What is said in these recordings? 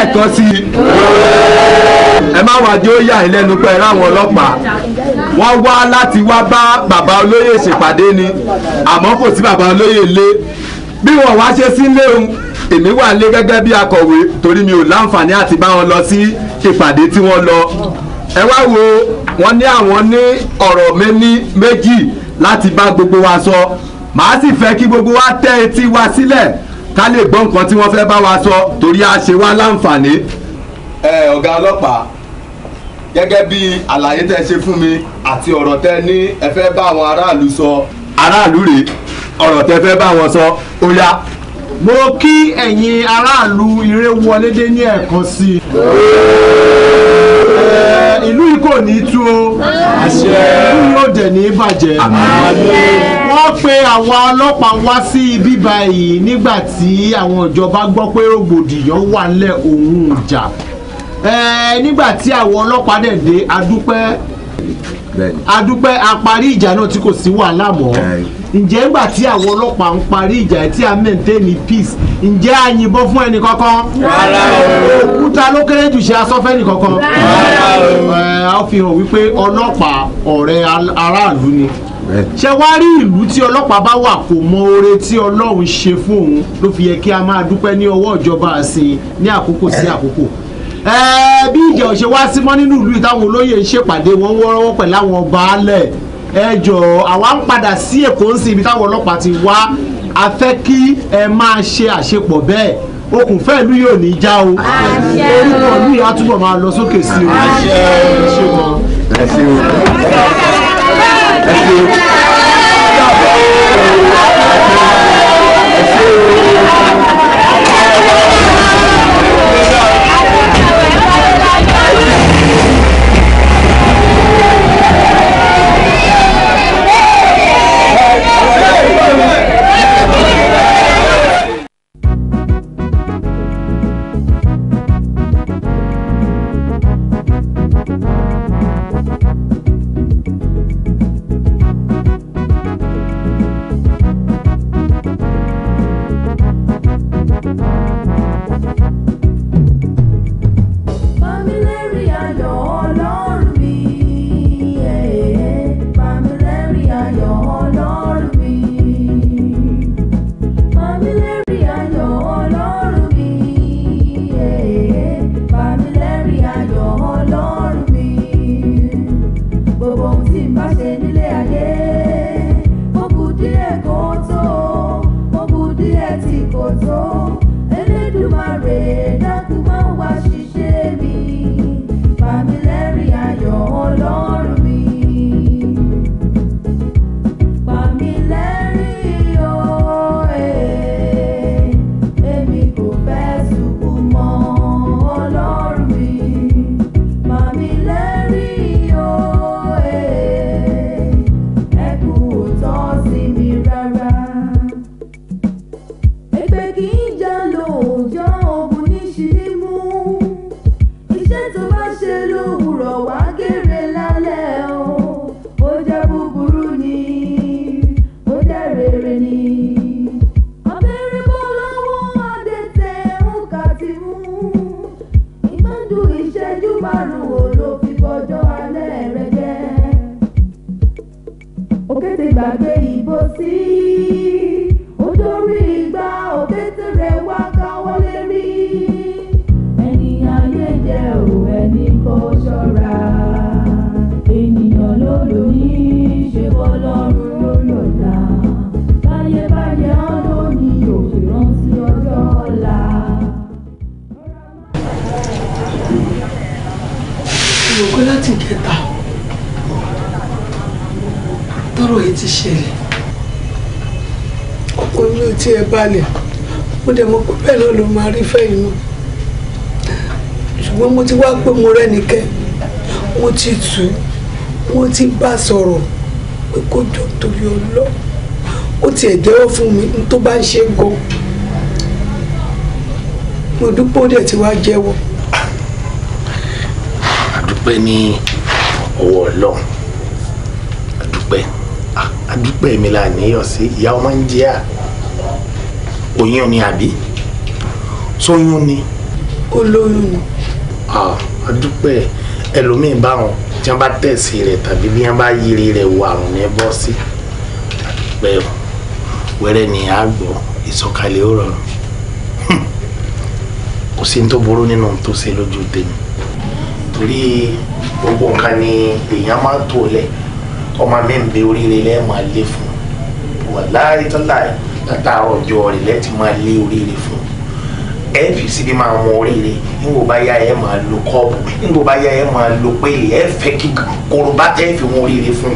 lẹ́ẹ̀kan sí i ẹ má wá di ó yà yín lẹ́nu pé ráwọn ọlọ́pàá wọ́n wá láti wá bá bàbá olóyè ṣèpàdé ni àmọ́ kò sí bàbá olóyè lé bí wọ́n wá ṣe sí lé òun èmi wà lé gẹ́gẹ́ bí akọ̀wé torí mi ò láǹfààní àti bá wọn lọ sí ìpàdé tí wọ́n lọ ẹ wá wo wọ́n ní àwọn ní ọ̀rọ̀ méní méjì láti bá gbogbo wa sọ màá sì fẹ́ kí gbogbo wa tẹ́ etí wa sílẹ̀ ká lè gbọ́ nǹkan tí wọ́n fẹ́ bá wa sọ torí a ṣe wá láǹfààní. ẹ ọ̀gá ọlọ́pàá gẹ́gẹ́ bí àlàyé tẹ́ ṣe fún mi àti ọ̀rọ̀ tẹ́ ní ẹ fẹ́ bá àwọn aráàlú sọ. aráàlú rèé ọ̀rọ̀ tẹ́ fẹ́ bá wọn sọ ó yá. mo kí ẹ̀yin aráàlú Ìrèwọlédé ní ẹ̀ẹ̀kan sí i ìlú yìí kò ní tú o ìlú yìí ò dẹ̀ ní bàjẹ́ wọ́n pe àwa ọlọ́pàá wá sí ibi báyìí nígbà tí àwọn ìjọba gbọ́ pé rògbòdìyàn wà nílẹ̀ òun ìjà nígbà tí àwọn ọlọ́pàá dẹ̀ dé adúpẹ́ adúpẹ́ aparí ìjà náà tí kò sí wàhálà mọ́ ǹjẹ́ ńgbà tí àwọn ọlọ́pàá ń parí ìjà tí a maintain peace ǹjẹ́ a yìnbọn fún ẹnì kankan òkúta ló kéré jù ṣe asọ́fẹ́ ẹnì kankan a fi hàn wípé ọlọ́pàá ọ̀rẹ́ aráàlú ni ṣe wá rí ìlú tí ọlọ́pàá bá wà kò mọ oore tí ọlọ́run ṣe fún òun ló fi yẹ kí a máa dúpẹ́ ní ọwọ́ ìjọba àsìn ní àkókò sí àkókò bí ìjà ò ṣe wá sí mọ́ nínú ìlú ìtàwọn olóyè ń ṣèpàdé wọn wọ́rọ́wọ́ pẹ̀lú àwọn baálẹ̀ ẹ jọ̀ọ́ àwa ń padà sí èkó ń sin ibi táwọn ọlọ́pàá ti wá a fẹ́ kí ẹ máa ṣe àṣepọ̀ bẹ́ẹ̀ okùn fẹ́ẹ̀lú yóò ní já o orúkọ ìlú yìí á túbọ̀ máa lọ sókè sí o. ẹ ṣe o ẹ ṣe o. ìfẹ́ yìí mọ́ ṣùgbọ́n mo ti wá pé mo rẹ́nikẹ́ mo ti tù ú mo ti bá sọ̀rọ̀ pé kó jọ torí ọlọ́ ó tiẹ̀ jẹ́wọ́ fún mi n tó bá ń ṣe gan mo dúpọ́ dẹ̀ ti wá jẹ́wọ́. àdúpẹ́ ní ọwọ́ ọlọ́run àdúpẹ́ àdúpẹ́ mi là níyọ̀ sí ìyá ọmọ ń jẹ́ à oyún ni àbí sóyún ni. ó lóyún ni. a dúpẹ́ ẹlòmíì báwọn tí wọ́n bá tẹ̀sí rẹ̀ tàbí bí wọ́n bá yiri rẹ̀ wọ àrùn ní bọ́ sí àdúpẹ́ o wẹ́rẹ́ ni a gbọ́ ìsọ̀kalẹ̀ ó rọrùn hmm. kò sí ní tó burú nínú tó ṣe lójú tèmi torí gbogbo nǹkan ni èèyàn máa ń tò lẹ̀ ọmọ mi ń bẹ oríire lẹ́ẹ̀ máa lé fún wàláì tó láì látàárọ̀ ọjọ́ rẹ̀ lẹ́ẹ̀ máa lé oríire fún ẹ fi síbi máa mọ oríire nígbò bá yá ẹ máa lo kọ́ọ̀bù nígbò bá yá ẹ máa lo péye ẹ fẹ́ kí korobá tẹ́ fi wọn oríire fún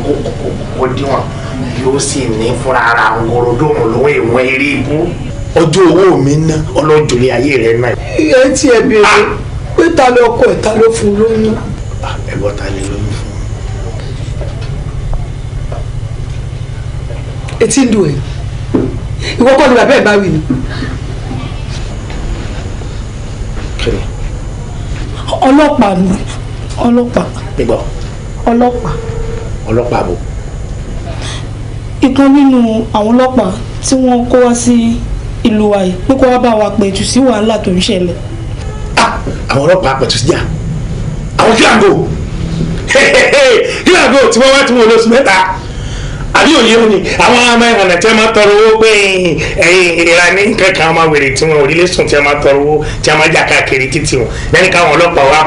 kó díwọ̀n yóò sì ní fúnra ara ngorodóhùn lówó ìwọ̀n eré ibú. ọjọ́ owó mi ná ọlọ́jọ́lé ayé rẹ̀ náà. ìyá tí ẹ béèrè ah! pé ta ló kọ ẹ̀ ta ló fún lóyún. Ah, ẹ gbọ́ ta lè lóyún fún. etí ń dùn ẹ̀ ìwọ́kọ̀ ni bàbá ẹ̀ bá wí ni. ọlọ́pàá ni ọlọ́pàá. gbígbọ́. ọlọ́pàá. ọlọ́pàá bò. ìkan nínú àwọn ọlọ́pàá tí wọ́n kó wá sí ìlú wa yìí pé kó wá bá wa pẹ̀tù sí wàhálà tó ń ṣẹlẹ̀. Ah, àwọn ọlọ́pàá pẹ̀tù sí jà àwọn kíláàgò kíláàgò tí wọ́n wá tí wọ́n lọ mẹ́ta àbí òye òní àwọn ọmọ ìhànà tí a máa tọrọ owó pé ìlà ní kankan máa wèrè tí wọn òrìlẹ̀ sùn tí a máa tọrọ owó tí a máa jà káàkiri títì wọn lẹ́yìn káwọn ọlọ́pàá wa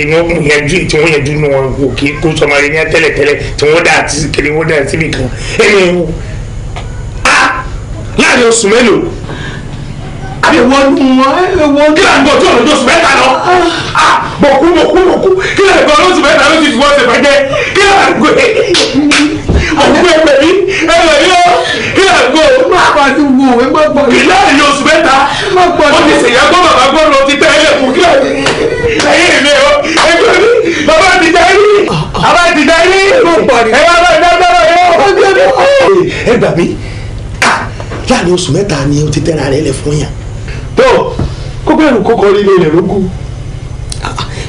inú yẹjú tí wọ́n yẹjú nù wọn kò kí kó sọmọ rẹ ní tẹ́lẹ̀tẹ́lẹ̀ tí wọ́n dà àti kiri wọ́n dà síbi kan láàrin oṣù mélòó àbí wọ́n wọ́n kí láàrin bọ̀ tí ọ̀rọ̀ oṣù mẹ́ta lọ bọ̀kú bọ̀kú bọ̀kú kí láàrin bọ̀ oṣù mẹ́ta ló ti fi wọ́n ṣe fẹ́ òkú ẹgbẹ́ yìí ẹgbẹ́ yìí ó kí là ń gbó. má pa ti wù mí má pọ̀ ní. láàrin oṣù mẹ́ta ti ṣèyá gbọ́ bàbá gbọ́ lọ ti tẹ́lẹ̀ kù kí ẹ̀yìn mi ó ẹgbẹ́ mi bàbá ti darí bàbá ti darí ẹ bá bá dábàá ẹ ó gbé mi. ẹ gbà mí oṣù mẹ́ta ni o ti tẹ́ra rẹ lẹ fún yàn. tó kókó ẹ̀rù kókó rí ilé rẹ̀ lógún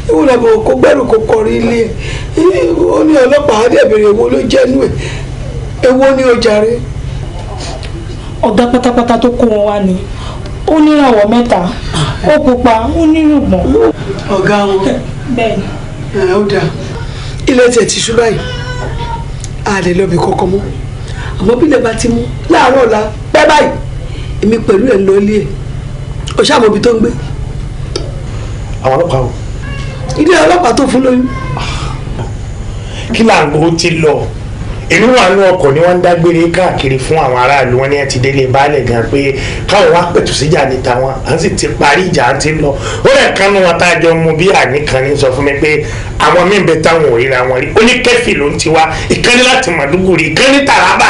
ìwúrẹ́ mọ̀ kó gbẹ́rù kó kọrí ilé ẹ̀ ó ní ọlọ́pàá á dẹ̀ bèrè èwo ló jẹ́nu ẹ̀ èwo ni ó jàre. ọ̀gá pátápátá tó kó wọn wá ni ó níràwọ̀ mẹ́ta ó pupa ó nírùgbọ̀n. ọ̀gá wọn bẹ́ẹ̀ni. ó dáa ilé tiẹ̀ ti ṣú báyìí a lè lọ bí kọ́kọ́ mọ́ àmọ́ bí ilẹ̀ bá ti mú láàárọ̀ ọ̀la pẹ́ báyìí èmi pẹ̀lú ẹ̀ lọ ilé ẹ̀ ọ̀ṣà tó ń gbé. àwọn ọlọ́pàá o ilé ọlọ́pàá tó fún lóyún. kí làǹgó ti lọ èmi wà ní ọkọ̀ ni wọ́n ń dágbére káàkiri fún àwọn aráàlú wọn ní ẹ ti délé baálẹ̀ gan pé káwọn wá pẹ̀tù síjà níta wọn à ń sì ti parí ìjà à ń ti lọ ó rẹ̀ kan ní wọn tá a jọ mu bí àní kan ní sọ fún mi pé àwọn míì bẹ táwọn ò ríra wọn rí ó ní kẹfì ló ń ti wá ìkànnì láti Màdúgùrí ìkànnì Tàràbà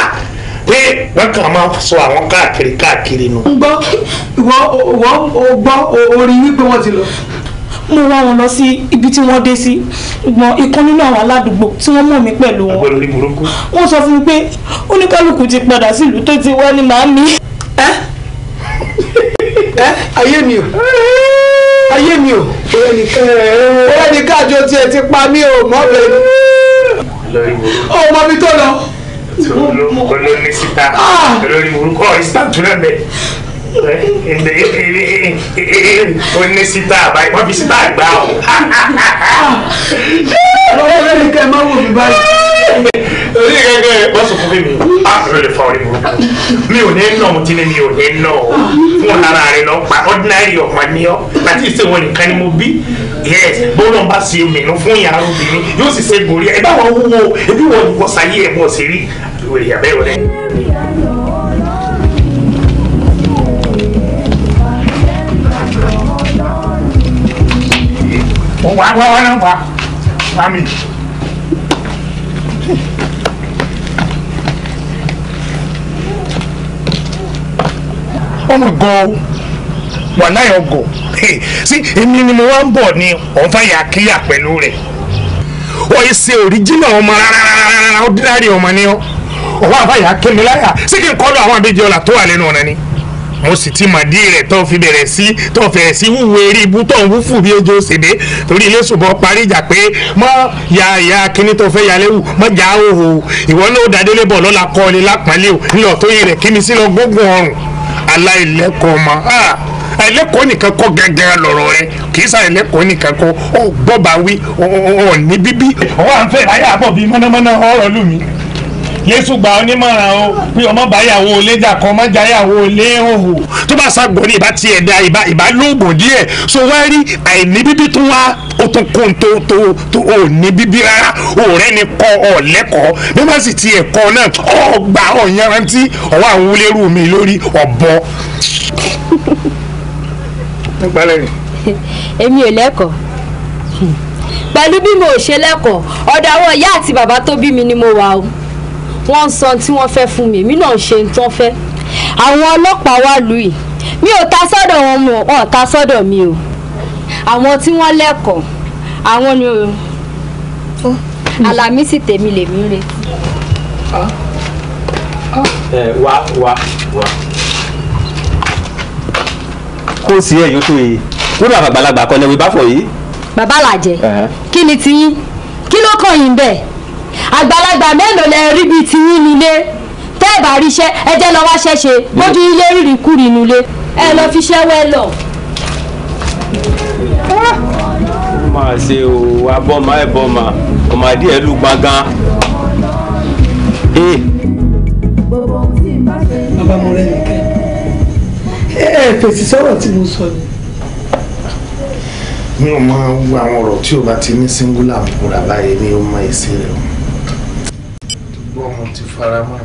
pé wọ́n kàn máa sọ àwọn káàkiri káàkiri nù. ń gbọ́ ìwọ ìwọ ò gbọ́ orí wípé wọ́n ti lọ mo wá wọn lọ sí ibi tí wọ́n dé sí gbọ́n ìkan nínú àwọn aládùúgbò tí wọ́n mọ̀ mí pẹ̀lú wọn wọ́n sọ fún mi pé oníkálukú ti padà sílùú tó ti wá ní màámi. ẹ ẹ ayé mi o ayé mi o ọ̀rẹ́ ní káàjọ tiẹ̀ ti pa mí o mọ́ bẹ́ẹ̀ ni ọmọ mi tó lọ. olórí burúkọ ìsítà olórí ah! burúkọ ìsítà tó oní síta àbáyé wọ́n fi síta gbà ó. ọ̀rẹ́ rẹ̀ ni kẹ́ ẹ máa wò mí báyìí. orí gẹ́gẹ́ wọ́n sọ fún mi àbúrò lè fa orí burúkú mi ò ní nà ọ̀hún tí ni mi ò ní nà ọ̀ fún ara rẹ̀ lọ pa ordinary ọ̀pá ni ọ́ àti ìṣèwọ̀n nìkan ni mo bí yes bọ́lá ń bá ṣe mìíràn fún yàrá obìnrin yóò sì ṣe gòrí ẹ bá wọn wúwo ebi wọn wọ sáyé ẹ bọ̀ sí rí ìwé ìyàbẹ̀ rẹ̀. wá wá wá náà wá wá mi. ọmọ gan o wà láyé ọgọ sí èmi ni mo wá ń bọ̀ ni òun fàyà kíyà pẹ̀lú rẹ̀ ó yẹ ṣe òríjìnà ọmọ rárá ó dídárì ọmọ ni ó òun àfàyà kémi láyà sí kí n kọ́ lọ àwọn àbíjọ́ ọ̀la tó wà lẹ́nu ọ̀nà ni mo sì ti màdí rẹ̀ tó fi bẹ̀rẹ̀ sí tó fẹ̀rẹ̀ sí wúwo eré ibú tó ń wúfù bí ojú òṣèlè torí ilé ṣùgbọ́n parí ìjà pé mọ́ ya ìyá kíní tó fẹ́ yalé wù mọ́ já òhò ìwọ náà dádélé bọ̀ lọ́la kọ́ ni lápọ́nlé o ńlọ tó yin rẹ̀ kíni sí lọ gbógun ọrùn aláìlẹ́kọ̀ọ́ mọ́ ẹlẹ́kọ̀ọ́ nìkan kọ́ gẹ́gẹ́ lọ́rọ̀ rẹ kì í sáré ẹlẹ́kọ̀ọ́ nìkan kọ́ ọ gbọ́ba wí ọ ní bíbí. ọwọ́ à ń fẹ́ ayé àbọ̀ bíi mọ́nàmọ́ná ọ̀rọ̀ lù mí. Jésù gbà ọ́ o pé ọmọ bá yàwó olé jà kan ọmọ jà olé hòhò tó bá sàgbọ́n ní ìbá tiẹ̀ dá ìbá ìbá lóògùn díẹ̀ so wá rí àìní bíbí tó wá ó tún kó tó tó tó ò ní bíbí rárá ọ̀rẹ́ ni kọ́ ọ lẹ́kọ̀ọ́ bí wọ́n sì tiẹ̀ kọ́ náà ọgbà ọ̀yanrantí ọwọ́ àwọn wúlérù mi lórí ọ̀bọ. èmi ò lẹ́kọ̀ọ́ pẹ̀lú bí mo ò ṣe lẹ́kọ̀ọ́ ọ̀dọ̀ àwọn ìyá àti bàbá tó bí mi ni mo wà o wọ́n ń san tí wọ́n fẹ́ fún mi èmi náà ṣe ń tán fẹ́ àwọn ọlọ́pàá wà lùyìí mi ò ta sọ́dọ̀ wọn mọ̀ ọ́n ta sọ́dọ̀ mi o àwọn tí wọ́n lẹ́kọ̀ọ́ àwọn ni o Alámísì tèmi lèmi re. wá wá wá kó sí ẹ̀yọ́ tó yẹ kódà àgbàlagbà kan lẹ́wọ̀ ìbáfọ̀ yìí. bàbá làjẹ́ kí ni tiyín kí ló kàn yín bẹ́ẹ̀ àgbàlagbà mélòó lẹ rí bíi tiyín nílé tẹ́ ẹ̀ bá ríṣẹ́ ẹ jẹ́ lọ wá ṣẹ́ṣe bójú ilé rírì kúrì nílé ẹ lọ fi ṣẹ́ wẹ́ lọ. máa ṣe o abọ́mà ẹ̀bọ́mà ọmọ adìẹ lù gbàngán. ẹ fèsì sọ̀rọ̀ tí mo sọ ni mi ò máa ń wo àwọn ọ̀rọ̀ tí o bá ti ní singular múra báyìí ni ó máa ṣe rẹ̀ o faramọ́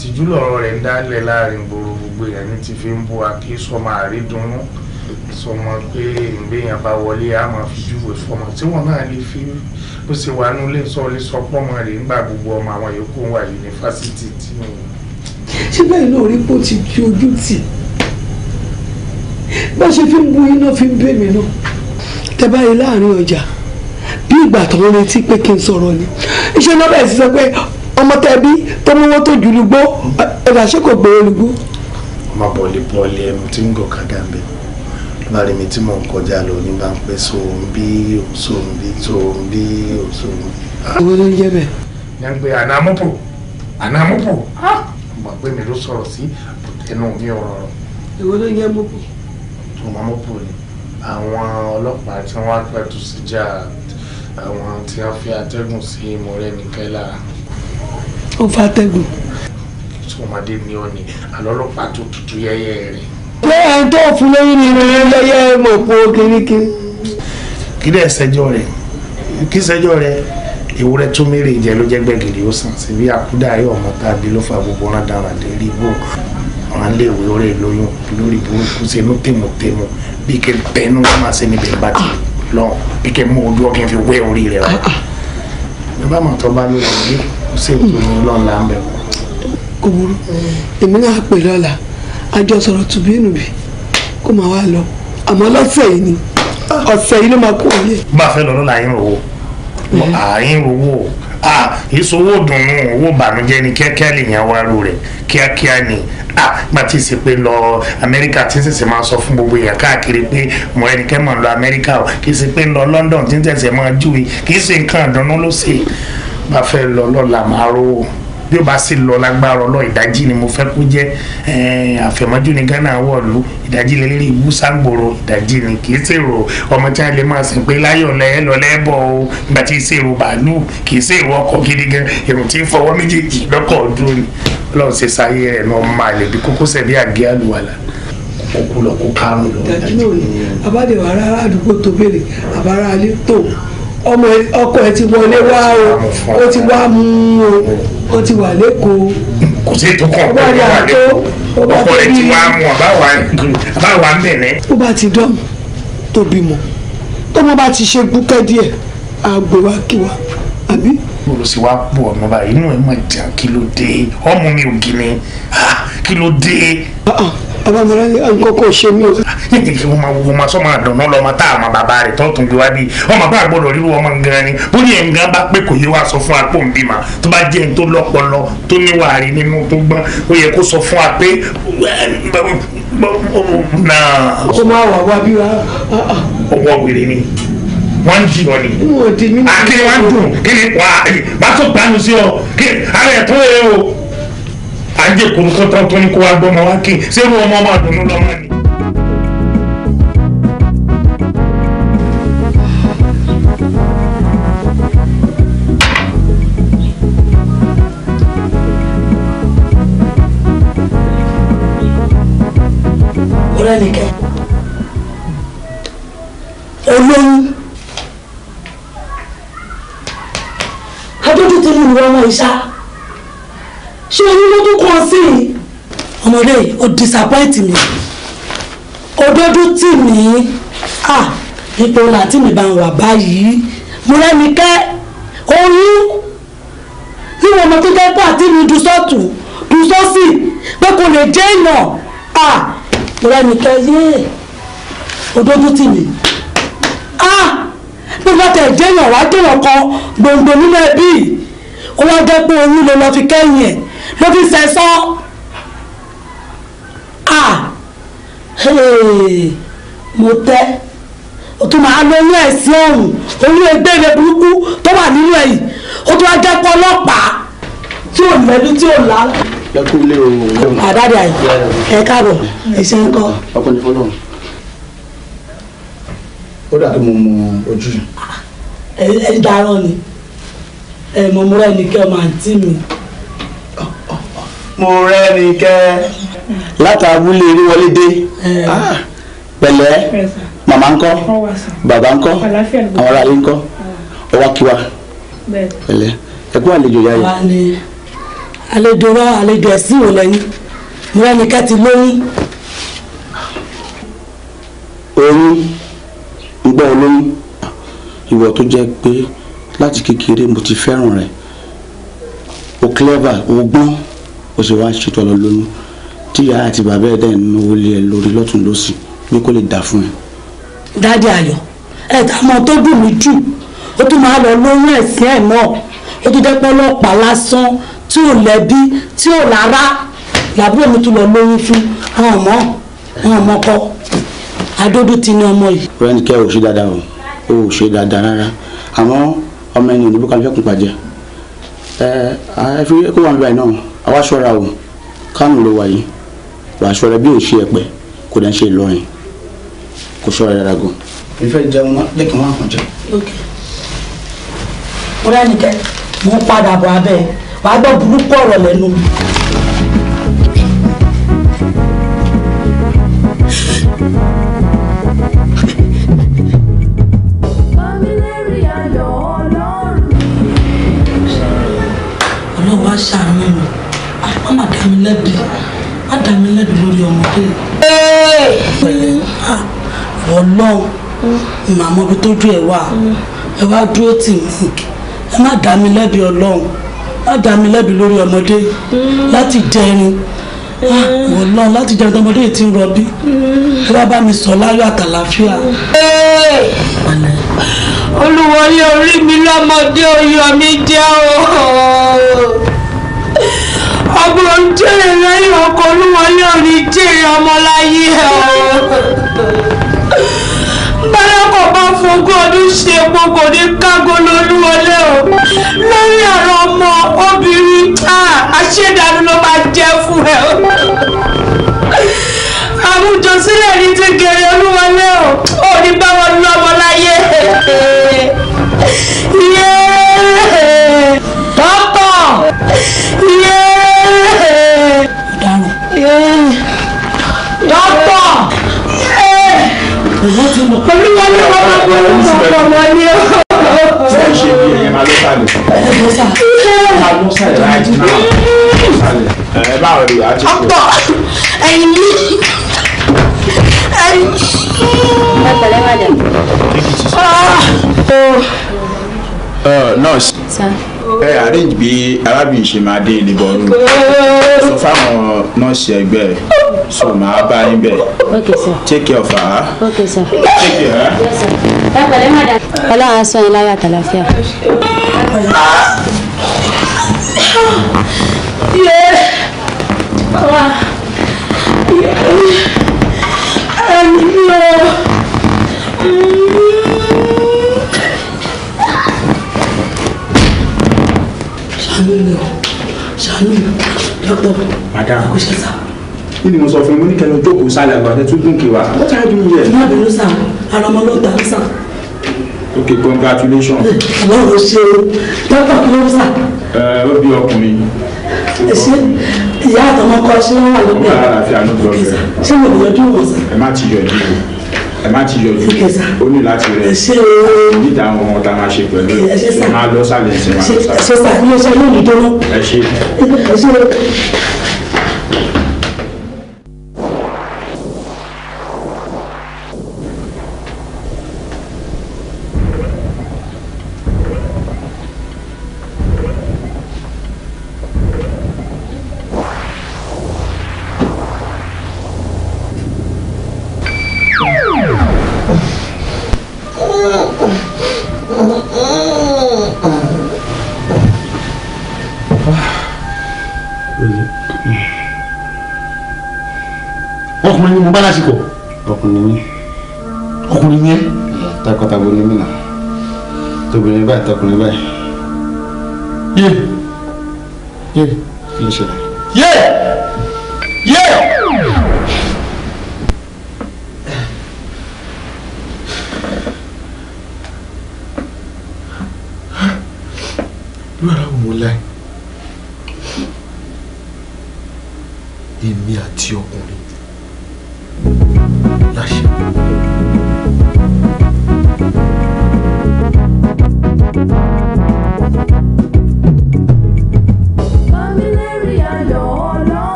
tìjú lọ̀rọ̀ rẹ̀ ń dálẹ̀ láàrin gbòòrò gbogbo èèyàn ní ti fi ń bu akí sọmọ àrídùnnú sọmọ pé ìgbéyàn bá wọlé a máa fi júwe fọmọ tí wọn náà lè fi bó ṣe wà nú lè sọ lè sọ pọmọ rẹ̀ nígbà gbogbo ọmọ àwọn yòókù wà yunifásitì tí mo. ṣé bẹ́ẹ̀ náà rí bó ti ju ojú tì bá ṣe fi ń bu iná fi ń bè mí náà tẹ báyìí láàrin ọjà bí ìgbà tó ń retí pé kí n sọ̀rọ̀ ni iṣẹ́ náà sọ pé ọmọ tẹbi tó mówó tó jù lùgbó ọjà ṣé kò gbé olùgbó. ọmọ bọ̀lì bọ̀lì ẹnu tí ń gòkà gàmbé lọ́ọ̀rì mi tí mò ń kọjá lọ ní bá ń pẹ́ sóun bí sóun bí sóun bí sóun bí. Ah. owó ló ń jẹ bẹ́ẹ̀. yẹn gbé ànámúpò ànámúpò ah! mọ̀ pé mi ló sọ̀rọ̀ sí ẹnu mi ọ̀rọ̀. ìwọ ló ń jẹ́ múpò. tó mọ múpò ni àwọn ọlọ́pàá tí wọ́n á pẹ̀tù síjà àwọn tí wọ́n fi atẹ́gùn sí mọ̀rẹ́nìkẹ́ lára ó fàtẹ́gùn. ọmọdé ni ó ní alọ́lọ́pàá tó tutù yẹ́yẹ́ rẹ̀. lẹ́yìn tó fún lórí ni lẹ́yẹ́ mọ̀ pé ó kirikiri. kí lẹ́ ṣẹjọ́ rẹ̀ kí ṣẹjọ́ rẹ̀ ewúrẹ́ tó mèrè jẹ ló jẹ́ gbẹ̀gìrì ó sàn sí bí àkúdà ayé ọmọ tàbí ló fa gbogbo ọ̀ràn dára dé rí bò wọn lé ìwé orí lóyún lórí burúkú sínú tèmùtèmù bí kẹ bẹnu wọn máa ṣe níbi ìbá ti lọ bí kẹ mú ojú ọkẹ fi wẹ orí rẹ wọn. bàbá màtọ́ ah, ah. bá lóyún yìí kò sí ètò ní ọlọ́run là ń bẹ̀ wọ́n. kò burú èmi náà pè lọ́la àjọ sọ̀rọ̀ tùbínùbí kó máa wá lọ àmọ́ lọ́sẹ̀ yìí ni ọ̀sẹ̀ yìí ló máa kú òye. bá a fẹ́ lọ lọ́la àyín rowó eh. àyín rowó ìṣòwò dùnú owó bànújẹ́ ni kíákíá lèèyàn wá rú rẹ̀ kíákíá ni gba tí ìsìn pé lọ amẹ́ríkà tí ìsìn sì máa sọ fún gbogbo èèyàn káàkiri pé mọ ẹnikẹ́ lọ amẹ́ríkà kì í sì pé lọ london tí ń tẹ̀sẹ̀ máa júwe kì í sì nǹkan àdánù ló ṣe bá fẹ́ lọ lọ́la máa rówó bí ó bá lọ lágbára ọlọ́ ìdájí ni mo fẹ́ kó jẹ́ àfẹ̀mọ́jú n'i Ghana wọ̀lú ìdájí lélẹ́rí ìdájí ni kì í ọmọ tí a lè máa sìn pé láyọ̀ lẹ́ẹ̀ lọ́lẹ́ bọ̀ o nígbà tí ìṣèrò bàálù kì í ṣèrò ọkọ̀ gidi gan èrò tí ń fọwọ́ méjèèjì lọ́kọ̀ dúró ni ọlọ́run ṣe sáyé rẹ̀ náà máa lè bí kókó ọmọ ọkọ ẹ ti wọlé wá o ó ti wá mú o ó ti wà lẹ́kọ̀ọ́. kò sí ètò kan ọgbọ́n ọgbọ́n wà lẹ́kọ̀ọ́ ọkọ ẹ ti wá mú àbáwá ń bẹ̀rẹ̀. ó bá ti dán tó bímọ tó mo bá ti ṣe gbúkẹ́ díẹ̀ àgbò wa kí wa àbí. olùsí wa bù ọmọ báyìí inú ẹ mọ̀ jà kí ló dé ọmọ mi ò gí ni ah, kí ló dé. Ah, ah bàbá mi láyé àǹkọ́kọ́ ṣe mí o. wọ́n máa sọ máa dùnú lọ́mọ tá àmọ́ bàbá rẹ̀ tó tún gbé wá bí ọmọ bá gbọ́dọ̀ ríru ọmọ gan ni bó ní ẹ̀ǹgá bá pé kò yé wa sọ fún wa pò ń bímọ tó bá jẹ́ ẹni tó lọ́pọlọ tó níwàárí nínú tó gbọ́n ó yẹ kó sọ fún wa pé náà. ó máa wà wá bí wa. ọwọ́ wèrè ni wọ́n jí ah, ọ ni. wọ́n ti ní. akéwà dùn kí ni wàá bá tó gbanú sí ọ kí ara tó yẹ o àjẹkùn kọ́tà tó ní kó wá gbọ́mọ wá kí sẹ́nu ọmọ máa dùnú lọ́mọ ni. olóyún adójútì ni ìwọ ọmọ ìṣá ọmọdé yìí ó disappoint mi òdodo tì mí à ipò láti mi bá ń wà báyìí mo rẹ́ni kẹ́ oyún níwọ̀n ọmọ tó jẹ́ pé àti mi dùsọ́tù dùsọ́sì pé kò lè jẹ́ èèyàn à mo rẹ́ni kẹ́ yé òdodo tì mí à bí wọ́n tẹ̀ jẹ́ èèyàn wá jẹ́ èèyàn kan gbòǹgbò nínú ẹbí kó wá jẹ́ pé oyún ló lọ fi kẹ́yìn ẹ̀ ló fi sẹ́ sọ́. mo tẹ́ o tún máa lóyún ẹ̀sìn ọ̀hún oyún ẹgbẹ́ rẹ burúkú tó wà nínú ẹ̀ o tún wá jápọ̀ ọlọ́pàá tí ò lẹ́nu tí ò lá. ẹ kú ilé o. àdáde àyè ẹ káàbọ̀ ẹ ṣe ń kọ́. ọkùnrin fọlọ́run ó dàbí mo mọ ojú yìí ẹ dáràn ni ẹ mọ mo rẹ ní kẹ ọmọ àǹtí mi. mo rẹ ní kẹ látàbúlé eré wọlé dé eh. ah, pẹ̀lẹ́ màmá ńkọ́ bàbá ńkọ́ àwọn aráàlú ńkọ́ ọwá ah. kíwá pẹ̀lẹ́ ẹkún àlejò yáyà. àlejò rọ àlejò ẹ̀sìn ò lẹ́yìn mo rẹ́ni ká ti lóyún. oyún ń gbọ́ olóyún ìwọ tó jẹ́ pé láti kékeré mo ti fẹ́ràn rẹ̀ o clever o gbọ́n o sì wá ṣètò ọlọ́lóyún tí ìyá àti bàbá ẹ̀ dẹ̀ ń náwó lé ẹ lórí lọ́tún lọ́sì pé kó lè dà fún ẹ. dáàdi ayọ̀ ẹ ta mọ tó dùn mí jù ó tún máa lọ lóyún ẹ̀sìn ẹ̀ náà ó tún dẹ́pọ́ lọ́pàá lásán tí ò lẹ́bí tí ò lára làbúrò mi tún lọ lóyún fún àwọn ọmọ àwọn ọmọ kọ adódú ti ní ọmọ yìí. rẹ́ńkẹ́ ò ṣe dáadáa o ò ṣe dáadáa rárá àmọ́ ọmọ ẹni òdìbò kan fẹ́ pàjẹ́ ẹ ẹ fi kó wà níbàyìí náà àwa ṣọ́ra o kánù ló wà yìí wàá ṣọ́ra bí ò ṣe ẹ̀pẹ̀ kò dá ṣe ìlọrin kò ṣọ́ra rárá gan. ìfẹ́ jẹun náà lẹ́kìn wọn kàn jẹ. mo rẹ́ni kẹ́ mo padà bọ̀ abẹ́ wàá gbọ́ burúkú ọ̀rọ̀ lẹ́nu mi. ẹlẹ́dùn lórí ọmọdé pẹ̀lẹ́ ọlọ́run màmá ibi tójú ẹ̀ wà ẹ wá dúró tì mí ẹ má dá mi lẹ́bi ọlọ́run má dá mi lẹ́bi lórí ọmọdé láti jẹrin ọlọ́run láti jẹun tó ọmọdé yìí ti ń rọbí ẹ bá bá mi sọ láyọ̀ àtàlàáfíà. olùwọlé orí mi lọ́mọdé oyọ̀ mi jẹ́ o àbúrò ń jèrè lẹ́yìn ọkọ olúwọlé òní jèrè ọmọláyé ẹ̀ o bárakọ̀ bá fogún ọdún ṣe epo kò ní kágo lolúwọlé o lórí ọ̀rọ̀ ọmọ obìnrin àṣẹ̀dànù ló máa jẹ́ fún ẹ o àwùjọ sílẹ̀ ní ti kéré. ọmọ ní ẹ arrange bí arábìnrin ṣe máa dé ilé bọ́ọ̀lù sọ fáwọn nọ́ọ̀sì ẹgbẹ́ ẹ so màá bá yín bẹ̀ take care of her take care her. ọlọ́run aṣọ yín láyọ̀ àtàlàfíà. Yeah. ṣàánú mi o ṣàánú mi dọ́tọ̀ kò ṣe sá. kí ni mo sọ fún yín mo ní kẹlẹ ojú òkú sálẹ àgbà tẹ tún gùnkè wa what are you doing here. má bínú sá ara ọmọ lọ́ta ń sá. ok congratulations. ọlọ́run ṣe dọ́tọ̀ kí ló ń sá. ẹ ó bí ọkùnrin. ẹ ṣe ìyá àtọmọkọ ṣé wọn wà lókè. ọmọ aláàfin àlọ́ bọ̀ ọ̀rẹ́. ṣé mo yọjú wọn sá. ẹ má ti yọjú o ẹ má ti yọjú ó ní láti rẹ níta àwọn ọmọ tá a máa ṣe pẹ̀lú ẹ máa lọ sálẹ̀ ẹ̀sìn máa lọ sálẹ̀. ẹ ṣe sàbíyẹsẹ yóò ní dúró. ẹ ṣe. ẹ ṣe. gbá lásìkò.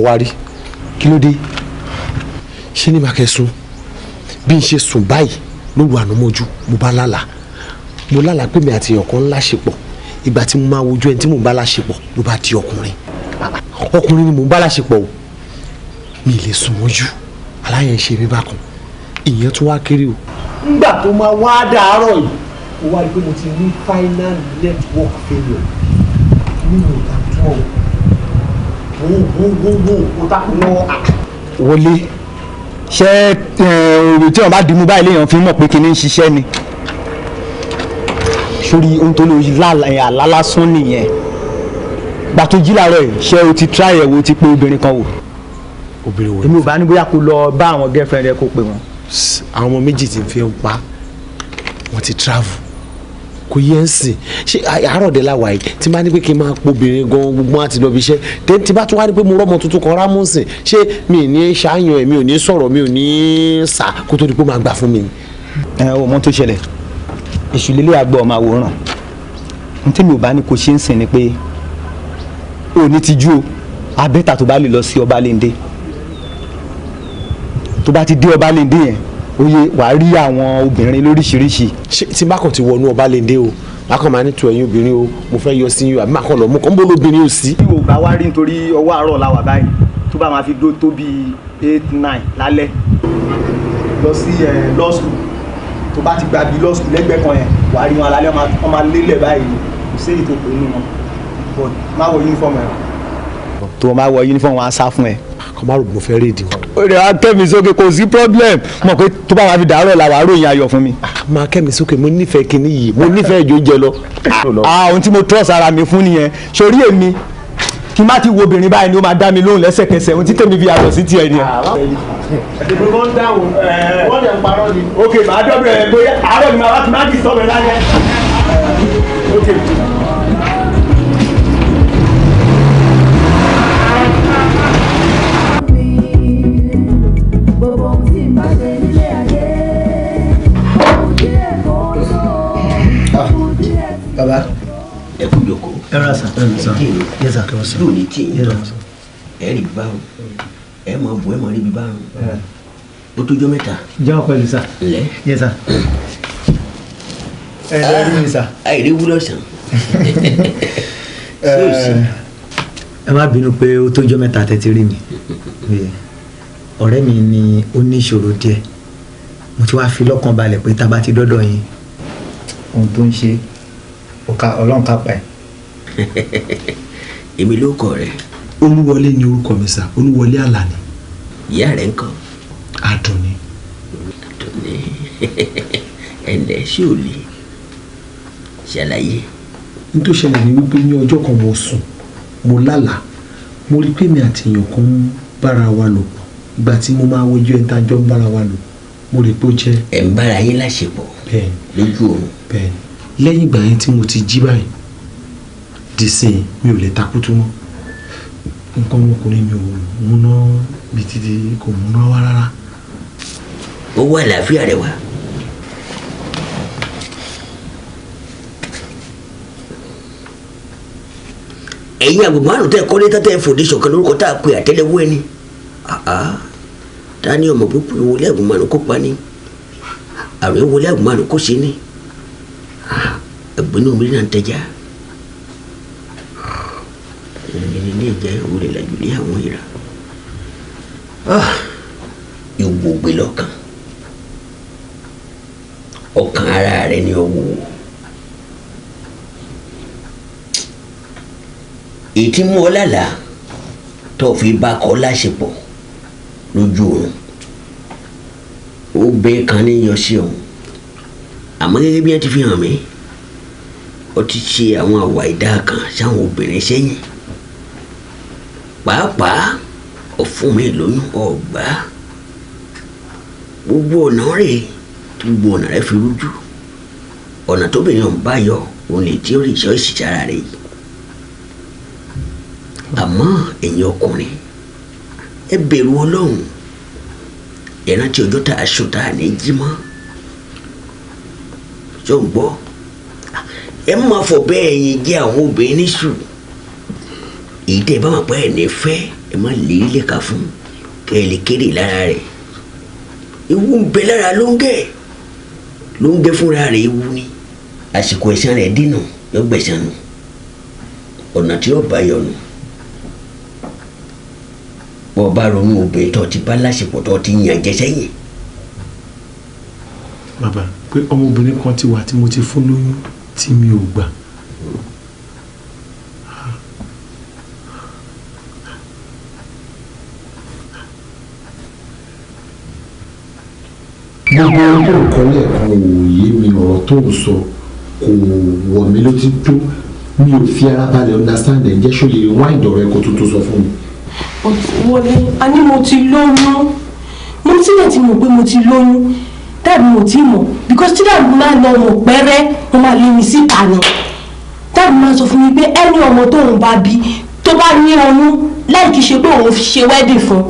mo wá rí kí ló dé ṣé ní màkẹ́ sùn bí n ṣe sùn báyìí ló wà nù mọ́jú mo bá lálàá mo lálàá pé mi àti ọ̀kan ńlá ṣe pọ̀ ìgbà tí mo máa wojú ẹni tí mò ń bá láṣepọ̀ ló bá di ọkùnrin ọkùnrin ni mò ń bá láṣepọ̀ o mi lè sùn mọ́jú aláyẹn ṣe mi bákan ìyẹn tó wá kéré o. nígbà tó máa wá dàárọ̀ yìí mo wá rí i pé mo ti ní final network failure nínú ìdádúró gbùgbùgbùgbù kó tako lọ́wọ́ à. wọlé ṣé òòrè tí wọn bá dìímú báyìí lèèyàn fi mọ̀ pé kinní ń ṣiṣẹ́ ni sórí ohun tó lóyún àlá lásán nìyẹn gbà tó jí làárọ̀ yìí ṣé o ti try ẹ̀ wo ti pé obìnrin kan wò obìnrin wo. èmi ò bá ní bóyá kó lọ bá àwọn girlfriend rẹ kó pè wọn. àwọn ọmọ méjì tí fi ń pa wọn ti travel kò yẹ ń sìn ṣé àárọ̀ dé la wà yìí tí n bá ní pé kí n máa pobìnrin gan gbogbo àti lọ fi iṣẹ́ tí n bá tún wá ní pé mo rọ́mọ tuntun kan rámúsìn ṣé mi ò ní ṣàyàn ẹ̀ mi ò ní sọ̀rọ̀ mi ò ní sà kó tó di pé ó máa gbà fún mi. ẹ ò mọ tó ṣẹlẹ̀ èṣù lílé àgbà ọmọ àwòrán n tẹ́mi ò bá ní kó ṣe ń sìn ni pé ò ní tijú o abẹ́ta tó bá lè lọ sí Ọbalende tó bá ti dé Ọbalende yẹn ó wàá rí àwọn obìnrin lóríṣiríṣi. ṣé tí n ti wọnú Ọbalende o akọ máa ní tu ẹ̀yin obìnrin o mo fẹ́ yọ sí yín àbí màá kọ lọ mú kọ ń bọ lóbìnrin o sí. bí o bá wá rí nítorí ọwọ́ àárọ̀ la wà báyìí tó bá máa fi dó tó bíi eight nine lálẹ́ lọ sí eh, law school tó bá ti gba bíi law school lẹ́gbẹ̀ẹ́ kan yẹn wàá rí wọn alálẹ́ wọn máa lélẹ̀ báyìí kò sí èyí tó pè nínú wọn má wọ uniform ẹ̀. tó o máa wọ uniform wọn á sá fún ẹ. kọ́ máa rò rẹ̀ wá kẹ́mi sókè kò sí problem mọ̀ pé tó bá wà fi dàárọ̀ làwọn aróyìn ayọ̀ fún mi. Ah, máa kẹ́mi sókè mo nífẹ̀ẹ́ kinní yìí mo nífẹ̀ẹ́ ìjó jẹ lọ. Ah, ohun tí mo trust ara mi fún nìyẹn sórí èmi kí n má ti wo obìnrin báyìí ni ó máa dá mi lóhùn lẹ́sẹ̀kẹsẹ̀ ohun tí tèmi fi yàtọ̀ sí tiẹ̀ nìyẹn. ìbí wọn ń dáhùn eh, wọn lè parọ́ ni. ok màá dọ́bẹ̀rẹ̀ bóyá àárọ̀ ni màá wá ti má ẹ kú jókòó ẹ rà sà ẹ sà ẹ sà kẹwàá sà lónìí tí yín lọ ẹ rí bí báwọn ẹ mọ bọ ẹ mọ rí bí báwọn ó tó jọ mẹ́ta. jẹ́wọ́ pẹ̀lú sà lẹ́ yẹ sà ẹ lọ rí mi sà. àìrí wúlọ̀ sàn. ẹ má bínú pé ó tó jọ mẹ́ta tẹ́ rí mi ọ̀rẹ́ mi ni ó ní ìṣòro díẹ̀ mo ti wá fi lọ́kàn balẹ̀ pé tá a bá ti dọ́dọ̀ yín ohun tó ń ṣe é ọ̀ka ọlọ́run ká pa ẹ̀. èmi ló kọ rẹ. olúwọlé ni orúkọ mi sà olúwọlé àlàní. ìyá rẹ ń kọ. àdùnní. àdùnní ẹnlẹ ṣé ò lè ṣàlàyé. n tó ṣẹlẹ̀ ni wípé ní ọjọ́ kan mo sùn mo lálàá mo rí pé mi àti èèyàn kan ń bára wa lò pọ̀ ìgbà tí mo máa wojú ẹni tá ń bára wa lò mo rí pé ó jẹ́. ẹ̀ ń bára yín láṣepọ̀ lójú oorun. bẹ́ẹ̀ ni lẹ́yìn ìgbà yẹn tí mo ti jí báyìí dìsìn mi ò lè takutu mọ́ nǹkan ọmọkùnrin mi ò múná bíi títí kò múná wá rárá. owó àlàáfíà rẹ wá. ẹ̀yin àgbègbè àrùn tẹ́ kọ́lé tẹ́tẹ́ fòdéṣọ̀ kan lórúkọ tá a pè àtẹ́lẹwọ́ ẹni ta ni ọmọ púpọ̀ ìwọlé àgbègbè kó pa ni àrùn ìwọlé àgbègbè kó ṣe ni ẹ̀gbọ́n náà méjì náà tẹja ẹni ní ìjà ìwò rẹ̀ lajú lé àwọn ìra ìwò gbé lọ́kàn ọkàn ara rẹ̀ ni ọwọ́ ètí mú ọ lálàá tó fi bá lójú oorun ó bẹ́ẹ̀ kan níyọ sí ọ̀hún àmọ́ gẹ́gẹ́ bí wọ́n ti fi hàn mí ó ti ṣe àwọn àwà ìdá kan sáwọn obìnrin sẹ́yìn pàápàá ó fún mi lóyún ọ̀gbá gbogbo ọ̀nà rẹ̀ tí gbogbo ọ̀nà rẹ̀ fi rújú ọ̀nà tóbìnrin ọ̀hún bá yọ òun lè tí ó rí ìṣọ́ọ̀ṣì sára rẹ̀ yìí àmọ́ ẹ̀yin ọkùnrin ẹ bẹ̀rù ọlọ́run ìrántí ọjọ́ tá a sùn tá a ní jí mọ́ ṣó ń gbọ́ ẹ má fọ bẹ́ẹ̀ yẹn jẹ́ àwọn obìnrin níṣù èyí tẹ́ ẹ bá máa pẹ́ ẹ̀ ní fẹ́ ẹ má lè lè kà fún kẹ́ ẹ lè kéde lára rẹ̀ ewu ń bẹ lára ló ń gẹ̀ ló ń gẹ̀ fúnra rẹ̀ ewu ni àsìkò ẹ̀san rẹ̀ dínà yọ gbẹ̀san nù ọ̀nà tí yóò bá yọnu bọ́ ọ bá ronú obìnrin tó ti bá láṣepọ̀ tó ti yàn jẹ sẹ́yìn bàbá pé ọmọbìnrin kan ti wà tí mo ti fún lóyún tí mi ò gbà. gbogbo ọjọ́ nǹkan lẹ́ẹ̀kan ò yé mi ọ̀rọ̀ tó ń sọ kò wọ̀ mí ló ti tó mi ò fi ara balẹ̀ understand ẹ̀ jẹ́ ṣòye wá ìdọ̀rẹ́ kó tó tó sọ fún mi. wọlé a ní mo ti lóyún mo sílẹ̀ tí mo pé mo ti lóyún dad mi ò tí mọ̀ because tí dad mi máa lọ ọmọ pẹ́rẹ́ wọ́n máa lé mi síta ni dad mi máa sọ fún mi pé ẹni ọmọ tóun bá bí tó bá ní ọyún láì kí ṣe pé òun ṣe wedding fún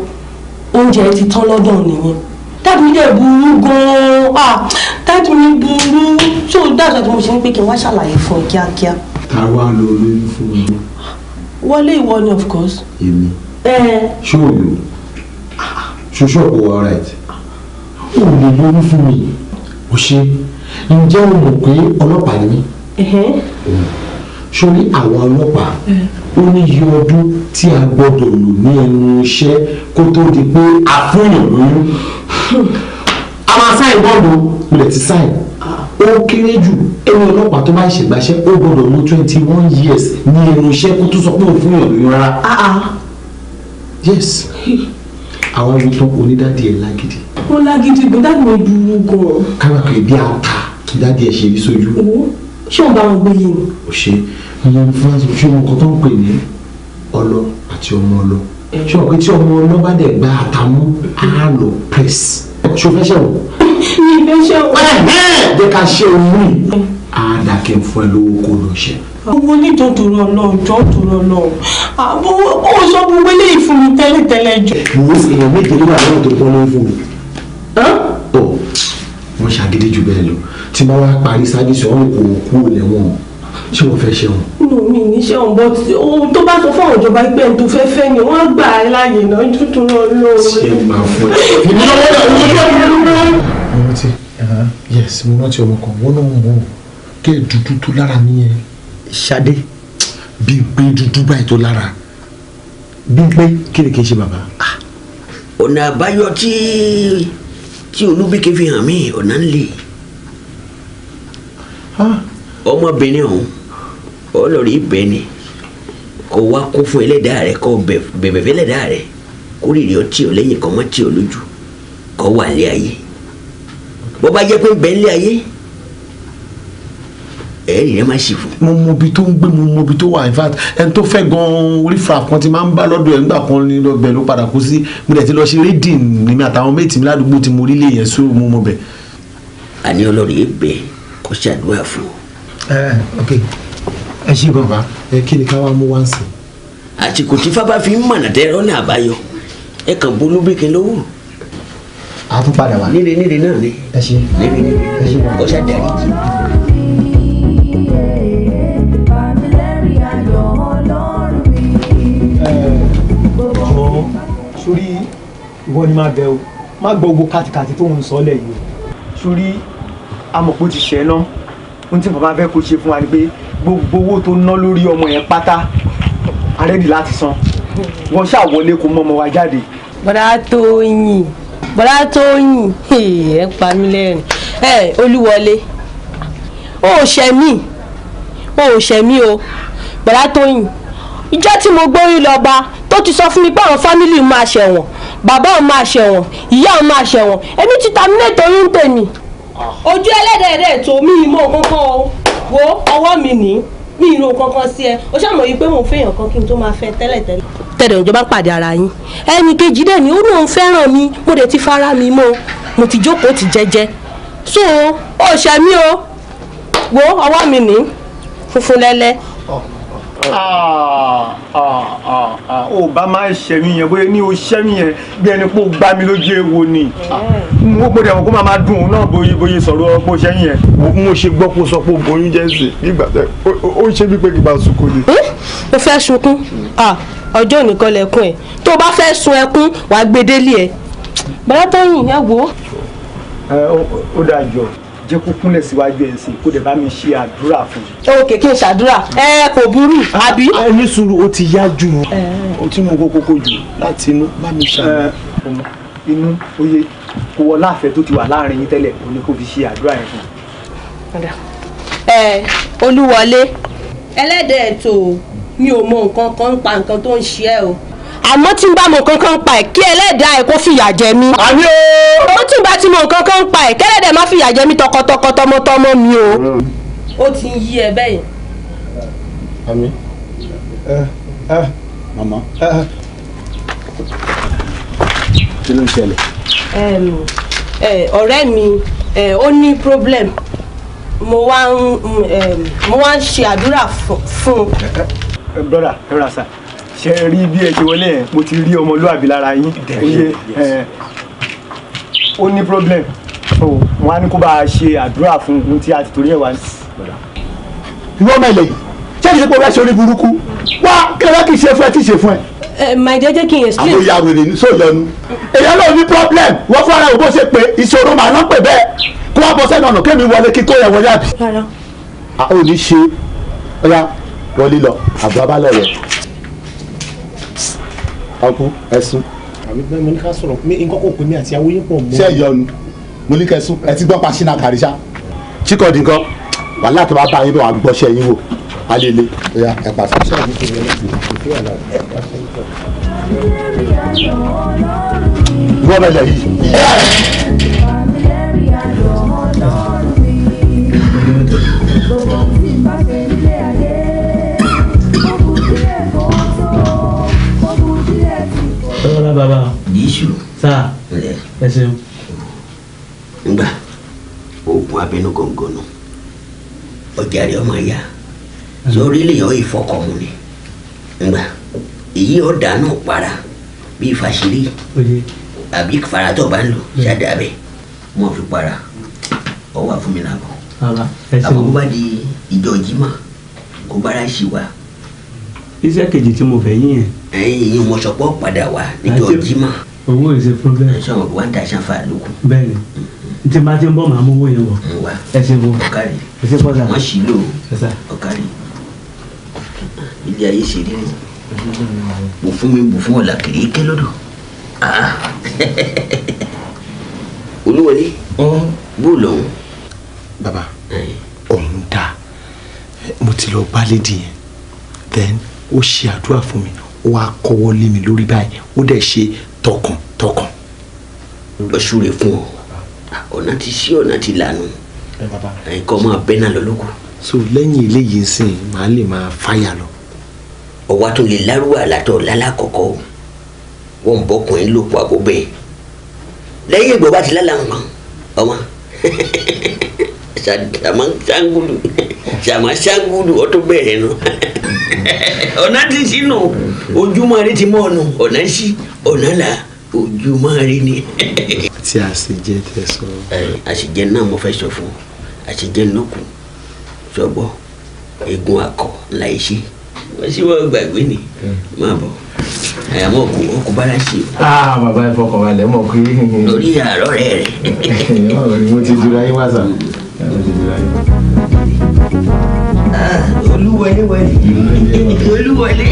oúnjẹ ti tán lọ́dọ̀ nìyẹn dad mi dẹ̀ burú gan-an ah dad mi burú so dad àti mo ṣe ń pé kí n wá ṣàlàyé fún ẹ kíákíá. ta wá lo olóyún fún mi. wọlé ìwọ ni of course. èmi. ẹ. ṣé o lò ṣoṣo kò wọ ọ̀rẹ́ ti o lè lóyún fún mi ò ṣe ǹjẹ́ o mọ̀ pé ọlọ́pàá ni mí sórí àwọn ọlọ́pàá ó ní iye ọdún tí a gbọ́dọ̀ lò ní ẹnu iṣẹ́ kó tó di pé a fúnyàn lóyún a máa sáì bọ́ọ̀lù ilẹ̀ ti sáì ó kéré jù ẹni ọlọ́pàá tó bá ṣègbàṣẹ́ ó gbọ́dọ̀ mú twenty one years ní ẹnu iṣẹ́ kó tó sọ pé òun fúnyàn lóyún rárá ah, ah. yes. àwọn wo tán onídàdí ẹ̀ lágídí. ó lágídí bó dáàbò mo burú gan. kábàkì bí a ta kí dáàdí ẹ̀ ṣe rí sójú. ṣé òun bá wọn gbé yẹn. ò ṣe mo fún aṣọ ṣé wọn kò tó ń pè ní ọlọ àti ọmọ ọlọ ṣé wọn pé tí ọmọ ọlọ bá dẹ̀ gba àtàmú á lọ press ṣo fẹ́ ṣe wọn. mi ì fẹ́ ṣe wọn. jẹ́ ká ṣe òun rí. á dàkẹ́ fún ẹ lówó kó lọ ṣe gbogbo onídòdòrò ọlọ́ọ̀jọ́ òdòrò ọlọ́ọ̀ àbọ̀ ó sọ gbogbo eléyìí fún mi tẹ́lẹ̀tẹ́lẹ̀ jù. mo ń èèyàn méje ló wà lọ́wọ́ tó pọ́n ló ń fún mi. ọ wọn ṣàgídí jù bẹ́ẹ̀ lọ tí bá wá parí sábìsì ọ̀hún kò kú ilẹ̀ wọn ṣé wọn fẹ́ ṣe wọn. inú mi ní ṣe ọ̀n bọ́ ohun tó bá sọ fáwọn ìjọba pé ẹni tó fẹ́ fẹ́ ni wọ́n gbà á láàyè náà tuntun lọ lóore. ṣé máa fún ẹ. ìdílé wọn náà ló ń bá mi lọ. mo rántí uh-huh, yes mo rántí ọmọ kan wọn náà mọ kéè dúdú tó lára nìyẹn Ṣadé bíi pé dúdú báyìí tó lára bíi pé kí ni kí n ṣe bàbá. Ah, ọ̀nà àbáyọ tí tí olúbíkẹ́ fi hàn mí ọ̀nà ń lè ah. ọmọbìnrin ọ̀hún ọlọ́rí ibẹ̀ ni kò wá kó fún ẹlẹ́dàá rẹ kó bẹ̀bẹ̀ fẹ́ ẹlẹ́dàá rẹ kó rírì ọtí ò lẹ́yìn kọ́ mọ́ lójú kó wà lé ayé bó bá jẹ́ pé bẹ́ẹ̀ lé ayé ẹ yẹn má ṣì fún. mo mọ ibi tó ń gbé mo mọ ibi tó wà in fact ẹni tó fẹ́ gan-an orífà kan ti máa ń bá lọ́dọ̀ ẹ̀ nígbà kan ní lọ́bẹ̀ ló padà kú sí mo dẹ̀ ti lọ ṣe rédìn mi àtàwọn méjì mi ládùúgbò tí mo rí yẹn sóò mo mọ bẹ̀. àní ọlọ́run yìí bẹ̀ kó ṣàdúrà fún ọ. ẹ ok ẹ ṣe bàbá ẹ kí ni ká wá mú wá ń sìn. àtìkù tí fábà fi ń mọ̀nà tẹ́rọ náà àbáyọ ẹ kàn bolú bí kin lówó. a tún padà wá. nílé nílé náà ni. ẹ ṣe ẹ ṣe bàbá. ọ̀ṣà dàrí jì. sórí ìwọ ni máa bẹ o má gbọ́ gbogbo kàtìkàtì tó ń sọ lẹ́yìn o sórí amọ̀pọ̀ ti ṣẹ́ náà ohun tí bàbá fẹ́ kó ṣe fún wa ni pé gbogbo owó tó ná lórí ọmọ yẹn pátá arẹ́dì láti san wọ́n ṣáà wọlé kó mọ́ ọmọ wa jáde. bọ́dá Tóyìn bọ́dá Tóyìn ẹ̀ ń pa mí lẹ́rìn ẹ̀ Olúwọlé ó ṣẹ̀mí ó ṣẹ̀mí o bọ́dá Tóyìn ìjọ́ tí mo gbórí lọ tó ti sọ fún mi pé àwọn fámìlì máa ṣẹ̀wọ̀n bàbá òun máa ṣẹ̀wọ̀n ìyá òun máa ṣẹ̀wọ̀n èmi ti terminate oyún tèmi. ojú ẹlẹ́dẹ̀ẹ́dẹ̀ tó mi ìmọ̀ kankan o wo ọwọ́ mi nì í mi ìlú kankan sí ẹ o ṣàmọ̀ yìí pé mò ń fẹ́yàn kan kí n tó máa fẹ́ tẹ́lẹ̀tẹ́lẹ̀. tẹ̀lé ìjọba pàdé ara yín ẹnì kejì dẹ̀ ni ó lóun fẹ́ràn mi mo dẹ̀ ti fara mi mọ́ mo ti jókòó ti jẹ́jẹ́ so ó ṣẹ́ mi o wo ọwọ́ mi nì í funfun lẹ́lẹ́ Ah, ah, ah, ó bá máa ń ṣẹ̀mí yẹn bóyá ní o ṣẹ́mí yẹn bí ẹni pé ó gbá mi lójú ewo ni mo gbọ́dọ̀ ẹ̀wọ̀n kó máa máa dùn òun náà bóyá bóyá sọ̀rọ̀ ọpọ̀ ṣẹ́yìn yẹn. mo ṣe gbọ́ kó sọ pé oyún jẹ́ sí nígbà tẹ o ṣe bí pé kí n bá sunkún ni. mo eh? fẹ́ sunkún ọjọ́ nìkan lẹ̀kún ẹ̀ tó o bá fẹ́ sun ẹkún wàá gbedele ẹ̀ bàbá tó yìn ẹ̀ wò ó. ó jẹ́ kó kúnlẹ̀ síwájú ẹ̀ sìn kó dẹ̀ bá mi ṣe àdúrà fún un. òkè kí n ṣàdúrà ẹ kò burú àbí. ẹ ní sùúrù o ti yá jù o tí mo kókó jù láti inú bá mi ṣàmì. inú oyè kò wọ láàfẹ́ tó ti wà láàrin yín tẹ́lẹ̀ o ní kó fi ṣe àdúrà yẹn fún un. ẹ olúwọlé ẹlẹ́dẹ̀ẹ́ tó mi ò mọ nǹkan kan ń pa nǹkan tó ń ṣe ẹ́ o àmọ́ tí n bá mọ̀ kankan pa ẹ̀ kí ẹlẹ́dàá ẹ̀ kó fìyà jẹ mí. àmì o. ó tún bá ti mọ̀ kankan pa ẹ̀ kẹ́lẹ́dàá má fìyà jẹ mí tọkọtọkọ tọmọtọmọ mi o. ó ti ń yí ẹ bẹ́ẹ̀. àmì ẹ kí ló ń ṣẹlẹ̀. ọ̀rẹ́ mi ó ní problem mo wá ń ṣe àdúrà fún un. brother ẹ rà ṣe rí bí ẹ ṣe wọlé yẹn mo ti rí ọmọlúwàbí lára yín oye ó ní problem wọn á ní kó bá a ṣe àdúrà fún un tí a ti torí ẹ̀ wá. ìwọ ọmọ ilẹ̀ yìí ṣé kìí ṣe pé o bá ṣe orí burúkú wá kí ló bá kì í ṣe fún ẹ tí ì ṣe fún ẹ. my dear jẹ́ kí n explain. àwọn ìyá wèrè ní sóòlù ẹnu èèyàn náà ní problem wọ́n fún ara ẹ̀ bó ṣe pé ìṣòro màá ná pè bẹ́ẹ̀ kó wá bọ́ sẹ́nu ọ̀nà kémi wọlé kí tó yẹ wọlé àbí. rárá. a ò ní ṣe wọlé lọ àbúrò abálẹ̀ rẹ̀ ọkú ẹsùn. àbí bẹ́ẹ̀ mo ní ká sọ̀rọ̀ pé nǹkan kò pé mi àti awóyún pọ̀ mọ́. ṣé ẹ yọnu mo ní kẹsùn ẹ ti gbọ́ pa ṣínà kàríṣà. chikọ di nǹkan wàhálà tó bá bá yín bọ̀ wá gbọ́ṣẹ́ yín wò á wọ́n bẹ̀rẹ̀ yìí. sáà ẹ ṣeun. ngbà oògùn abẹnú gọ̀ǹgọ̀ nù ọjà rẹ ọmọ ya sórí lè yọ ìfọkànmu ni ngbà èyí ọ̀dà náà para bíi fàṣírí àbí faratọ̀ bá ń lò ṣáda bẹ́ẹ̀ fi para ọwọ́ àfúnmi náà bọ̀ àmọ́ bó bá di ìjọ jimá kó bára ṣì wá. iṣẹ́ kejì tí mo fẹ́ yín yẹn. ẹ̀yin ìyẹn mo padà wá níjọ jimá owó ìṣe problem. ẹ ṣe wọn one thousand five ló kù. bẹ́ẹ̀ni tí n bá ti ń bọ̀ màá mú owó yẹn wọ. wa ẹ ṣe wo ọkàrí ẹ ṣe pọ́sà wọ́n sì lò ọkàrí ilé ayé ṣe rí ni bò fún mi bò fún ọ̀la kìrì ké lọ́dọ̀ ah. olúwọlé bó lọ. baba ọ̀hún dá mo ti lọ bá lédi yẹn then ó ṣe àdúrà fún mi ó kọ́wọ́ lé mi lórí báyìí ó dẹ̀ ṣe tọkàntọkàn lọ́sùn rẹ̀ fún ọ ọ̀nà ti ṣí ọ̀nà ti lànà ẹ̀kọ́ máa bẹ́ náà lọ́lọ́kù. so lẹ́yìn eléyìí sìn màá lè máa fáyà lọ. ọ̀wá tó lè lárúwà àlàtọ̀ lálákọ̀ọ́kọ́ wọ́n ń bọ́kùnrin lòpọ̀ àbó bẹ́ẹ̀ lẹ́yìn ìgbọ́ bá ti lálà nǹkan ọmọ ṣàmà ṣàngùdù ṣàmà ṣàngùdù ọtún bẹ́ẹ̀ nù. ọ̀nà ti sínú ojúmọ́ rí ti mọ́ ọ̀nà ọ̀nà sí ọ̀nà là ojúmọ́ rí ni. àti àṣejẹ tẹ sọ. àṣejẹ náà mo fẹ́ sọ fún ọ àṣejẹ náà kù sọgbọ́ egun akọ láì ṣe wọ́n sì wọ́n gbàgbé ni hmm. máa bọ̀ àyàmọ́ kò ọkọ̀ bára ṣe. aa ah, bàbá ẹ fọkànbalẹ̀ mọ̀ pé. lórí àárọ̀ rẹ̀ rẹ̀. mo ti dura yín wá sà. mo ti dura yín olúwọlé wọlé olúwọlé.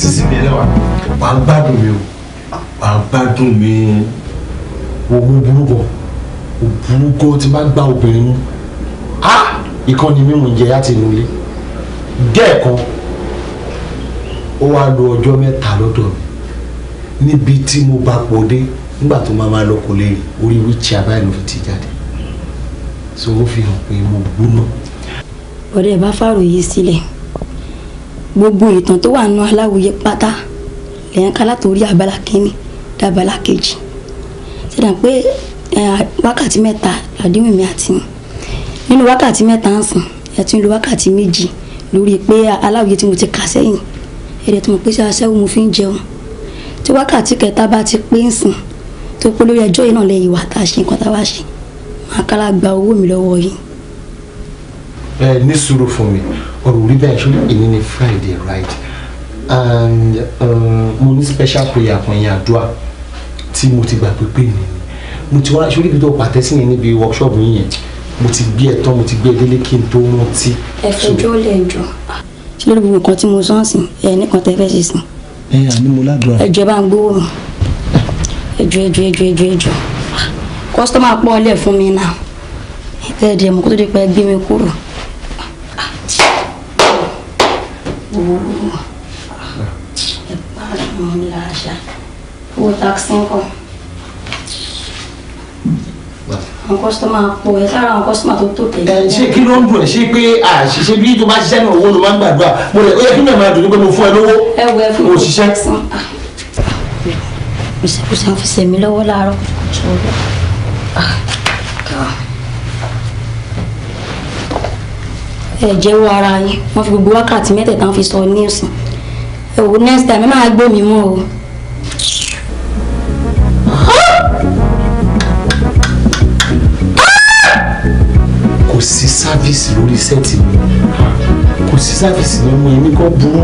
sísí mi ẹlẹ́wà wà á gbádùn mi o wà á gbádùn mi owó burúkọ burúkọ tí bá gba obìnrin mú ìkànnì mímu jẹ láti inú ilé gẹ́ẹ̀kan ó wá lò ọjọ́ mẹ́ta lọ́dọ̀ mi níbi tí mo bá pọ̀ dé nígbà tó máa máa lọ kò lè orí wíìchì abáyé ló fi ti jáde so ó fi hàn pé mo gbóná. ọ̀rẹ́ ẹ̀ bá fàròyé sílẹ̀ gbogbo ìtàn tó wà nù aláwòye pátá lẹ́yìn ká látòrí abala kínní dábala kejì ṣẹ̀dá pé wákàtí mẹ́ta àdéhùn mi àti nínú wákàtí mẹ́ta ń sìn ẹ tún lo wákàtí méjì lórí pé aláwòye tí mo ti kà sẹ́yìn ẹ̀rẹ̀ tí mo pèsè aṣẹ́wó mo fi ń jẹun tí wákàtí kẹta bá ti pé ń sìn tó pé lórí ẹjọ́ yìí náà lẹ́yìn wà tá a ṣe nǹkan tá a wá ṣe máa kára gba owó mi lọ́wọ́ yìí. ẹ ní sùúrù fún mi ọ̀rọ̀ orí bẹ́ẹ̀ ṣe èmi ni Friday right and um, mo ní special prayer kan yẹn àdúrà tí mo ti gbà pé pé mi ni mo ti wá sórí ibi tó pàtẹ́ sí yẹn níbi workshop yìí yẹn mo ti gbé ẹ̀tọ́ mo ti gbé délé kí n tó rántí. ẹ fẹjọ́ lẹ̀ jọ ṣé lórí gbogbo nǹkan tí mo sọ ń sìn ẹ nìkan tẹ fẹ́ ṣe sìn. ẹ àní mo ládùúrà. ẹ jọba gbówó ẹjọ ẹjọ ẹjọ ẹjọ ẹjọ kọ́sítọ́mà pọ̀ ọlẹ̀ fún mi náà ìtẹ́ẹ̀dẹ̀ mọ̀ kó tó di pé gbé mi kúrò. owó táksì ńkọ́ àwọn kọ́sítọ́mà pọ̀ ẹ sára àwọn kọ́sítọ́mà tó tó tẹ̀lé. ṣé kí ló ń dùn ẹ ṣé pé àṣìṣe bí tó bá ṣiṣẹ́ náà owó ló máa ń gbàdúrà mo lè ó yẹ kí mi àmàlà dùn ní pé mo fún ẹ lówó òṣìṣẹ́ ìṣàkóso àwọn fẹsẹ̀ mi lọ́wọ́ láàárọ̀ kùtùkùtù ẹ jẹ́wọ́ ara yín wọ́n fi gbogbo wákàtí mẹ́tẹ̀ẹ̀ta fi sọ níìsín ẹ wò next time ẹ máa gbé mi mọ́ o. kò sí sáfíìsì lórí sẹ́ẹ̀tì mi kò sí sáfíìsì lọ́mọ ẹ̀mí kan burú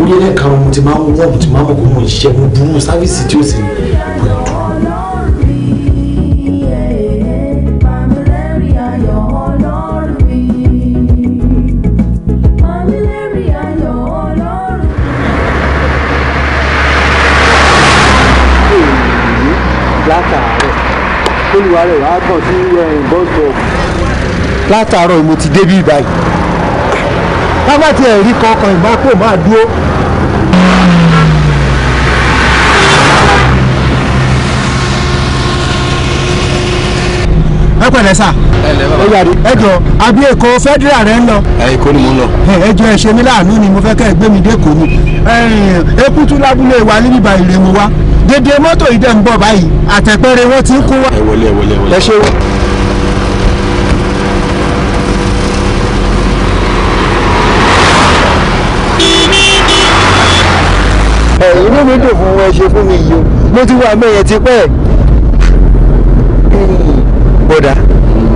orí ẹlẹ́karùn-ún mo ti máa ń wọ́ mo ti máa ń mọ̀ kó mo ń ṣiṣẹ́ mo burú sáfíìsì tí ó sì ní pẹ̀lú. látàárọ̀ olùwárẹ̀ wàá kàn sí ìbọn eh, látàárọ̀ mo ti débí báyìí lábàá tí ẹ̀rí kankan ìbápò máa dúró. ẹ pẹ̀lẹ́ sà ẹ jọ àbí èkó federal rẹ ń lọ. èkó ni mo ń lọ. ẹ jọ ẹ ṣe mí láàánú ni mo fẹ́ kẹ́ ẹ gbé mi dé kò ní. ekutu lábúlé wa níbà ìrèmú wa dédé mọ́tò ìdẹ́nbọ̀ báyìí àtẹ̀pẹ́rẹ́ wọn ti ń kú wa. ẹ wọlé ẹ wọlé ẹ wọlé. ẹ ṣe wọ́n. ẹ inú mi dùn fún ẹ ṣe fún mi yìí o mo ti wà mẹ́yẹn ti pẹ́ bọ̀dà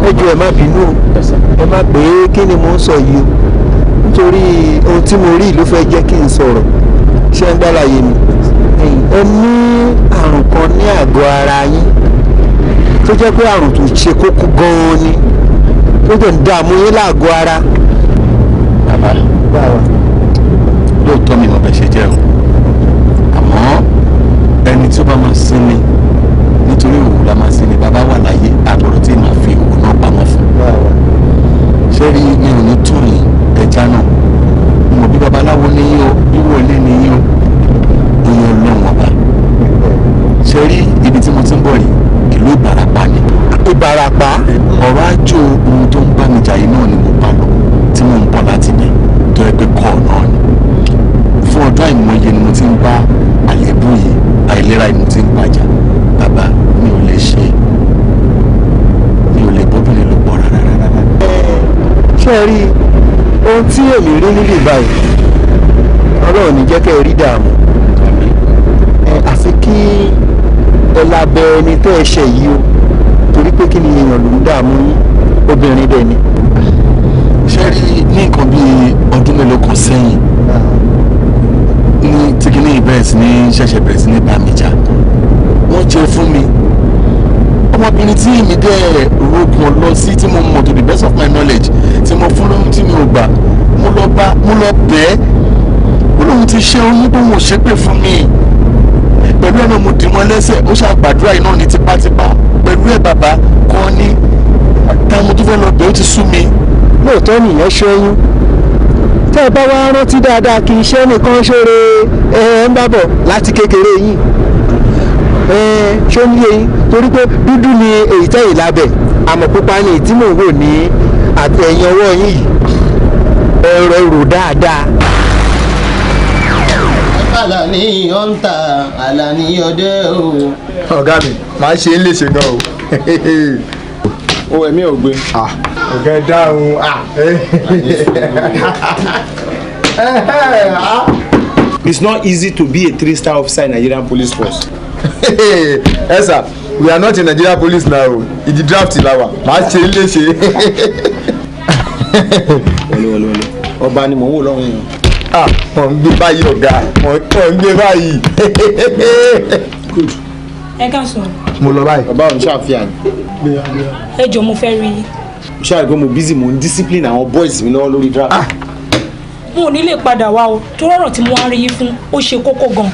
ẹ jù ẹ má bínú ẹ má pé kí ni mo ń sọ yìí o nítorí ohun tí mo rí ló fẹ́ jẹ́ kí n sọ̀rọ̀ ṣé ń dálàyé mi ẹ ní àrùn kan ní àgọ́ ara yín tó jẹ́ pé àrùn tó ṣe kókó gan-an ni ó dẹ̀ ń dààmú yín láàgọ́ ara. bàbá báwa lóòótọ́ mi mọ̀ bẹ́ẹ̀ ṣe jẹ́ o bá máa sinmi nítorí òwú la máa sinmi bàbá wà láyé àbọ̀rọ̀ tí màá fi òwú náà pamọ́ fún. ṣé rí mi ò ní tún yìí ẹja náà mo bí babaláwo níyí o bí wòlíì níyí o ìyẹn ọlọ́run ọba ṣe rí ibi tí mo ti ń bọ̀ rí ìlú ìbarapá ni. ìbarapá. ọ̀rọ̀ àjò ohun tó ń bá mi jà yìí náà ni mo bá lọ tí mo ń bọ̀ láti bẹ̀ tó ẹgbẹ́ kọ́ náà ni fún ọdún àìmọye ni mo ti ń bá àlè àìlera inú ti ń pàjà bàbá mi ò lè ṣe mi ò lè bóbìnrin ló pọ̀ rárá rárá. ṣé ẹ rí ohun tí èmi rí nílé báyìí ọlọ́run ní jẹ́ kẹ́ ẹ rí dààmú àfi kí ẹ lábẹ́ ẹni tẹ́ ẹ ṣe yìí o torí pé kí ni èèyàn ló ń dààmú obìnrin dẹ̀ ni. ṣé rí ní nǹkan bíi ọdún mélòó kan sẹ́yìn kíní ìbẹ̀rẹ̀ sí ní ṣẹ̀ṣẹ̀ bẹ̀rẹ̀ sí ní bàmíjà wọ́n jẹ fún mi ọmọbìnrin tí mi dẹ́ rogun lọ sí tí mo mọ̀ to the best of my knowledge tí mo fún lóhun tí mi ò gbà mo lọ bá mo lọ bẹ́ẹ̀ olóhun ti ṣe oyún tó wọ́n ṣépè fún mi pẹ̀lú ẹ̀nà mo dì wọ́n lẹ́sẹ̀ ó ṣàgbàdúrà iná ní tipátipá pẹ̀lú ẹ̀ bàbá kan ní táwọn tó fẹ́ lọ bẹ́ẹ̀ ó ti sú mi. lóòótọ́ nìyẹn ṣe oyún tẹ́ ẹ bá wá rántí dáadáa kì í ṣe nìkan ṣoore ẹ ń bá láti kékeré yìí ṣó ní eyín torí pé dúdú ni èyí tẹ̀yìn lábẹ́ àmọ́ pupa ni èyí tí mò ń wò ní àtẹ̀yìn ọwọ́ yìí ẹ̀rọ rò dáadáa. Àlàní ọ̀ǹtà Àlàní ọdẹ o. Ọ̀gá mi, màá ṣe é léṣe gan o. Ó ẹ̀mí ò gbé. Ah ọ̀gá ẹ dáhùn ah, eh. it's not easy to be a three star officer in Nigerian police force. Hey, sà we are not in Nigerian police now ìdí draft làwà máa ṣe ilé ṣe. wọlé wọlé wọlé ọba ni mò ń wò lọ́wọ́ yẹn. ah mò ń gbé báyìí ọ̀gá mò ń gbé báyìí. good. ẹ ká sọ. mo lọ báyìí. ọba òun ṣàfihàn. ẹ jọ mo fẹ́ rí mo ṣáà rí pé mo busy mo ń discipline àwọn boys mi lọ́wọ́ lórí draft. Ah! mo ò ní lè padà wá o tó rọrùn tí mo wá rí yín fún ó ṣe kókó gan.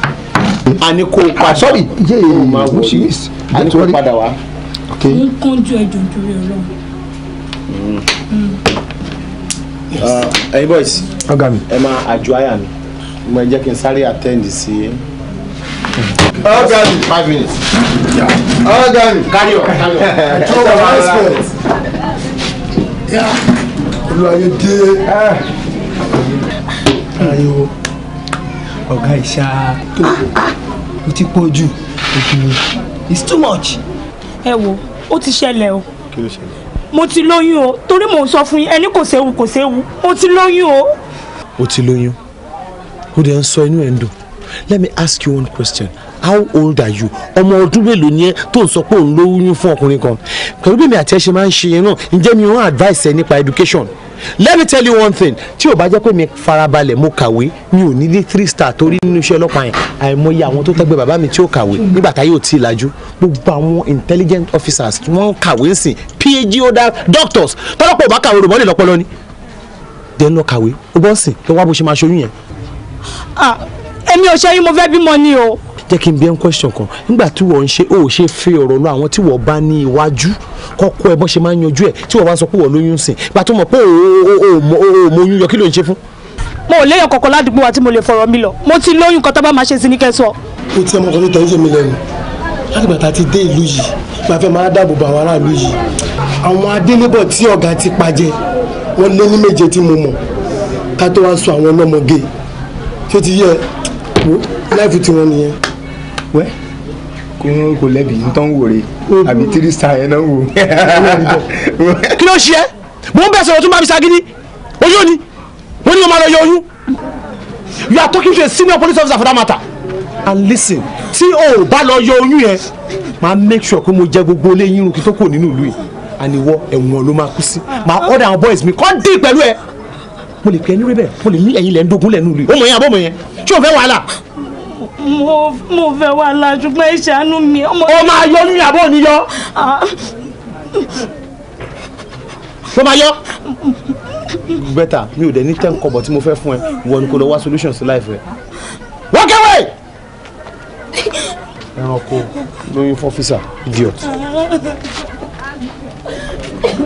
a ní kó o padà sọ́ọ̀rì yé e a ní kó o padà wá. n kàn ju ẹjọ́ torí Ọlọ́run. Hmm. Hmm. Uh, ẹyin boys ẹ máa àjọ àyà mi mo jẹ́ kí n sáré attend sí. ọ̀gá mi five minutes. ọ̀gá mi carry on carry on. olùwàyè dé eh. ariwo ọ̀gá ìṣá tó o ti pọ̀ jù òkùnrin it's too much. ẹ wo ó ti ṣẹlẹ̀ o mo ti lóyún o torí mò ń sọ fún yín ẹni kò séwu kò séwu mo ti lóyún o. o ti lóyún o dẹ̀ ń sọ inú ẹ̀ ń dùn let me ask you one question how old are you ọmọ ọdún mélòó ni ẹ tó ń sọ pé òun ló wúyún fún ọkùnrin kan pẹ̀lú bí mi àti ẹ ṣe máa ń ṣe náà ǹjẹ́ mi ò advice ẹ nípa education let me tell you one thing tí ò bá jẹ́ pé mi farabalẹ̀ mo kàwé mi ò ní ní three star torí nínú iṣẹ́ ọlọ́pàá yẹn àìmọye àwọn tó tẹ́gbẹ́ bàbá mi tí ó kàwé nígbà táyé ò tí ì lajú gbogbo àwọn intelligent officers tí wọ́n kàwé sí phd oda doctors tọ́lọ́pọ̀ ò bá kàwé rògbọ́n lè lọ́pọ̀lọ́ ni dẹ́n lọ kàwé ó bọ́ sìn kí wọ́n bá bó ṣe máa ṣoyún yẹn. Ah, èmi ò ṣe yín mo fẹ́ bímọ ni o jẹ́ kí n bí ẹ́ ń question kan nígbà tí wọ́n ń ṣe ó ṣe fi ọ̀rọ̀ lọ àwọn tí wọ́n bá ní iwájú kọ́kọ́ ẹ bọ́n ṣe máa ń yanjú ẹ̀ tí wọ́n bá sọ pé wọ́n lóyún sìn gbà tó mọ̀ pé ó mọ oyún yọ kí ló ń ṣe fún. mo ò léyàn kankan ládùúgbò wa tí mo lè fọ̀rọ̀ mi lọ mo ti lóyún kan tó bá máa ṣe sí ní kẹsàn. o ti ọmọ kan tó tẹ̀sí mi lẹ́nu láti bàtà ti dé ìlú yìí máa fẹ́ máa dáàbò bo àwọn aráàlú yìí àwọn adélébọ̀ tí ọ̀gá ti pàjẹ́ wọ́n lé ní méje tí mo mọ̀ ká tó wá sọ àwọn ọlọ́mọge tó ti yẹ láìfù tiwọn nìyẹn wẹ́ kò lẹ́bi ń tán wò re àbí tírí sa yẹn náà wò. kí ló ṣe é mò ń bẹ̀ sọ̀rọ̀ tún bá mi ṣagídí oyún ni wọ́n ní wọ́n máa lọ yọ oyún you are talking to a senior police officer for that matter and listen tí o ò bá lọ yọ oyún yẹn máa make sure pé mo jẹ gbogbo ilé yín kí tó kò nínú ìlú yìí àníwọ ẹ̀wọ̀n ló máa kú sí máa order àwọn boys mi kọ́ dì pẹ̀lú ẹ mo lè pẹ́ ní rẹ́bẹ̀ mo lè ní ẹ̀yin lẹ́ ń dogun lẹ́nu ìlú yìí ó mọ̀ yẹn àbọ̀ mọ̀ yẹn tí o fẹ́ wàhálà mo fẹ́ wà lá ṣùgbọ́n ẹ ṣàánú mi. ó máa yọ ní àbọ̀ níyọ. ṣó ah. máa yọ. bẹ́tà mi ò dẹ̀ ní ten kọ́bọ̀ tí mo fẹ́ fún ẹ wọ ni kò lọ wá solution sí life rẹ. walk away. ẹranko lóyún fọ́físà idiot.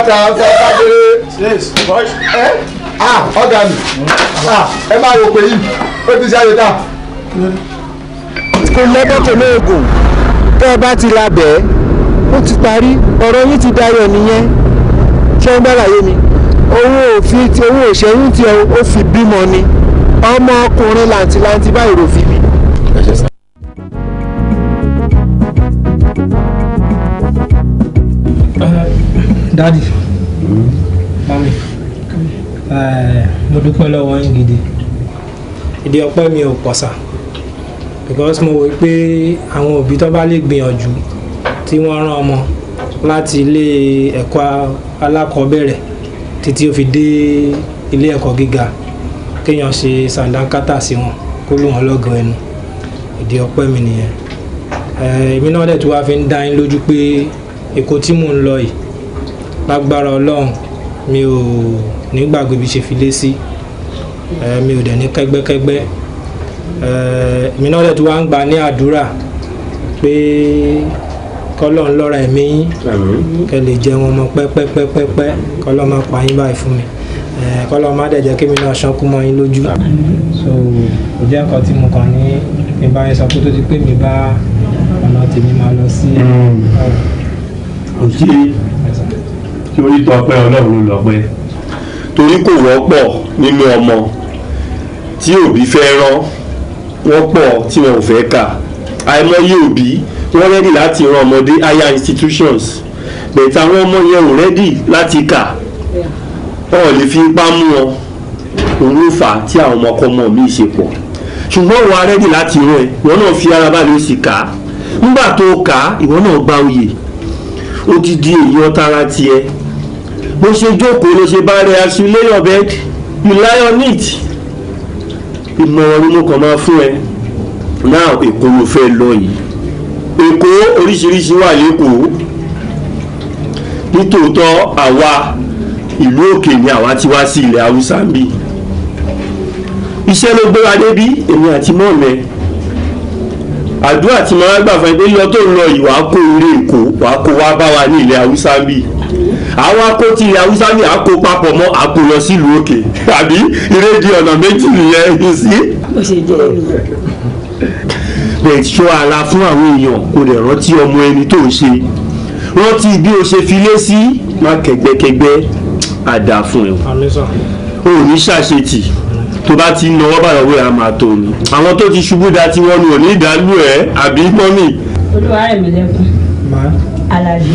ta fẹ́ kábíyé. ah ọ̀gá mi mm. ah, ẹ máa rò pé yìí ó ti ṣe àyè ta kó lẹ́bọ̀tò lóògùn tẹ́ ẹ bá ti labẹ̀ ẹ́ ó ti parí ọ̀rọ̀ yín ti dayọ̀ nìyẹn ṣé ń gbàlàyé mi owó òfin ti owó òṣèyún ti ó fi bímọ ni ọmọ ọkùnrin làǹtìlanti báyìí rò fi bí. dadi hmm? mami eh, mo dúpẹ́ lọ́wọ́ yín gidi ìdí ọpẹ́ mi ò pọ̀ sáà because mo wò pé àwọn òbí tó bá lè gbìyànjú tí wọ́n rán ọmọ láti ilé ẹ̀kọ́ alákọ̀ọ́bẹ̀rẹ̀ títí ó fi dé ilé ẹ̀kọ́ gíga kéèyàn ṣe sàǹdákátà sí wọn kó lù wọn lọ́gàn ẹnu ìdí ọpẹ́ mi nìyẹn èmi náà dẹ̀ tí wàá fi ń dá lójú pé èkó tí mò ń lọ yìí lágbára ọlọ́run mi ò nígbàgbé bí ṣe fi lé sí mi ò dẹ̀ ní kẹ́gbẹ́kẹ́gbẹ́ Eh, èmi náà dẹ̀ tí wàá ń gbà ní àdúrà pé kọ́lọ̀ ń lọ́ra ẹ̀mí yín kẹ́ lè jẹun ọmọ pẹ́pẹ́pẹ́pẹ́ kọ́lọ̀ máa pa yín báyìí fún mi eh, kọ́lọ̀ má dẹ̀ jẹ́ kémi náà ṣánkú mọ́ yín lójú so kò jẹ́ nǹkan tí mo kàn ní ìbá yẹn sọ pé tó ti pé mi bá ọ̀nà tèmi máa lọ sí. kò sí kí orí tọpẹ́ Ọlọ́run lọpẹ́ torí kò wọ́pọ̀ nínú ọmọ tí òbí fẹ́ rán wọ́n pọ̀ tí wọn ò fẹ́ kà àìmọye òbí wọ́n rẹ́dì láti ran ọmọdé higher institutions bẹ̀tẹ̀ àwọn ọmọ yẹn ò rẹ́dì láti kà wọn ò lè fi ipá mú wọn òun ló fà á tí àwọn ọmọkọ́mọ mi ṣe pọ̀ ṣùgbọ́n wọn rẹ́dì láti rẹ̀ wọn náà fi ara balẹ̀ ó sì kà á nígbà tó kà á ìwọ náà gba oyè ó ti di èèyàn tara tiẹ̀ bó ṣe jókòó ló ṣe bá rẹ̀ aṣọ lẹ́yìn ọ̀bẹ you lie on it ìmọ̀ràn mo kàn máa fún ẹ náà èkó ló fẹ́ lọ yìí èkó oríṣiríṣi wà lẹ́kọ̀ọ́ nítòótọ́ àwa ìlú òkè ni àwa ti wá sí ilẹ̀ haúsá ń bì iṣẹ́ ló gbéra débí èmi àti mọ́ọ̀mẹ́ àdúrà tí màá gbà fún ẹ pé lọ́tò ń lọ yìí wàá kó ire èkó wàá kó wá bá wa ní ilẹ̀ haúsá ń bì àwọn akótí haúsá ni à kó papọ̀ mọ́ àkó lọ sílùú òkè àbí ìrèdí ọ̀nà méjì nìyẹn yìí sí. ó ṣe jẹ́ èyí bẹ̀ẹ̀ ṣọ́ ara fún àwọn èèyàn kò lè rántí ọmọ ẹni tó ń ṣe rántí bí o ṣe filé sí má kẹgbẹkẹgbẹ àdá fún ẹ o ò ní ṣàṣetì tó bá ti náwó bàlọ́wé a máa tó ni àwọn tó ti ṣubú da tiwọn nù ò ní ìdálú ẹ àbí mọ́mì. olúwa rẹ̀ mi lẹ́kùn alájú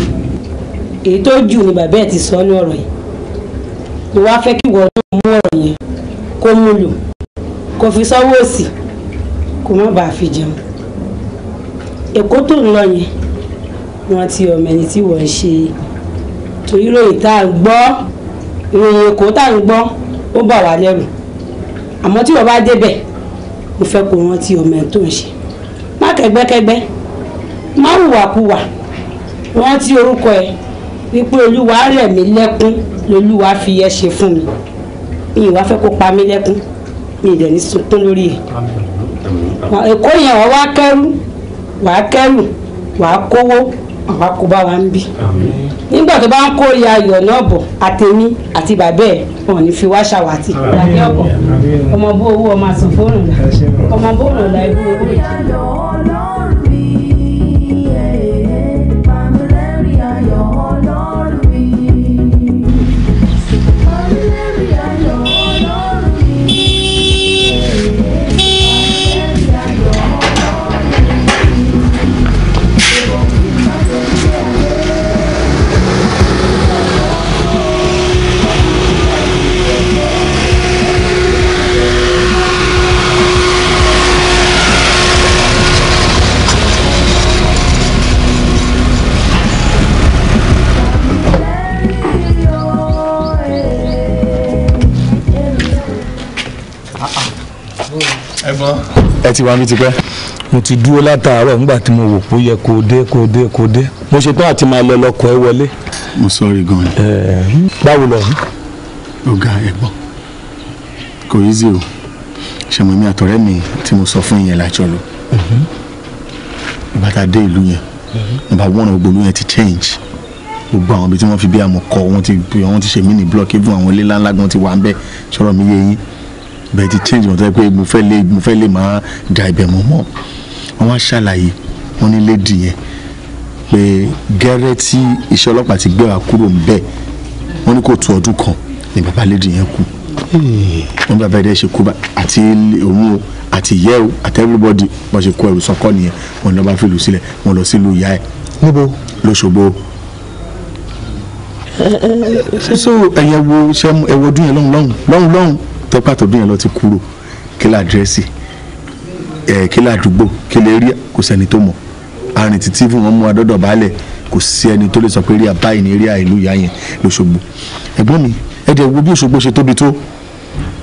èyí tó jù ni bàbá ẹ̀ ti sọ ní ọ̀rọ̀ yìí mo wá fẹ́ kí ìwọ náà mú ọ̀rọ̀ yẹn kó mú lò kó fi sọ́wọ́ òsì kó má bàa fi jẹun èkó tó ń lọ yẹn wọn ti ọmọ ẹni tí wọ́n ń ṣe torí ròyìn tá à ń gbọ́ ìròyìn èkó tá à ń gbọ́ ó bà wá lẹ́rù àmọ́ tí wọ́n bá débẹ̀ mo fẹ́ kó rántí ọmọ ẹni tó ń ṣe má kẹ́gbẹ́kẹ́gbẹ́ má hùwàkùwà rántí orúkọ ẹ̀ wípé olúwa rẹ̀ mí lẹ́kún lolúwa fi yẹ ṣe fún mi mi ìwà fẹ́ kó pa mí lẹ́kún mi ìdẹ̀ ní sunkún lórí ẹ̀ èkó yẹn wọ́n wá kẹ́rù wàá kẹ́rù wàá kówó àwa kó bá wa ń bí nígbà tó bá ń kó ya ayọ̀ náà bọ̀ àtẹ̀mí àti bàbá ẹ̀ wọn ní fi wá ṣàwátì ìdàgbé ọkọ̀ ọmọ bó owó ọmọ àsùnfóònù ọmọ bó òrùn ọ̀la ìbú owó ìjì. ẹ ti wá mi ti pẹ́. mo ti dúró látàárọ̀ nígbà tí mo wò pé ó yẹ kó dé kó dé kó dé mo ṣe tán àti máa lọ lọkọ̀ ẹ wọlé. mo sọrí gan ni. báwo lọ. ọ̀gá ẹ gbọ́ kò yí zi o ṣàmùmí àtọ̀rẹ́ mi tí mo sọ fún yẹn lájọ lọ mhm. bàtà dé ìlú yẹn mhm. nọ́mbà one of gbogbo yẹn ti change gbogbo àwọn ibi tí wọ́n fi bí àmọ́ kọ́ wọ́n ti ṣe mí ní block even àwọn ilé ńláńlá gan ti wà ń bẹ̀ sọ̀rọ̀ mi yé yín bẹ́ẹ̀ ti change wọn tó yẹ pé mo fẹ́ lè mo fẹ́ lè máa da ibẹ̀ mọ́ mọ́ wọ́n wá ṣàlàyé wọ́n ní lady yẹn pé gẹ́rẹ́ tí iṣẹ́ ọlọ́pàá ti gbé wa kúrò ń bẹ̀ ní kò tó ọdún kan ni bàbá lady yẹn kú wọ́n bàbá ẹ̀dẹ́ ṣe kú bá àti òun o àti ìyẹ́ o àti everybody wọ́n ṣe kó ẹrù sọ́kọ́ nìyẹn wọ́n lọ́ọ́ bá fi lù sílẹ̀ wọ́n lọ sílùú ìyá ẹ̀ níbo lọ́ṣọ̀gbọ́ so ẹ̀yẹ̀ wo ṣẹ́ ẹ̀wọ̀dún yẹn lọ́hùn lọ́hùn lọ́hùn lọ́hùn tọ́pẹ́ àtọ̀dún yẹn lọ ti kúrò kí lè àdírẹ́sì ẹ̀ kí lè àdúgbò kí lè rí kò sẹ́ni tó mọ̀ arìn títí fún wọn mú adọ́dọ̀ baálẹ̀ kò sí ẹni tó lè sọ pé rí àbáyé ní rí àìlú ìyá yẹn lọ́ṣogbo ẹ̀gbọ́n mi ẹ jẹ́ wo bí Òṣogbo ṣe tóbi tó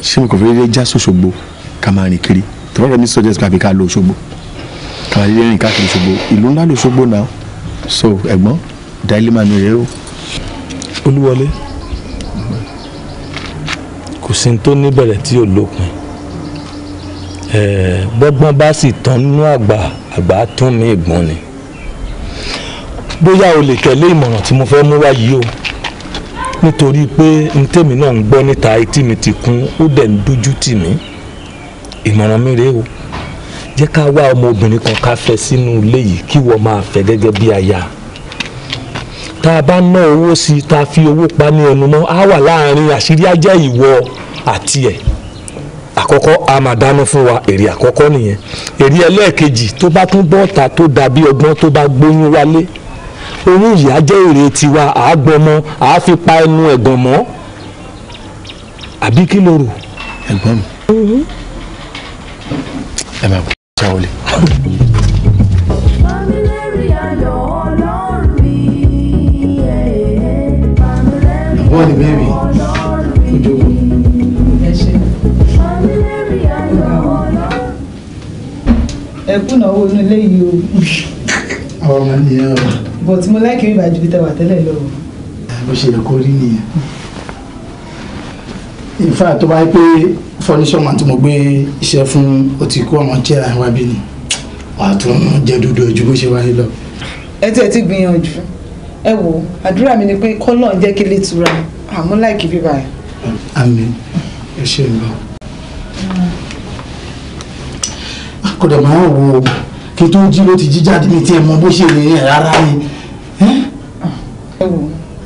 ṣé mi kò fẹ́ lé já sọ́ṣogbo ká máa rìn kiri tọ́lọ́rọ̀ mi sọ́jọ́ ìsìnkà fi ká lọ Òṣogbo ká máa rìn káàkiri Òṣogbo ìlú ńlá lọ́ṣogbo náà so ẹ̀gbọ́n dáílé màmí rẹ o. Olúwọlé kò sí tó níbẹ̀rẹ̀ tí ò lópin bọ́gbọ́n bá sì tán nínú àgbà àgbà tún ní ìgbọ́n ni bóyá o lè tẹ̀lé ìmọ̀ràn tí mo fẹ́ mú wá yìí o nítorí pé n tèmi náà ń gbọ́ níta etí mi ti kún ó dẹ̀ ń dójú tì mí ìmọ̀ràn mi rèé o jẹ́ ká wá ọmọbìnrin kan ká fẹ́ sínú ilé yìí kí wọ́n máa fẹ́ gẹ́gẹ́ bí aya tá a bá ná owó sí i tá a fi owó pa ní ẹnu mọ́ á wà láàrin àṣírí ajá ìwọ àti ẹ̀ àkọ́kọ́ a máa dáná fún wa èrè àkọ́kọ́ nìyẹn èrè ẹlẹ́ẹ̀kejì tó bá tún bọ́ọ̀ta tó dàbí ọgbọ́n tó bá gbóyún wálé oyún yìí á jẹ́ èrè tiwa àágbọmọ àá fi pa ẹnu ẹ̀gàn mọ́ àbí kí ló rò. ẹ̀gbọ́n mi ẹ máa bọ̀ ṣá wọlé. wọ́n ní ojú ẹ kùnà owó inú ilé yìí o. àwọn ọmọ nìyẹn o. but mo láìkí rí ìbàjú tẹwà tẹ́lẹ̀ lọ. bó ṣe yẹ kó rí nìyẹn. ìfà tó bá yẹ pé fọ́nísọ́mà tí mo gbé iṣẹ́ fún ó ti kó àwọn chair àwọn abí ni wàá tún jẹ́ dúdú ojú bó ṣe wáyé lọ. ẹ tí ẹ ti gbìyànjú ẹ wò àdúrà mi ni pé kọ́lọ́ọ̀ jẹ́ kí lè tura àmúláìkí bíbá ẹ. àmín ẹ ṣe ń lọ. kò dẹ̀ máa wò ó kí tó jí ló ti jí jáde ní tiẹ̀ mọ bó ṣe lè rìn rárá ni.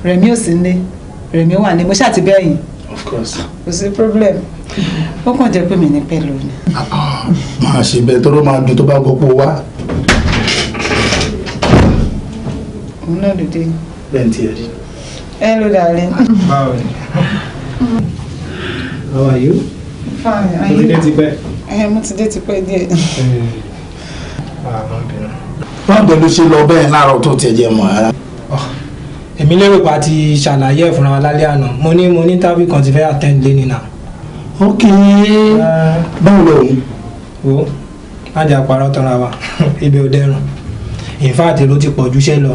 rẹmi ò sí ní rẹmi wà ní mo ṣáà ti kò sí problem ó kàn jẹ́ pé mi ní pẹ̀lú ni. Ah, máa ṣe bẹ́ẹ̀ tọ́rọ máa dùn tó bá gbọ́pọ̀ wá. òun náà ló dé. bẹ́ẹ̀ ti ẹ̀ rí. ẹ ló dàrẹ́. báwo ni. how are you. fine. orí dé ti pẹ́ ẹ mo ti dé tipẹ́ díẹ̀. wọ́n dẹ̀ ló ṣe lọ bẹ́ẹ̀ láàárọ̀ tó tiẹ̀ jẹ mọ́ ara. Ah, èmi lérò pa ti ṣàlàyé ẹ̀ fúnra wa lálẹ́ àná mo ní mo ní tábìlì kan ti fẹ́ attend lé nínà. ok ah. báwo ló ń. wo láti àparọ́ tọ́ra wa ibi ò dẹrùn in fact ló ti pọ̀ jùṣẹ́ lọ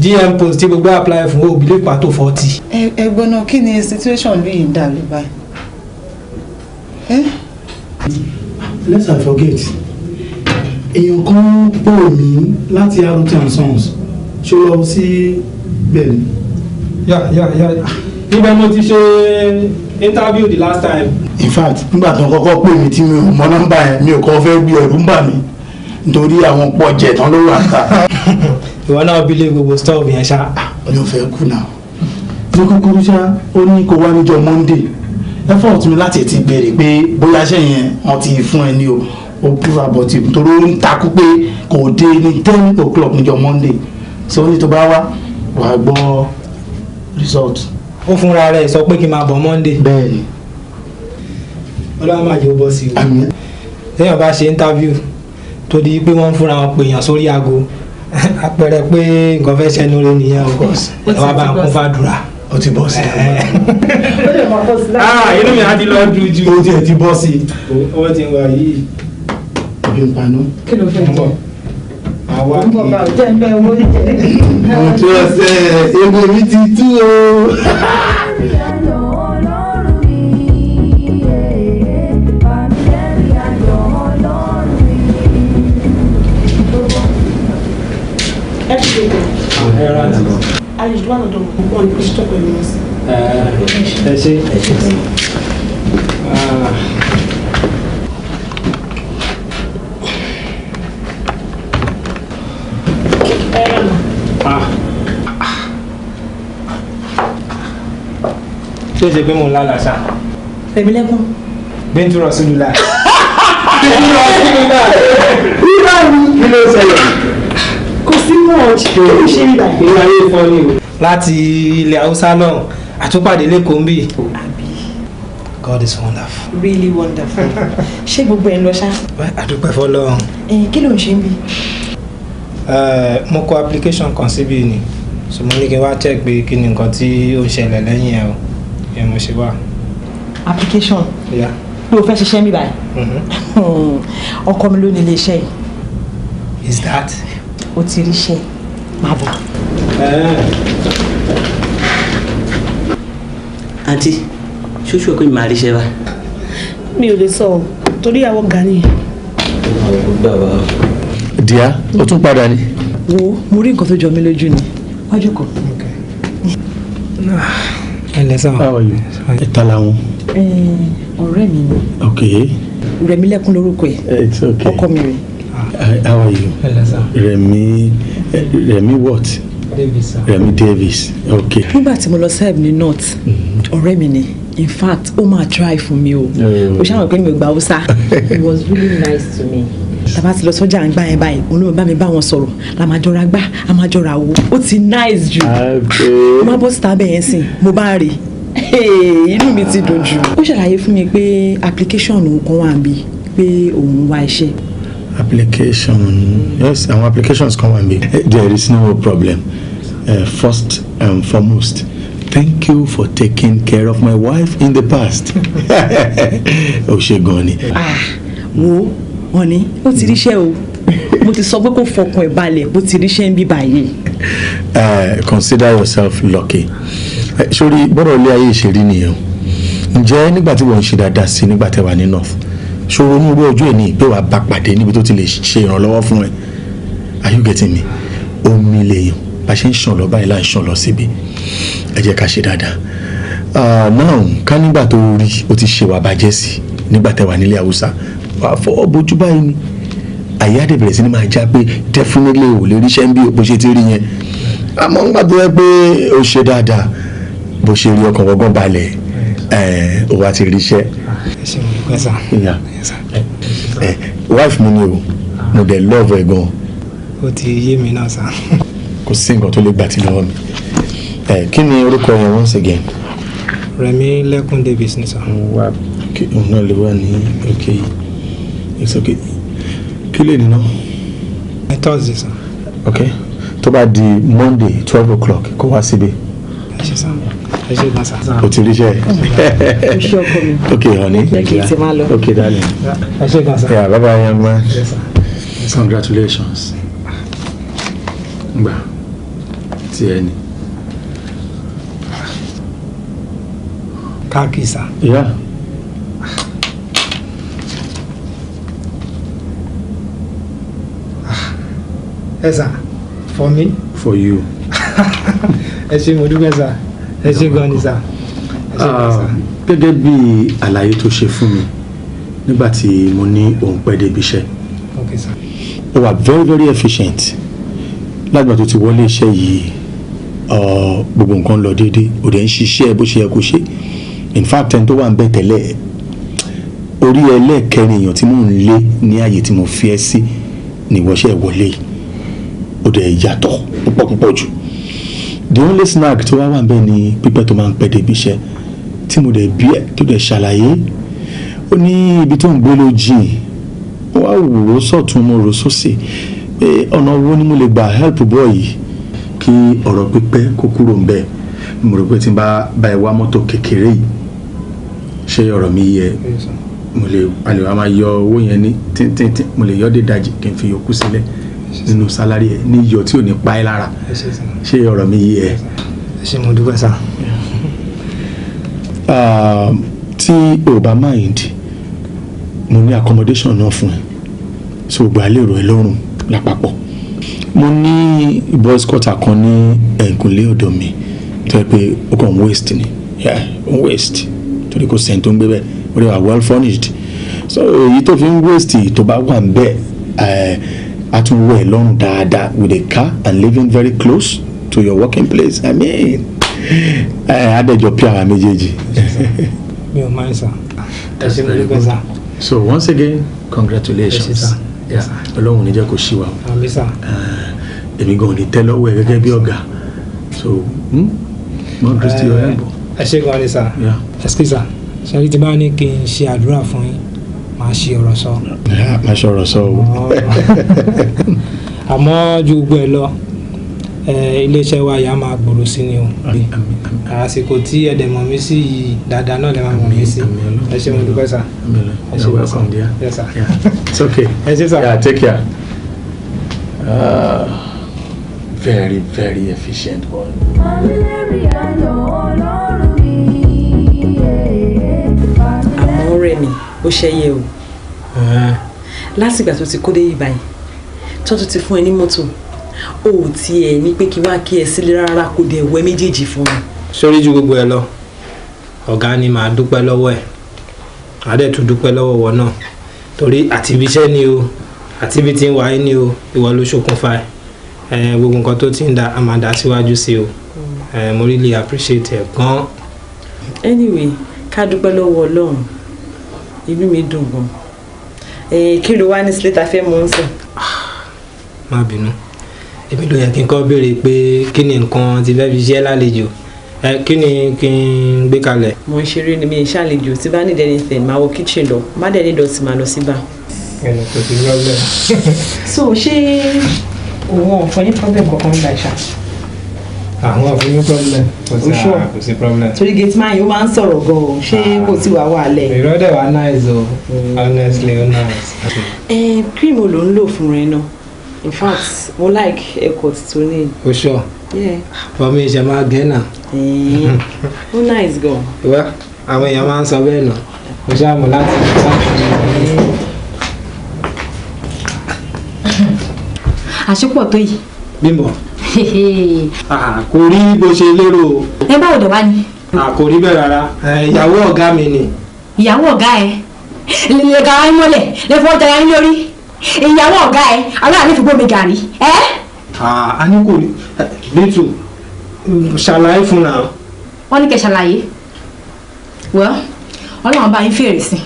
gm post tí gbogbo apply fún òbílẹ̀ pàtó forty. ẹ ẹ gbọ́nà kí ni situation lóyìn dà ló báyìí lest I forget èèyàn kan pọ̀ mí láti arúgbó and sons ṣó lọ sí bẹ́ẹ̀ni. yà yà yà níbẹ̀ mo ti ṣe interview the last time. in fact nígbà tó ń kọ́kọ́ pè mí tí mi ò mọ nọ́mbà yẹn mi ò kọ́ fẹ́ gbé ẹ̀rú ń bà mí nítorí àwọn pọ̀ jẹ̀ tán ló wà ká. ìwọ náà bí lé gbogbo stove yẹn ṣá. mi ah, ò fẹ́ kùnà ní kúkúrú ṣá ó ní kó wá níjọ́ Monday ẹ fọ́n tún mi láti ẹ̀ ti béèrè pé bóyá iṣẹ́ yẹn wọ́n ti fún ẹ ní o ó púra bọ̀ tí torí ó ń takú pé kò dé ní ten o'clock níjọ́ monday so ó ní tó bá wá wà á gbọ́ result. ó fúnra rẹ̀ sọ pé kí n máa bọ̀ monday. bẹ́ẹ̀ni. ọlọ́run máa jẹ́ ó bọ́ sí i. àmín. téèyàn bá ṣe interview tó di pé wọ́n ń fúnra wọn pè èèyàn sórí aago àpẹẹrẹ pé nǹkan fẹ́ ṣẹnu rẹ nìyẹn o ẹ wá bá a kún fàdúrà o ti bọ́ sí i. Eh, eh. ah inú mi á ti lọ ju ju. o tiẹ̀ ti bọ́ sí i. owó ti wà yìí. ebi ń paná. kí ló fẹ́ jẹ? àwa kì í. bọ̀bá ò jẹ́ ẹgbẹ́ owó jẹ. mo tún ọsẹ egbò mi ti tú o. Thank you àlejò wà uh, Ah. wọn ní píṣítọ̀ pẹ̀lú wọn sí. ẹ ṣe ẹ ṣe sí. ṣé o ṣe pé mo ń lálàá ṣá. èmi lẹ́kún. bẹ́ntúrọ̀ sílùú láì. bẹ́ntúrọ̀ sílùú láì. rírà mi. kí ló ṣẹlẹ̀ láti ilẹ̀ haúsá náà àtúpàdé lẹ́kọ̀ọ́ ń bì. God is wonderful. Really wonderful. ṣé gbogbo ẹ̀ ń lọ ṣá. àdúpẹ́ fọlọ́run. kí ló ń ṣe ń bì. mo kọ application kan síbí ni so mo ní kí n wá check pé kí ni nǹkan tí ó ṣẹlẹ̀ lẹ́yìn ẹ̀ o ẹ̀ mo ṣe wá. application. Yeah pé o fẹ́ ṣiṣẹ́ mi báyìí mm-hmm. ọkọ mi ló ní ilé yìí. is that o ti ríṣẹ́ máa bọ̀. àǹtí ṣóṣù ọ̀pẹ mi máa ríṣẹ́ bá. mi ò lè sọ ọ torí àwọn gani. díà o tún padà ni. wo mo rí nǹkan tó jọ mí lójú ni wájú kan. ẹ lẹ́sàn-án. báwo ni ẹ ta la wọn. ọ̀rẹ́ mi ni. ok. Rẹ̀mílẹ́kún lórúkọ ẹ̀ ọkọ mi rẹ̀ how are you Rẹ̀mí Rẹ̀mí eh, what Davis, sir. Rẹ̀mí Davis Okay. nígbà tí mo lọ sẹ́ẹ̀bù ní north mhm. ọ̀rẹ́ mi ni in fact ó máa try fún mi o o eh. ṣàwọn pé mi ò gba hausa he was really nice to me tàbá ti lọ sọjà ń gbá yẹn báyìí òun ló bá mi bá wọn sọ̀rọ̀ la máa jọra gbá a máa jọra wo ó ti nice jù mo máa bọ́ síta bẹ́ẹ̀ yẹn sìn mo bá rí inú mi ti dùn jù. ó ṣàlàyé fún mi pé application òun kan wà níbí pé òun wá iṣẹ́ application yes our applications come and be. there is no problem uh, first and foremost thank you for taking care of my wife in the past o ṣe gan wo honey, ni ó ti ríṣẹ́ o mo ti sọ pé kó fọkàn ẹ̀ balẹ̀ bó ti ríṣẹ́ ń bí báyìí. Eh, consider yourself lucky eh, sori bọ́dọ̀ ilé ayé ìṣèrí nìyẹn ǹjẹ́ nígbà tí wọ́n ń ṣe dáadáa sí nígbà tẹ́wà ní north ṣòro ní irú ọjọ́ ìní pé wàá bá pàdé níbi tó ti lè ṣe ìrànlọ́wọ́ fún ẹ are you getting me omi lèèyàn bá ṣe ń ṣàn lọ báyìí láì ṣàn lọ síbi ẹ jẹ́ ká ṣe dáadáa náà ká nígbà tó rí o ti ṣe wà bàjẹ́ sí nígbà tẹ nílé haúsá wàá fọwọ́ bójú báyìí ni àyà dẹ̀ bẹ̀rẹ̀ sí ni máa já pé definitely ò lè ríṣẹ́ bí bó ṣe ti rí yẹn àmọ́ ń gbàdúrà pé o ṣe dáadáa bó ṣe rí ọkàn gbọ́ngàn balẹ̀ o wa ti ríṣẹ́. wife mi ni o mo dẹ̀ love ẹ gan. o ti yé mi náà sá. kò sí nǹkan tó lè gbà tí lọ́wọ́ mi. kí ni orúkọ yẹn once again. Rẹ̀mí Lẹ́kún Davis ni sá. wa kí òun náà lè wà ní òkè yìí it's okay kí lè nínú. ẹ Thursday sá. ok tó bá di Monday twelve o'clock kó wá síbi. ẹ ṣe sá ẹ ṣe gan o ti rí iṣẹ́ ok honey. jẹ́kì tí máa lọ. ok darling. ẹ ṣe gan sa. yà congratulations. gbà tí ẹ ní. káàkiri sa. yà. ẹ sà for me. for you. ẹ ṣe mo dúpẹ́ sà ẹ ṣe gan ni sá. Ah, gẹ́gẹ́ bí àlàyé tó ṣe fún mi nígbà tí mo ní òun pẹ́ débi iṣẹ́ ó wà very very efficient lágbà tó ti wọlé iṣẹ́ yìí ah, gbogbo nǹkan lọ déédéé òde ń ṣiṣẹ́ bó ṣe yẹ kó ṣe in fact ẹni tó wà ń bẹ̀ tẹ́lẹ̀ orí ẹlẹ́ẹ̀kẹrin èèyàn tí mò ń lé ní ààyè tí mo fi ẹ́ sí nìwọ́ṣẹ́ wọlé òde ìyàtọ̀ púpọ̀ púpọ̀ jù the only snack tó wá wà ń bẹ̀ ni pípẹ́ tó máa ń pẹ́ débi iṣẹ́ tí mo dẹ̀ bí ẹ̀ tó dẹ̀ ṣàlàyé ó ní ibi tó ń gbé ló jìn ó wá wò ó sọ̀tún mo rò sósì pé ọ̀nà owó ni mo lè gbà help boy yìí kí ọ̀rọ̀ pípẹ́ kó kúrò ń bẹ̀ mo rò pé tí n bá bá ẹ wá mọ́tò kékeré yìí ṣé ọ̀rọ̀ mi yẹ mo lè alẹ́ wa máa yọ owó yẹn ní tíntìntín mo lè yọ dé dajì kí n fi yòókù sílẹ̀ nínú sálárì ẹ ní iyọ̀ tí ò ní pa ẹ́ lára ṣé ọ̀rọ̀ mi yé ẹ. ṣé mo dúpẹ́ sá. Ah, tí o bá mind mo ní accommodation náà fún ẹ so gbà lérò ẹ lọ́rùn lápapọ̀ mo ní boys quarter kan ní ẹ̀ǹkùnlé ọ̀dọ̀ mi tó yẹ pé ó kàn waste ni yeah waste torí kò sẹ́ni tó ń gbé bẹ́ẹ̀ ó lè well furnished so èyí tó fi ń waste tó bá wà ń bẹ́ẹ̀ eh, a tún wọ ẹ lọ́rùn dáadáa with a car and living very close to your working place i mean adẹjọ pí àwa méjèèjì. mi ò máa ń sàn ẹ ṣe mi lókè sàn. so once again congratulations ọlọ́run níjẹ́ kó ṣí wa o eh, èmi gan-an ní tẹ́lọ́wọ́ ẹ gẹ́gẹ́ bí ọ̀gá so mount christy ọ̀yà bọ̀. ẹ ṣe gan-an ni sà ẹ ṣe sà ṣe ti bá ní kí n ṣe àdúrà fún yín ṣe ọ̀rọ̀ sọ. máa ṣe ọ̀rọ̀ sọ o. àmọ́ ju gbogbo ẹ lọ iléeṣẹ́ wa yà máa gbòòrò sí ni o àsìkò tí ẹ̀dẹ̀ mọ̀ mí yìí dáadáa náà lè máa mọ̀ mí sí ẹ ṣe mo dúpẹ́ sà ẹ ṣe mo sàn sà it's okay ẹ ṣe sà yeah take care uh, very very efficient one. àmọ́ rẹ̀ mi ó ṣẹyẹ o látìgbà tó ti kó dé yìí báyìí tó tún ti fún ẹ ní mọ́tò o ò tiẹ̀ ní pé kí wá kí ẹ sílé rárá kó dẹ̀ wẹ́ méjèèjì fún mi. sórí ju gbogbo ẹ lọ ọ̀gá ni màá dúpẹ́ lọ́wọ́ ẹ̀ àádẹ́ tún dúpẹ́ lọ́wọ́ wọn náà torí àtibíṣẹ́ ni o àtibí ti ń wáyé ni o ìwọ ló ṣokùnfà ẹ gbogbo nǹkan tó ti ń da àmàdá síwájú sí o mo really appreciate ẹ gan. anyway ká dúpẹ́ lọ́wọ́ ọlọ́run inú mi dùn gan eh, kí ló wá ní sílé ta fẹ́ mọ ń sìn. má bínú èmi ló yẹ kí n kọ́ béèrè pé kí ni nǹkan tí fẹ́ fi ṣe lálejò kí ni kí n gbé kalẹ̀. mo ń ṣeré ni mi ń ṣàlejò tí bá ní dẹni fẹ máa wọ kíchìn lọ má dẹni dọ̀tí máa lọ síbà. ẹnu kò sí lọ́lẹ̀. so ṣé òun ò fọyín problem kankan gbà ṣáà àwọn ah, òfin ní problem kò sí ah, kò sí problem. torí gate man yìí ó máa ń sọ̀rọ̀ gan o ṣé ah. kò sí wàá wà ìrọ́dẹ̀ wa nice o honestly o nice. ẹ cream ló ń lò fún rẹ náà in fact mo like airport tó ní. o sure. for me ṣe máa gẹ́ náà. ó nice gan. ìwé àwọn èèyàn máa ń sọ bẹ́ẹ̀ náà mo ṣáà mọ̀ láti àṣepọ̀ tó yìí. bímbọ. kò rí bó ṣe lérò. ẹ báwo dẹ̀ wá ni. kò rí bẹ́ẹ̀ rárá ìyàwó ọ̀gá mi ni. ìyàwó ọ̀gá ẹ lè ga ara mọ́lẹ̀ lè fọ́ tẹ̀ra yín lórí ìyàwó ọ̀gá ẹ aláàánú fi gbómi gàrí. a ní kò rí bẹ́tù ṣàlàyé fún náà. wọ́n ní kẹ́ ṣàlàyé wọ́n ọlọ́run bá yín fèrè sí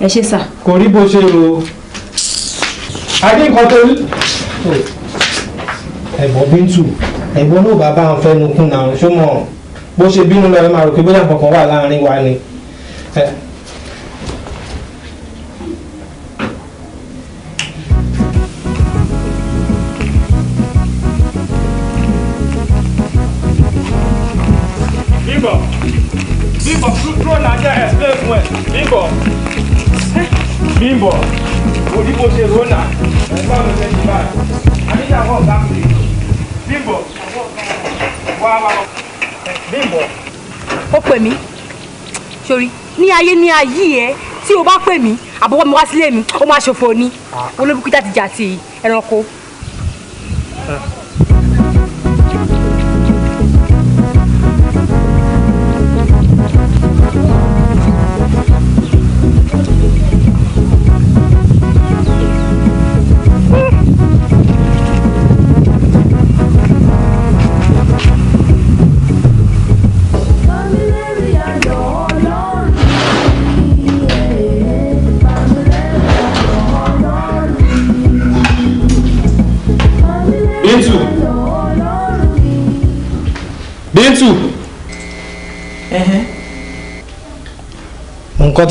ẹ ṣe sà. kò rí bó ṣe rò adé nǹkan tó rí ẹ̀bọ̀ bíntù ẹ̀gbọ́n náà bàbá àwọn fẹ́ nukun náà ṣó mọ̀ bó ṣe bínú lọ ẹ máa rò pé bóyá kankan wà láàrin wa ni. Bimbo, Bimbo, dúró nàjà explain fún ẹ, Bimbo, Bimbo, òní bó ṣe rò náà, ẹ bá mi lè ṣe báyìí, àníjà bá mi Bimbo, wá wá wá Bímbọ̀. ó pè mí sórí ní ayé ní ayé ẹ tí o bá pè mí àbọ̀wọ́ mi wá sílé mi ó máa ṣòfò ni ah. olóbùkún jáde jà sí ẹranko.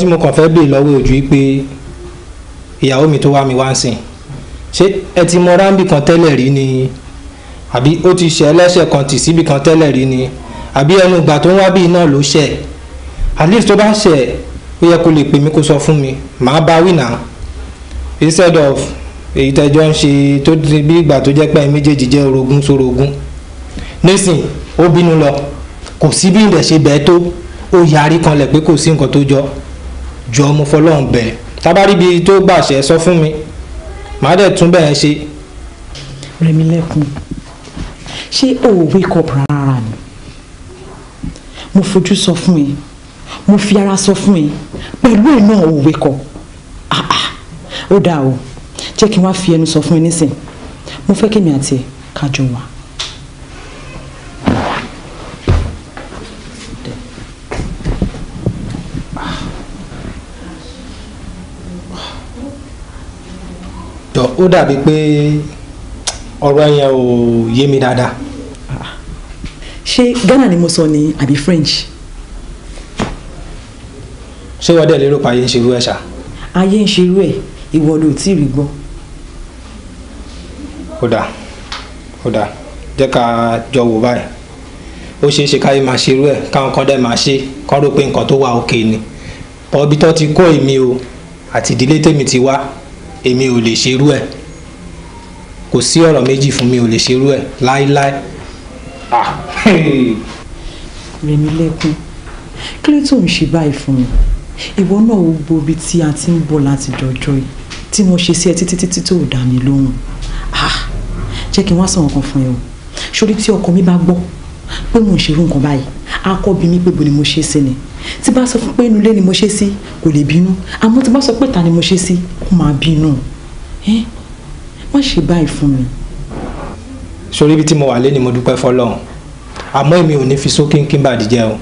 tí mo kàn fẹ́ bèè lọ́wọ́ ojú pé ìyàwó mi tó wá mi wá ń sìn ṣé ẹ ti mọ ráńbì kan tẹ́lẹ̀ rí ni àbí ó ti ṣe ẹlẹ́ṣẹ̀ kan tì síbì kan tẹ́lẹ̀ rí ni àbí ẹnu ìgbà tó ń wá bí iná ló ṣẹ̀ at least tó bá ṣẹ̀ ó yẹ kó lè pè mí kó sọ fún mi màá bá wí instead of èyí tẹjọ ń ṣe tó ti bí ìgbà tó jẹ́ pé méjèèjì jẹ́ orogún sorogún nísìn ó bínú lọ kò sí bí ìrẹsẹ̀ bẹ́ẹ̀ tó ó yarí kanlẹ̀ pé kò sí nǹkan tó jọ jọ ọmọ fọlọ́run bẹ̀ tábàrí ibi tó gbàṣẹ sọ fún mi màá dẹ̀ tún bẹ́ẹ̀ ṣe. Rẹ̀mílẹ́kùn ṣé o ò wake up rárá ni mo fojú sọ fún ẹ mo fi ara sọ fún ẹ pẹ̀lú ẹ náà ò wake up ah ah ó dáa o jẹ́ kí n wá fi ẹnu sọ fún ẹ nísìn mo fẹ́ kí mi àti ẹ ká jọ tọ ó dàbí pé ọ̀rọ̀ yẹn ò yé mi dáadáa. ṣé Ghana ni mo sọ ni àbí French. ṣé wọ́n dẹ̀ lérò pa ayé ń ṣerú ẹ̀ ṣá. ayé ń ṣerú ẹ̀ ìwọ ló tí ì rí gbọ́. ó dà ó dà jẹ́ ká jọ wò báyìí ó ṣeé ṣe káyé máa ṣerú ẹ̀ káwọn kan dẹ̀ máa ṣe kọ́ rò pé nǹkan tó wà òkè ni ọbí ti kọ́ èmi o àti ìdílé tèmi ti wá èmi ò lè ṣerú ẹ̀ kò sí ọ̀rọ̀ méjì fún mi ò lè ṣerú ẹ̀ láíláí. Ah. rẹ̀mí lẹ́kún kí ló tó ń ṣe báyìí fún mi ìwọ náà ó gbọ́ ibi tí a ti ń bọ̀ láti dọjọ́ yìí tí mo ṣe sí ẹ títí títí tó dá mi lóhùn ah. jẹ́ kí n wá sọ nǹkan fún ẹ o sórí tí ọkọ mi bá gbọ́ pé mo ń ṣerú nǹkan báyìí á mi pé bo ni mo ṣe sí ni tí bá sọ fún pé inú ilé ni mo ṣe sí kò lè bínú àmọ́ tí bá sọ pé ta ni mo ṣe sí ó máa bínú ẹ má ṣe báyìí fún mi. sórí ibi tí mo wà lé ni mo dúpẹ́ fọlọ́run àmọ́ èmi ò ní fi sókè kí n bàdìjẹ́ o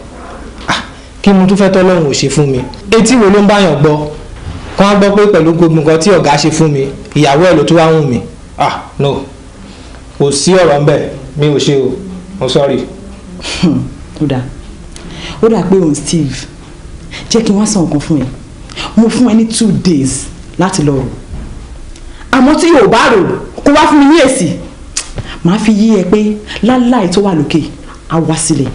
ah, kí mo tún fẹ́ tọ́lọ́run ò ṣe fún mi etí wo ló ń báyàn gbọ́ kó wá gbọ́ pé pẹ̀lú gbogbo nǹkan tí ọ̀gá ṣe fún mi ìyàwó ẹ̀ ló tún wá wù mí ah no kò sí ọ̀rọ̀ ń bẹ̀ mi ò ṣe o mo sọ́ọ̀rì ó dà pé òun Steve jẹ́ kí wọ́n san nǹkan fún ẹ mo fún ẹ ní two days láti lọ rò àmọ́ tí yóò bá rò kó wá fún mi ní èsì màá fi yí ẹ pé láláì tó wà lókè á wá sílẹ̀.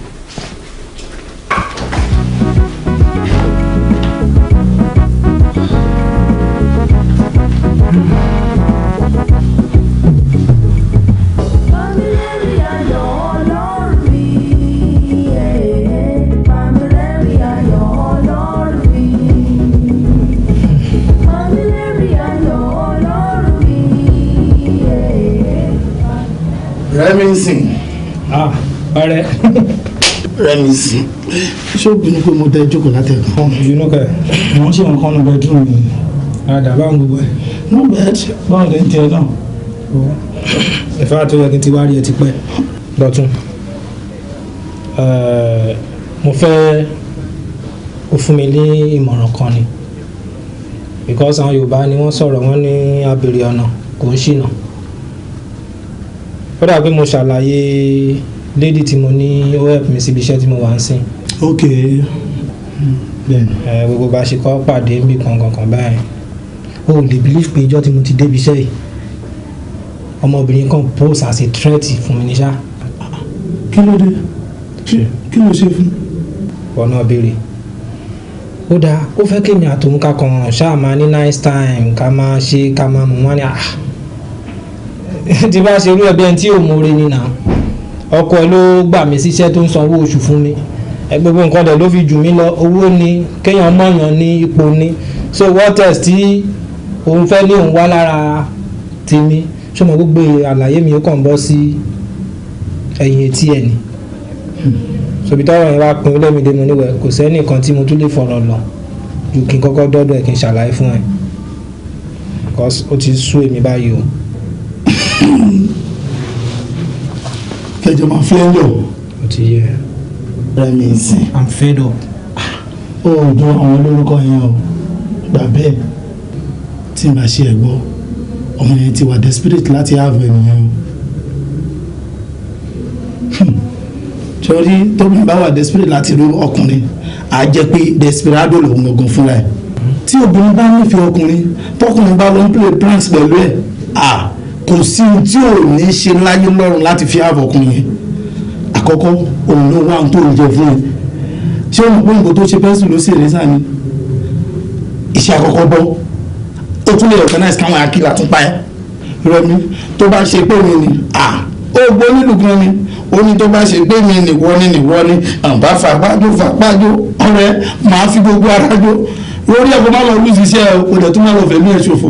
rẹmi sí ṣé o bínú pé mo tẹ jókòó látẹ̀kọ́. ìbínú kẹ mo ń ṣe nǹkan nu bẹẹdùn mi àdàbà ń gbogbo ẹ. no bad báwo lè ń tiẹ náà. ìfẹ́ àti oyè kí n ti wá rí ẹ ti pẹ́. dọ̀tun mo fẹ́ o fún mi ní ìmọ̀ràn kan ni because àwọn Yorùbá ni wọ́n sọ̀rọ̀ wọ́n ní abèrè ọ̀nà kò ń ṣìnà ó dàbí mo ṣàlàyé lady tí mo ní ó help mi síbi iṣẹ́ tí mo wà ń sìn. ok bẹ́ẹ̀. gbogbo bá a ṣe kọ́ pàdé mi kankan kan báyìí o lè believe pé ìjọ́ tí mo ti débi iṣẹ́ yìí ọmọbìnrin kan pose as a threat fún mi ní ṣá. kí ló dé kí ló ṣe fún. wọn náà béèrè ó dáa ó fẹ́ kéèyàn àtòun ká kan ṣáà máa ní nice time ká máa ṣe ká máa mú wọn ní à ah. tí bá ṣe irú ẹbí ẹni tí ò mọ orin ni nà ọkọ ló gbà mí síṣẹ́ tó ń sanwó oṣù fún mi gbogbo nǹkan dẹ̀ ló fi jù mí lọ owó ni kéèyàn mọ̀yàn ní ipò ni so wọ́n test tí òun fẹ́ ní òun wá lára tèmi ṣé mo gbogbo àlàyé mi ó kàn bọ́ sí ẹ̀yìn etí ẹ̀ ni sobi tọrọ yẹn wá pin lẹ́mìdé mo níwẹ̀ kò sẹ́ni kan tí mo tún lè fọ̀rọ̀ lọ ju kí n kọ́kọ́ dọ́dọ̀ ẹ̀ kí n ṣàlàyé fún ẹ̀ because ó ti sú èmi báyìí o fed up. fẹ́ lọ. o ti yẹ. rẹ mi ń sìn. i'm fed up. Ah, ó dùn àwọn olórúkọ yẹn o gbà bẹ́ẹ̀ tí màá ṣe ẹ̀ gbọ́ ọmọ yẹn ti wà desperate láti have ènìyàn o hmm. sọrí tóbi bá wà desperate láti ro ọkùnrin á jẹ́ pé desperado lòun gangan fúnra ẹ̀ tí obìnrin bá nífẹ̀ẹ́ ọkùnrin tọkùnrin bá lọ ń play pranks pẹ̀lú ẹ̀ ah kò sí ohun tí ò ní ṣe láyé lọ́rùn láti fi ààbọ̀ kún yẹn àkọ́kọ́ òun ló wá ohun tó ń jẹ fún ẹ ṣé òun pé nǹkan tó ṣe pẹ́ńsì ló sì rẹ́ sáà ni iṣẹ́ àkọ́kọ́ bọ́ ó tún lè organize káwọn akíla tún pa ẹ́ rẹmi tó bá ṣe pé mi ni à ó gbó nílùú gan ni ó ní tó bá ṣe pé mi ni wọ́ni ni wọ́ni àǹbá fàgbájò fàgbájò ọ̀rẹ́ màá fi gbogbo ara lórí ẹ̀kọ́ má lọ lùsíṣẹ́ ọ̀dọ̀ tó má lọ fẹ̀mí ẹ̀ ṣòfò.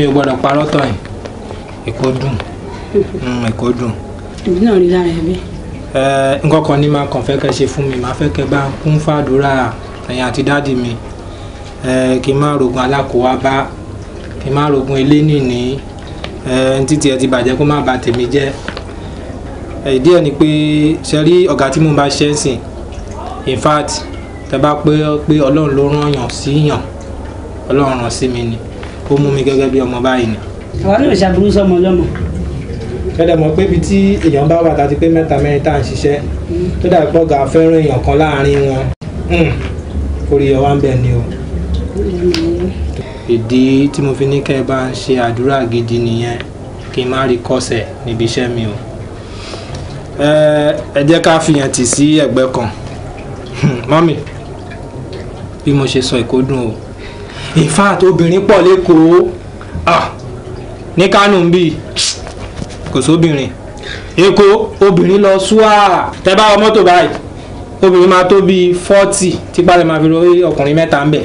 mi ò gbọ́dọ̀ parọ́ tọ̀ yìí èkó dùn mm, èkó dùn. èmi náà rí lára ẹ bẹ́ẹ̀. nǹkan kan ní máa kàn fẹ́ kẹ́ ṣe fún mi máa fẹ́ kẹ́ bá ń kún fàdúrà ẹ̀yìn àti dáàdì mi kí n má rogun alákòwá bá kí n má rogun eléni ní títí ẹ ti bàjẹ́ kó má bà tèmi jẹ́ ìdí ẹ̀ ni pé ṣe rí ọ̀gá tí mo bá ṣe ń sìn in fact tẹ bá pé ọlọ́run ló rán yàn sí yàn ọlọ́run rán sí mi ni kó mú mi gẹ́gẹ́ bí ọmọ báyìí ni. àwa náà ṣàbúrú sọmọ lọmọ. ẹ̀dẹ̀ mọ̀ pé ibi tí èèyàn bá wà tàbí pé mẹ́ta mẹ́rin tá à ń ṣiṣẹ́ tó dà pọ̀ gà fẹ́ràn èèyàn kan láàárín wọn orí ẹ̀ wá ń bẹ̀ ni o. ìdí tí mo fi ní kẹ́ ẹ bá ń ṣe àdúrà gidi nìyẹn kí n má rí kọ́sẹ̀ níbi iṣẹ́ mi o ẹ jẹ́ ká fìyàn tì sí ẹ̀gbẹ́ kan mọ́mì bí mo ṣe sọ ìkódùn o infact fact obìnrin pọ̀ lẹ́kọ̀ọ́ ah, ní Kánò ń bì kò sóbìnrin Èkó obìnrin lọ súà tẹ́ bá wọ mọ́tò báyìí obìnrin máa tó bíi fọ́tì tí pàṣẹ máa fi lọ ọkùnrin mẹ́ta ń bẹ̀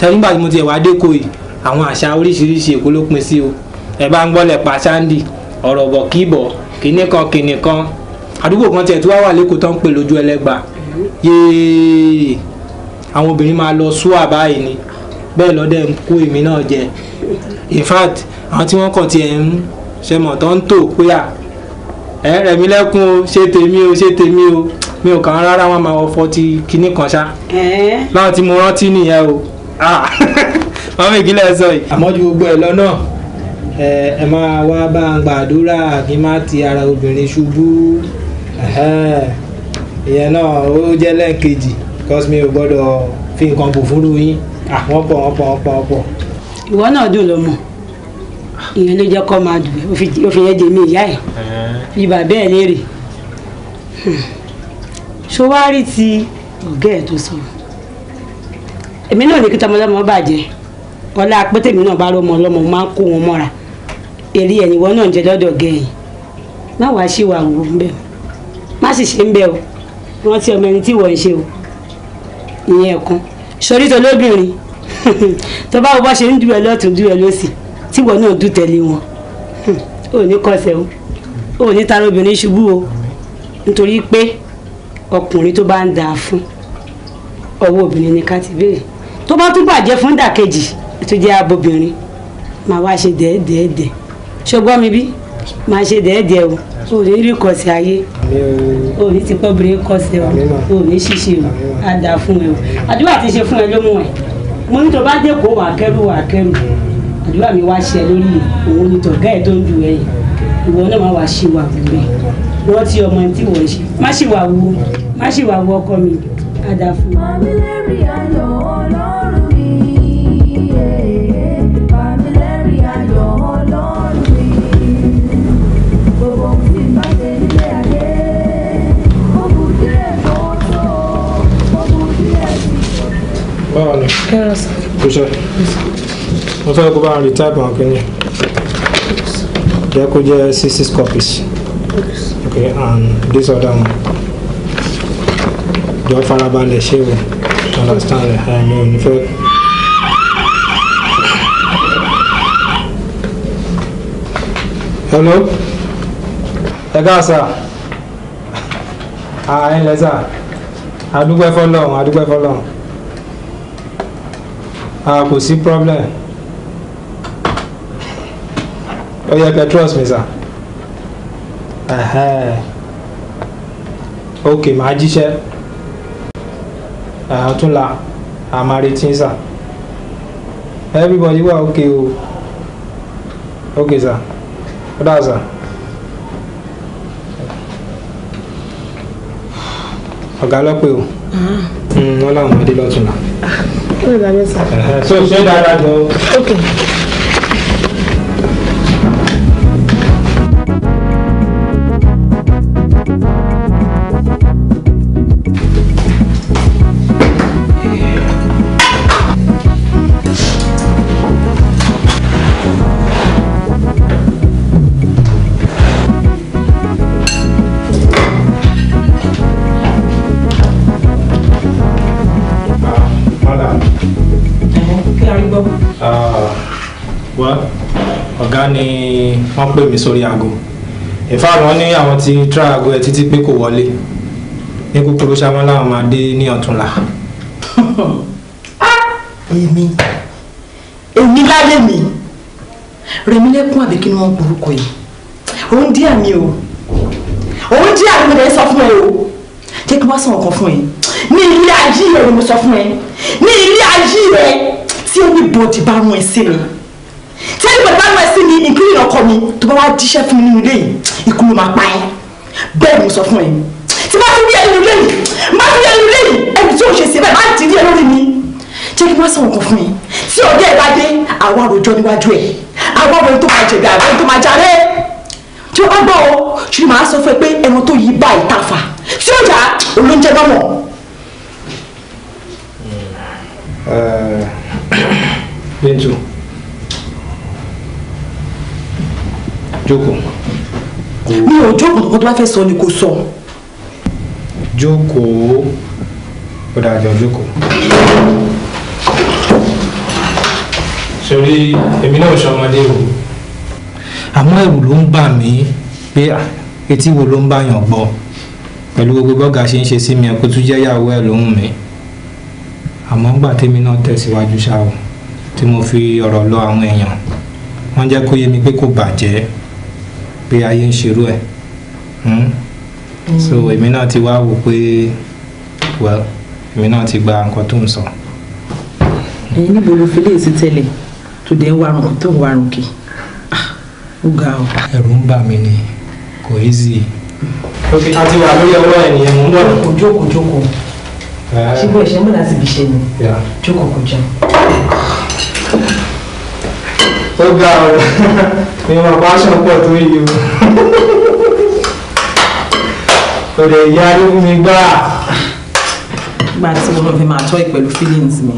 sẹ́yìn ah, gbàgbé mo ti ẹ̀wà dẹ́kọ̀ yìí àwọn àṣà oríṣiríṣi Èkó ló pin sí o ẹ̀ bá ń gbọ́lẹ̀ pa sáńdì ọ̀rọ̀ bọ̀ kí bọ̀ kìnnì kan kìnnì kan àdúgbò kan tiẹ̀ tí wàá wà lẹ́kọ̀ọ́ tó ń pè lójú ẹlẹ́gbàá yéé àwọn obìnrin máa lọ súwà báyìí ni bẹ́ẹ̀ lọ́dẹ̀ ń kó èmi náà jẹ in fact àwọn tí wọ́n kàn tiẹ̀ ń ṣe mọ̀ tó ń tò pé à ẹ rẹ̀mí lẹ́kún o ṣe tèmi o ṣe tèmi o mi ò kàn án rárá wọn máa wọ fọtí kinní kan ṣá láwọn tí mo rántí nìyẹn o wọn fi ìkílẹ̀ sọ yìí. àmọ́ ju gbogbo ẹ̀ lọ náà ẹ máa wá bá ń gbàdúrà kí n má ti ara obìnrin ṣubú ìyẹn náà ó jẹ́ lẹ́ẹ̀kejì because mi ò gbọ́dọ̀ fi nǹkan bò fúnrú yín àwọn ah, pọ̀ wọ́n pọ̀ wọ́n pọ̀ wọ́n pọ̀. ìwọ náà dùn ló mọ̀ ìyẹn ló jẹ́ kó máa dùn ó fi yẹn dèmi ìyá ẹ̀ ibà bẹ́ẹ̀ léèrè ṣọwárí ti ọ̀gá ẹ̀ tó sọ̀rọ̀ èmi náà ní kí tọmọlọmọ bàjẹ́ ọlá pétèmi náà bá rọmọ ọlọmọ máa ń kó wọn mọ́ra èrè ẹ̀ níwọ náà jẹ́ lọ́dọ̀ gẹ̀yìn má wàá ṣìwà wò ń bẹ̀ má sì ṣe ń bẹ̀ o rántí ọmọ ẹni tí wọ́n ń ṣe o ìyẹn ẹ̀kan sórí tó lóbìnrin tó bá wo bá ṣe ń dúró lọ́tún dúró lọ́sì tí ìwọ náà dùn tẹ̀lé wọn ò ní kọsẹ̀ o ò ní tara obìnrin ṣubú o nítorí pé ọkùnrin tó bá ń dáa fún ọwọ́ obìnrin ni ká ti béèrè tó bá tún bàjẹ́ fún dàkejì tó jẹ́ abobìnrin màá wá ṣe dẹ́ẹ́dẹ́ẹ́dẹ́ ṣọgbọ́n mi bí máa ṣe dẹ́ẹ̀dẹ́ o ò ní rí kọsẹ̀ ayé ò ní ti pọ́ bìrì kọsẹ̀ o ò ní ṣiṣẹ́ o á dáa fún ẹ o àdúrà ti ṣe fún ẹ ló mú ẹ mo ní tó bá dé kó wà kẹ́rù wà kẹ́rù àdúrà mi wá ṣe lórí òun ni tọ̀gá ẹ̀ tó ń ju ẹ̀yìn ìwọ náà má wá ṣe wà gbogbo ẹ̀ wọ́n ti ọmọ tí wọ́n ṣe má ṣe wà wo má ṣe wà wo ọkọ mi á fún ẹ. báwa lọ. kò sọ mo fẹ́ kó bá wọn retype àwọn kìíní jẹ́ kó jẹ́ six six copies okay and this other one jọ farabalẹ̀ ṣé o understand ẹ̀ mi ò ní fẹ́. hello ẹ káàsà ààrẹ ah, ńlẹ sà adúgbò ẹfọ lọrun adúgbò ẹfọ lọrun. Ah, kò sí problem ó yẹ kẹ́ trust me sir ok màá ah, a ọ̀túnla àmàrètí sir everybody wà ok o ok sir ọ̀dà sir. ọ̀gá lọ́pẹ́ o wọ́n láwọn ọmọdé lọ́tún náà so that dára gan. Okay. wọ́n pè mí sórí aago ìfá àwọn ní àwọn ti tra aago ẹ̀ títí pé kò wọlé ní kúkúrú sáwọn láwọn máa dé ní ọ̀túnla. Ah! èmi èmi láyé mi rèmi lẹ́kún àbí kí ni wọ́n ń porúkọ yìí òun díẹ̀ mi o òun díẹ̀ mi lè sọ fún ẹ o jẹ́ kí wọ́n sọ ọ̀kan fún ẹ ní ilé ayé rẹ ni mo sọ fún ẹ ní ilé ayé rẹ tí ó ní bá rún ẹ sí sí mi ìkírìn ọkọ mi tó bá wá jíṣẹ́ fún mi nínú ilé yìí ikú ló máa pa ẹ́ bẹ́ẹ̀ mo sọ fún ẹ tí bá tún rí ẹni nínú ilé yìí má tún rí ẹni nínú ilé yìí ẹni tí ò ṣe sí bẹ́ẹ̀ má ti rí ẹ lórí mi jẹ́ kí n wá sọ̀rọ̀ kan fún yín tí ọ̀dẹ́ ẹ bá dé àwa rojọ́ níwájú ẹ̀ àwa wo tó máa jẹ̀bi àbẹ́ tó máa jarẹ́ tí wọ́n bá gbọ́ ọ ṣì máa sọ fún ẹ pé ẹran tó yí bá ìtafà tí ó yà olóúnjẹ lọ́mọ. Hmm. Eh, Bintu. jókòó. mi ò jókòó kankan tó bá fẹ́ sọ ni kò sọ. jókòó ó dáa jọ jókòó. sori èmi náà ṣọmọdé o. àmọ́ ẹ̀rù ló ń bà mí pé etí wo ló ń bá yàn gbọ́ pẹ̀lú gbogbo bọ́gà ṣe ń ṣe sí mi ẹ̀ kó tún jẹ́ ìyàwó ẹ̀ lóhùn mi àmọ́ ńgbà tèmi náà tẹ̀síwájú ṣáà tí mo fi ọ̀rọ̀ lọ àwọn èèyàn wọ́n jẹ́ kó yé mi pé kò bàjẹ́ pé ayé ń ṣerú ẹ̀ hmm? Hmm. so èmi náà ti wá wò pé well èmi náà ti gba nǹkan tó ń sọ. ẹ̀yin níbo ló fi léèsì tẹ́lẹ̀ tó dé warùn tó ń kì ah, ó ga ọ. ẹ̀rù ń bà mí ni kò í zì. ok a ti wà lórí ọwọ́ ẹ̀ nìyẹn mú bọ̀. kò jókòó jókòó eh. ṣé bó ẹ ṣe mú láti fi ṣe ni jókòó kò jẹun ó ga ọ ìwọn passion pọ̀ tó yìí o òde ìyá arúgbó mi gbá. gba tí mo lọ fi máa tọ́ ìpẹ̀lú feelings mi.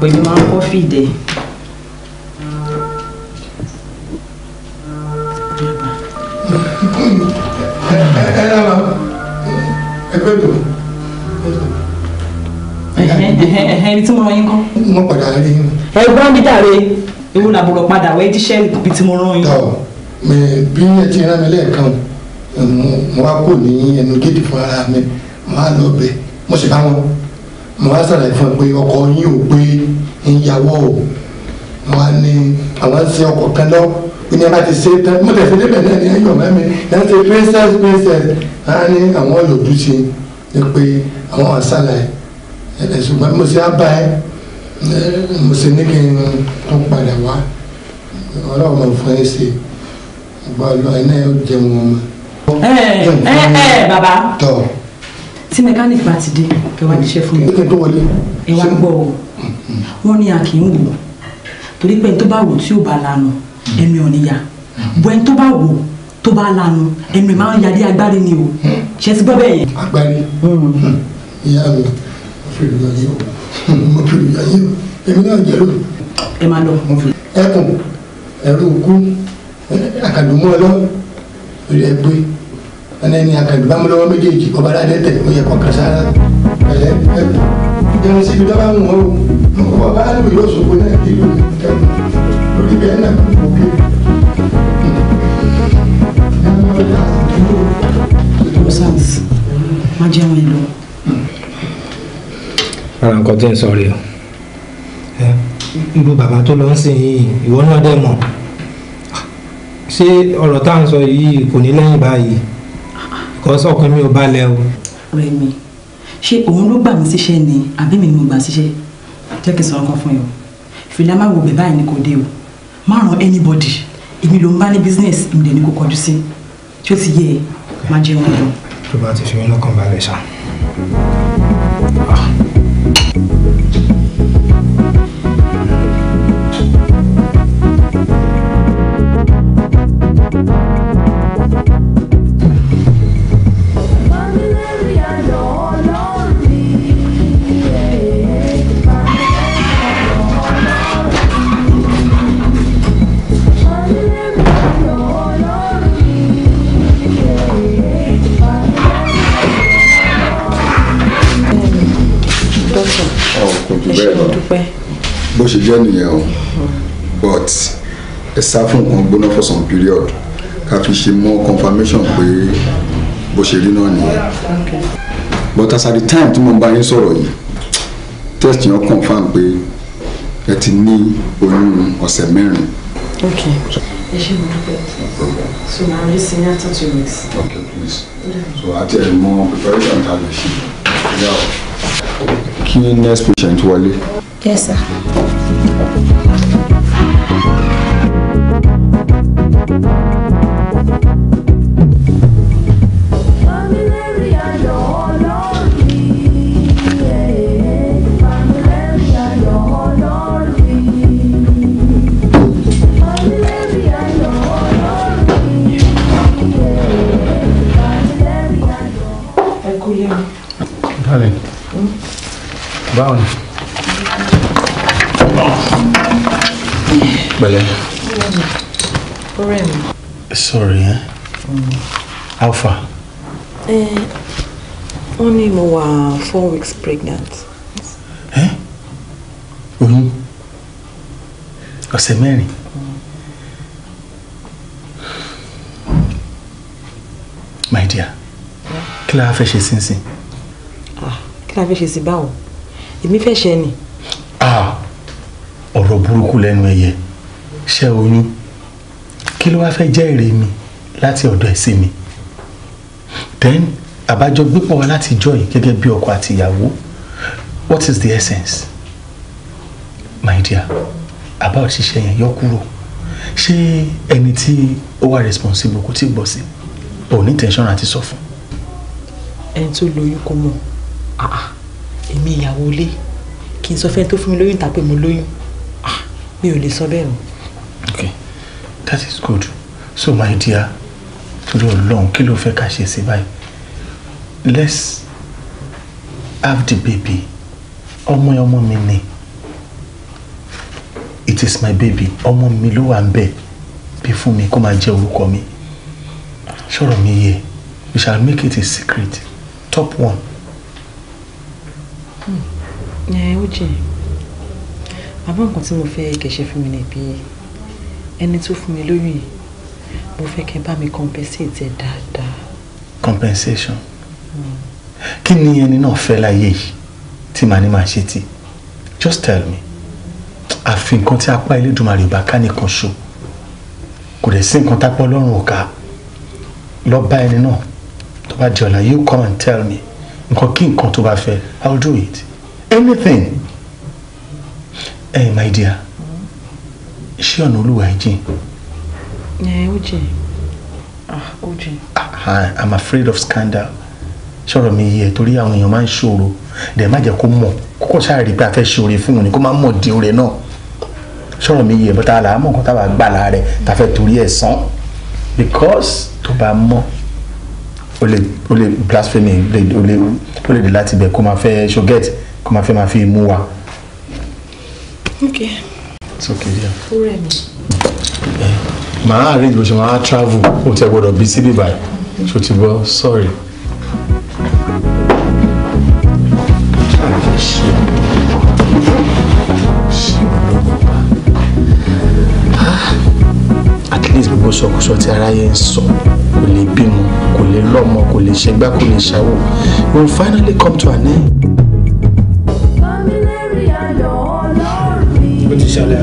pẹ̀lú máa ń kọ́ fìdí. mélòó. ẹni tí mo rán yín kọ́. mo padà rí yín. ẹ̀gbọ́n mi dàre ewu làbọ̀rọ̀ padà wẹ́ jíṣẹ́ ibi tí mo rán yín. tọ́ mi bí ẹ ti rán mi lẹ́ẹ̀kan mo wá kò ní ẹnu géètì fún ara mi mo wá lọ bẹ mo sì bá wọn mo wá sàlàyé fún ẹ pé ọkọ yín ò gbé ìyàwó o mo wá ní àwọn ṣe ọkọ kan lọ ní a ti ṣe tán mo tẹ̀sí níbẹ̀ náà ní ayọ̀ mẹ́mi náà ṣe princess princess á ní àwọn olùdúṣe ni pé àwọn àṣàlà ẹ̀ ṣùgbọ́n mo ṣe á bá ẹ mo ṣe ní kí n tó padà wá ọlọ́run mo fún ẹ ṣe gbọ́ ọlọ́run iná yóò jẹun ọmọ. ẹ ẹ ẹ bàbá tí mẹkáníìkì bá ti dé ẹ wá níṣẹ́ fún mi ẹ wá gbọ́ ọ wọ́n ní a kì í wò torí pé ẹni tó bá wò tí ò bá lanu hmm. ẹ̀mí ò níyà bọ́ ẹni tó bá wò tó bá lanu ẹnu ẹ̀ máa ń yàdí agbárí ni o ṣe ti gbọ́ bẹ́ẹ̀ yẹn. agbárí hmm. ìyá mi fèrè ayé o mo fèrè ayé o èmi náà jẹ́ lò. ẹ máa lọ. ẹkùn ẹrú òkú àkàdùmọ́ ọlọ́run rí ẹgbẹ́ ẹni àkàdùbámúlọ́wọ́ méjèèjì ọba aládé tẹ̀ ó yẹ kọ̀ọ̀kan sára ẹ ẹ jẹun síbi tó bá ń wọ́n o ọba alùpùpù yóò sọ pé náà kí ló ń tẹ̀ lórí bẹ́ẹ̀ náà kò kéde. nonsense má jẹ́ wọn lọ. ara nǹkan tí ń sọ rèé o. ẹ irú bàbá tó lọ ń sìn yìí ìwọ náà dẹ̀ mọ̀ ṣé ọ̀rọ̀ tá à ń sọ yìí kò ní lẹ́yìn báyìí kò sọ̀kan mi ò balẹ̀ se Rẹ̀mí ṣé òun ló gbà mí síṣẹ́ ni àbí mi ni mo gbà síṣẹ́ jẹ́ kí n sọ̀rọ̀ kan fún yín o fìlà má wo bẹ̀bá yìí ni kò dé o má ràn anybody èmi ló ń bá ní business ìmìlẹ̀ ni kò kọjú sí tí ó ti yé e má jẹun tó bá ti fi mí bó ṣe jẹ́ nìyẹn o but ẹ sá fún nǹkan gbóná for some period ká fi ṣe mọ́ confirmation pé bó ṣe rí náà nìyẹn but as at the time tí mo bá yín sọ̀rọ̀ yìí test yẹn confam pé ẹ ti ní oyún ọ̀sẹ̀ mẹ́rin. okay so na rí sí okay please so àti ẹ̀ mọ preparation tá a lè ṣe yàrá kí next patient wọlé. Yes, sir. how far. Eh, only wọ́n ní four weeks pregnant. Eh? ẹ oyún ọ̀sẹ̀ mẹ́rin. my dear kí la fẹ́ ṣe sínsìn. Ah, kí la fẹ́ ṣe sí báwo èmi fẹ́ ṣe ni. Ah, ọ̀rọ̀ burúkú lẹ́nu ẹ̀yẹ ṣé oyún kí ló wáá fẹ́ jẹ́ èrè mi láti ọ̀dọ̀ ẹ̀ sí mi then àbájọ gbépọ̀ wa láti jọ yìí gẹ́gẹ́ bí ọkọ àti ìyàwó what is the essence my dear About òṣìṣẹ́ yẹn yọ kúrò ṣé ẹni tí ó wà responsible kò tí gbọ́ sí ò ní intention àti sọ fún. ẹni tó lóyún kò mọ̀ ah, ah, èmi ìyàwó ilé kí n sọ fẹ́ tó fún mi lóyún tàbí mo lóyún ah, mi ò lè sọ bẹ́ẹ̀ o. okay that is good so my dear torí ọlọ́run kí ló fẹ́ ká ṣe sí báyìí let's have the baby ọmọ ọmọ mi ni it is my baby ọmọ mi ló wà ń bẹ̀ bí fún mi kó máa jẹ́ orúkọ mi ṣọ̀rọ̀ mi yé we shall make it a secret top one. Hmm. ẹ ó jẹ àbọ̀ nǹkan tí mo fẹ́ kẹ̀ṣẹ́ fún mi ni pé ẹni tó fún mi lóyún yìí mo fẹ́ kẹ́ bá mi compensate ẹ dáadáa. compensation kí ni ẹni náà fẹ́ láyé yìí tí màá ní màá ṣe tí just tell me àfi nǹkan tí apá Elédùmarè bá ká nìkan ṣo kò dẹ̀ sí nǹkan tápọ̀ Ọlọ́run ò ká lọ bá ẹni náà tó bá di ọ̀la you come and tell me nǹkan kí nǹkan tó bá fẹ́ i will do it anything ẹ hey, my dear iṣẹ́ ọ̀nà olúwa ẹ̀ jìn. Yeah, Uji. Ah, Uji. Ah, I, I'm afraid of scandal. Ṣọ̀rọ̀ mi yẹ torí àwọn èèyàn máa ń ṣòro. Dẹ̀ má jẹ́ kó mọ̀ kókò ṣáà rí pé a fẹ́ ṣòro fún òun ni kó má mọ̀ di orẹ̀ náà. Ṣọ̀rọ̀ mi yẹ bọ́tà àlà àmọ̀ kan táwa gbà láàrẹ̀ tá a fẹ́ torí ẹ̀ sán. Because tó bá mọ̀ o lè o lè blasphemy o lè o lè dé láti bẹ̀ kó máa fẹ́ ṣọ́gẹ́tì kó máa fẹ́ máa fi mú wa. Okay. It's okay, dear. Ó rẹ̀ mí màá rí ìlú ṣe máa travel kò tẹ gbọdọ̀ bí síbí báyìí ṣó ti gbọ́ sorry. at least gbogbo sọkúsọ tí aráyé ń sọ kò lè bímọ kò lè lọ́mọ kò lè ṣègbà kò lè ṣàwò we will finally come to an end. ó ti ṣẹlẹ̀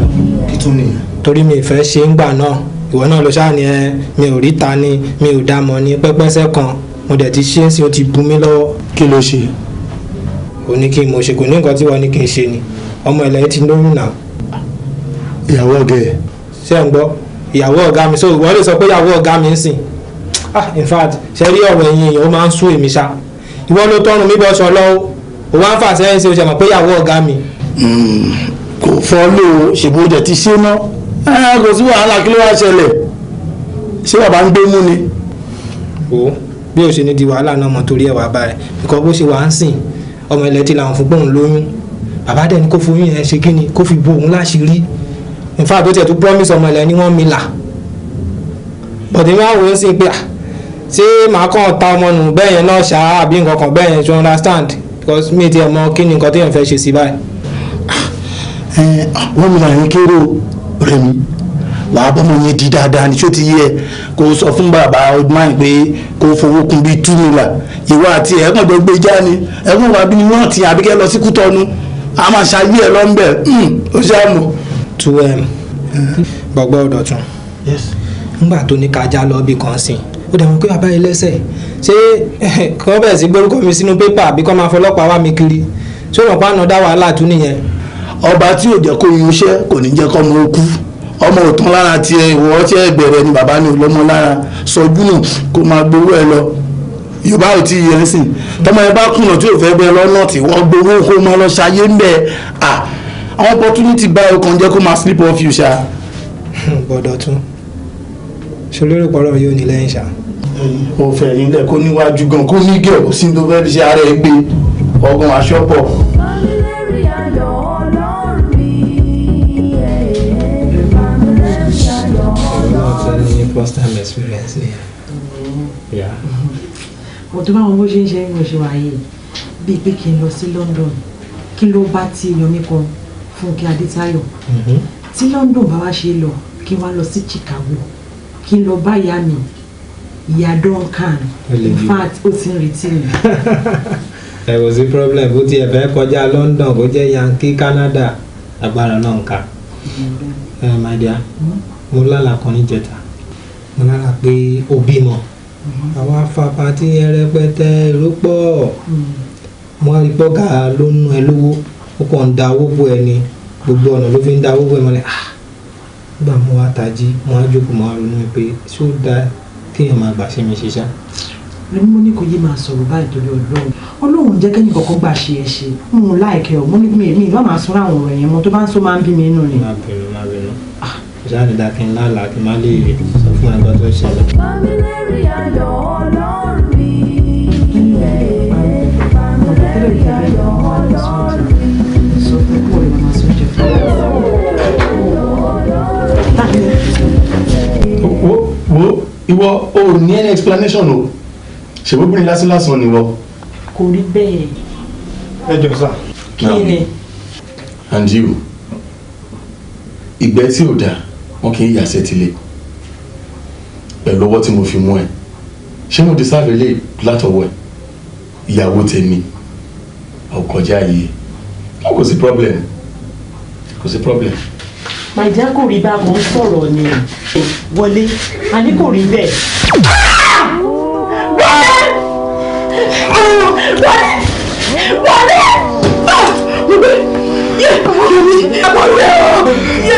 kí tún nìyẹn. torí mi ìfẹ́ ṣe ń gbà náà ìwọ náà lọ ṣáà ni ẹ mi ò rí ta ni mi ò dá mọ̀ ni pẹ́pẹ́sẹ́ kan mo dẹ̀ ti ṣe é sí o ti bu mí lọ́wọ́. kí ló ṣe. ò ní kí n mọ̀ ṣe kò ní nǹkan tí wọ́n ní kí n ṣe ni ọmọ ẹ̀lẹ́ ti lóyún náà. ìyàwó ọ̀gá ṣé ẹ̀ ń gbọ́ ìyàwó ọ̀gá mi so ìwọ lè sọ pé ìyàwó ọ̀gá mi ń sìn ah in fact ṣe rí ọ̀rọ̀ ẹ̀yìn èèyàn ó máa ń sún èmi ṣá ìwọ ló tọrùn mi bọ́ sọ lọ́wọ́ ò wá ń fà sẹ́yìn sí o ṣe mọ̀ pé ìyàwó ọ̀gá mi. Hmm, kò fọ́ lóo ṣègbọ́n jẹ̀ ti ṣe náà Ah, kò sí wàhálà kí ló wá ṣẹlẹ̀ ṣé bàbá ń gbé mú ni. o bí o ṣe ní di wàhálà náà mọ torí ẹ wàá bá rẹ nǹkan bó ṣe wàá ń sìn ọmọ ilẹ̀ ti làwọn fún gbọ̀n lóyún bàbá dẹ̀ ni kó foyún yẹn ṣe kí ni kó fi bo òun láṣìírí nfa tó tiẹ̀ tó promise ọmọ ilẹ̀ ni wọ́n mi là bọ̀dé máa wò ó sí pé ah, ṣé màá kàn ta ọmọ nù bẹ́ẹ̀ yẹn náà ṣáá àbí nǹkan bẹ́ẹ̀ yẹn to understand because mi ti ẹ̀ mọ kí ni nǹkan tó yẹn fẹ́ ṣe sí báyìí. Ah, eh, wọ́n mi là ń kéré o ọ̀rẹ́ mi wàá bọ́ mọ̀ yẹn di dáadáa ní ṣó ti yẹ kó sọ fún bàbá ọdún pé kó fowó kun bíi two million ìwà àti ẹ̀gbọ́n tó gbé e já ni ẹ̀gbọ́n wa bí ni wọ́n ti àbíkẹ́ lọ sí kútọ́nu a máa ṣayé ẹ̀ lọ́nbẹ̀ hmm, ó ṣe àmọ́. tu um, gbọgbọ́ ọ̀dọ̀tún nígbà tó ní kájà lọ bí kan sí ó dẹ̀ pé bàbá yìí lẹ́sẹ̀ ṣé kọ́ bẹ̀rẹ̀ sí gbórúkọ mi sínú pépà àbí kọ́ máa fọlọ́pàá wá mi kiri ṣé ìrọ̀pá àná dá wàhálà tún nìyẹn ọba tí ò jẹ́ kó yun iṣẹ́ kò ní jẹ́ kọ́ ọmọ okú ọmọ òtún lára tiẹ̀ ìwọ ọtí ẹ̀ bẹ̀rẹ̀ ni bàbá ní olómọ lára sọjú nù kó máa gbowó ẹ lọ yorùbá ò tí ì yẹn sìn tọmọ ẹ bá kùnà tí ò fẹ́ bẹ lọ́nà tí wọ́n gbowó kó máa lọ ṣayé ń bẹ̀ à àwọn opportunity báyìí kan jẹ́ kó máa sleep off you ṣá. gbọ́dọ̀ tún ṣe lórí pọ̀rọ̀ yóò ní lẹ́yìn ṣá. o fẹ̀yìn kó níwájú gan kó ní gẹ̀ sí ní tó fẹ́ ṣe ara ẹ gbé ọgbọ́n aṣọ́pọ̀. first time experience ni. Mm-hmm. Mm-hmm. mo tó báwọn bó ṣe ń ṣe ń ṣe wáyé bíi pé kí n lọ sí London kí ló bá ti yomi kan Fúnkẹ́ Adétáyọ̀ mm-hmm. tí London bá wá ṣe lọ kí wá lọ sí Chicago kí n lọ bá ìyá mi ìyá Duncan in fact ó ti ń retí mi. ẹ kò sí problem bó tiẹ̀ fẹ́ kọjá London bó jẹ́ Yankee Canada agbára náà ń ka. ẹ máa dìá mo lálàá kan níjẹta Mm-hmm. wọn lára pé ó bímọ àwọn afapatí yẹn rẹpẹtẹ èrò pọ̀ wọn rí pọ́gà ló ń nu ẹ lówó ó kàn ń da owó bo ẹ ni gbogbo ọ̀nà ló fi ń da owó bo ẹ mọ́lẹ̀ ah gbà mọ́ wa tají mọ́ ajókòó mọ́ ronú pé ṣé ó dáa kéèyàn máa gbà ṣe mi ṣiṣẹ́. èmi mo ní kò yé máa sọ̀rọ̀ báyìí torí ọlọ́run ọlọ́run jẹ́ kẹ́ni kọ̀ọ̀kan gbà ṣe ẹ̀ ṣe mo láìkẹ́ ọ̀ mo ní mi má máa sọ láwọn ọ̀rọ̀ yẹn mo tó bá ń sọ máa ń bí mi inú ni ìṣàdìdà kí n lálàá kí n má lè sọ fún ẹgbẹ́ tó ṣẹlẹ̀. bámilẹ́rì ayọ̀ ọlọ́run mi bámilẹ́rì ayọ̀ ọlọ́run mi. wo wo ìwọ o ní any explanation o ṣèwébìnrin lásán ni wọ. kò rí bẹ́ẹ̀. ẹ jọ sá. kí ni. and you ìgbẹ́ tí ò dáa wọn kì í yà sẹ́tìlẹ̀ pẹ̀lú ọwọ́ tí mo fi mú ẹ ṣé mo deserve ilé látọwọ́ ẹ ìyàwó tèmi ọkọjá yìí náà kò sí problem kò sí problem. màjá kò rí bá mo ń sọ̀rọ̀ ni wọlé a kò rí bẹ́ẹ̀. wọlé wọlé wọlé yẹ kò rí ẹ wọlé yẹ.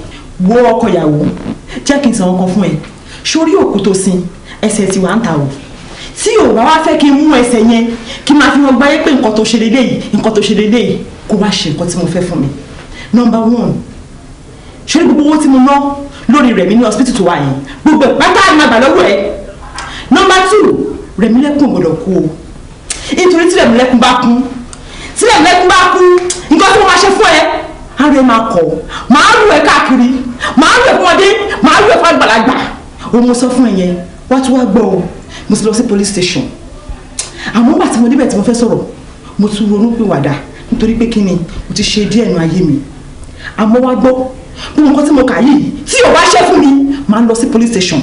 wo ọkọ ìyàwó jẹ́ kí n sàn ọkọ fún ẹ sórí òkú tó sin ẹsẹ̀ tí wàá ń ta o tí ò bá wá fẹ́ kí n mú ẹsẹ̀ yẹn kí n máa fi wọn gbáyé pé nǹkan tó ṣe déédéé yìí nǹkan tó ṣe déédéé yìí kó wá ṣe nǹkan tí mo fẹ́ fún mi nọmba one sórí gbogbo owó tí mo ná lórí rẹ̀mí ní hospital tó wà yẹn gbogbo ìpátá ìmàgbà lọ́wọ́ ẹ̀ nọmba two rẹ̀mí lẹ́kùn gbọ́dọ̀ kú o nítorí tí rẹ̀mí lẹ́kùn bá kú tí rẹ̀mí lẹ́kùn bá kú nǹkan tí mo máa ṣe fún ẹ ara ẹ máa kọ̀ máa rú ẹ káàkiri màá wẹ̀ fún ọdẹ màá wẹ̀ fún àgbàlagbà òun mo sọ fún ẹ yẹn wá tún wá gbọ́ ọ mo ti lọ sí police station àmọ́ gbà tí mo débẹ̀ tí mo fẹ́ sọ̀rọ̀ mo tún ronú pé wàdà nítorí pé kíni mo ti ṣe díẹ̀ nu ayé mi àmọ́ wá gbọ́ bí nǹkan tí mo kà yìí tí ò bá ṣẹ́ fún mi màá lọ sí police station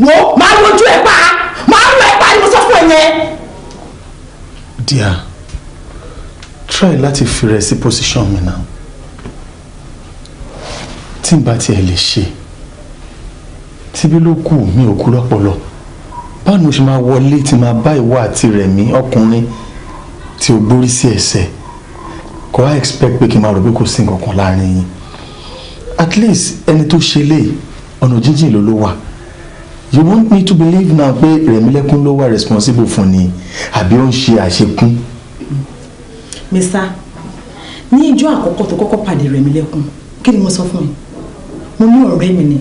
wo màá lójú ẹ pa màá lọ ẹ pa ni mo sọ fún ẹ yẹn. dear try láti fi rẹ sí position mi now tí n bá tiẹ̀ lè ṣe tíbí ló kù mí ò kú lọ́pọlọ báwo ni mo ṣe máa wọlé tí máa bá ìwọ àti Rẹ̀mí ọkùnrin tí o gbórí sí ẹsẹ̀ kò wá expect pé kí n máa rò pé kò sí nǹkan kan láàrin yín at least ẹni tó ṣe lè ọ̀nà jíjìn ló ló wà you want me to believe now pé Rẹ̀mílẹ́kún ló wà responsible fún ni àbí ó ń ṣe àṣekún. mr ní ìjọ àkọ́kọ́ tó kọ́kọ́ pàdé Rẹ̀mílẹ́kún kí ni mo sọ fún yín mo ní ọ̀rẹ́ mi ni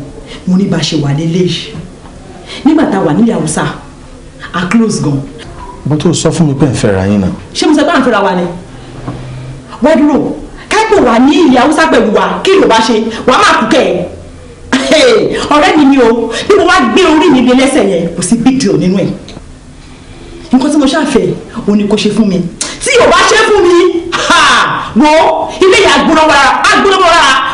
mo ní bá ṣe wà lélẹ̀ yìí nígbà tá a wà nílẹ̀ haúsá a close gan. mo tó sọ fún mi pé ń fẹ́ra yín náà. ṣé mo sọ pé à ń fẹ́ra wa ni wọ́n dúró káìpọ̀ wà ní ilẹ̀ haúsá pẹ̀lú wa kí ló bá ṣe wàá máa kú kẹ́ ẹ̀ ọ̀rẹ́ mi ni o bí mo wá gbé orí mi bí lẹ́sẹ̀ yẹn kò sí big deal nínú ẹ̀ nǹkan tí mo ṣàfẹ́ òun ni kò ṣe fún mi tí yóò bá ṣe fún mi wo ilé yẹn agbóná wàrà agbóná wàrà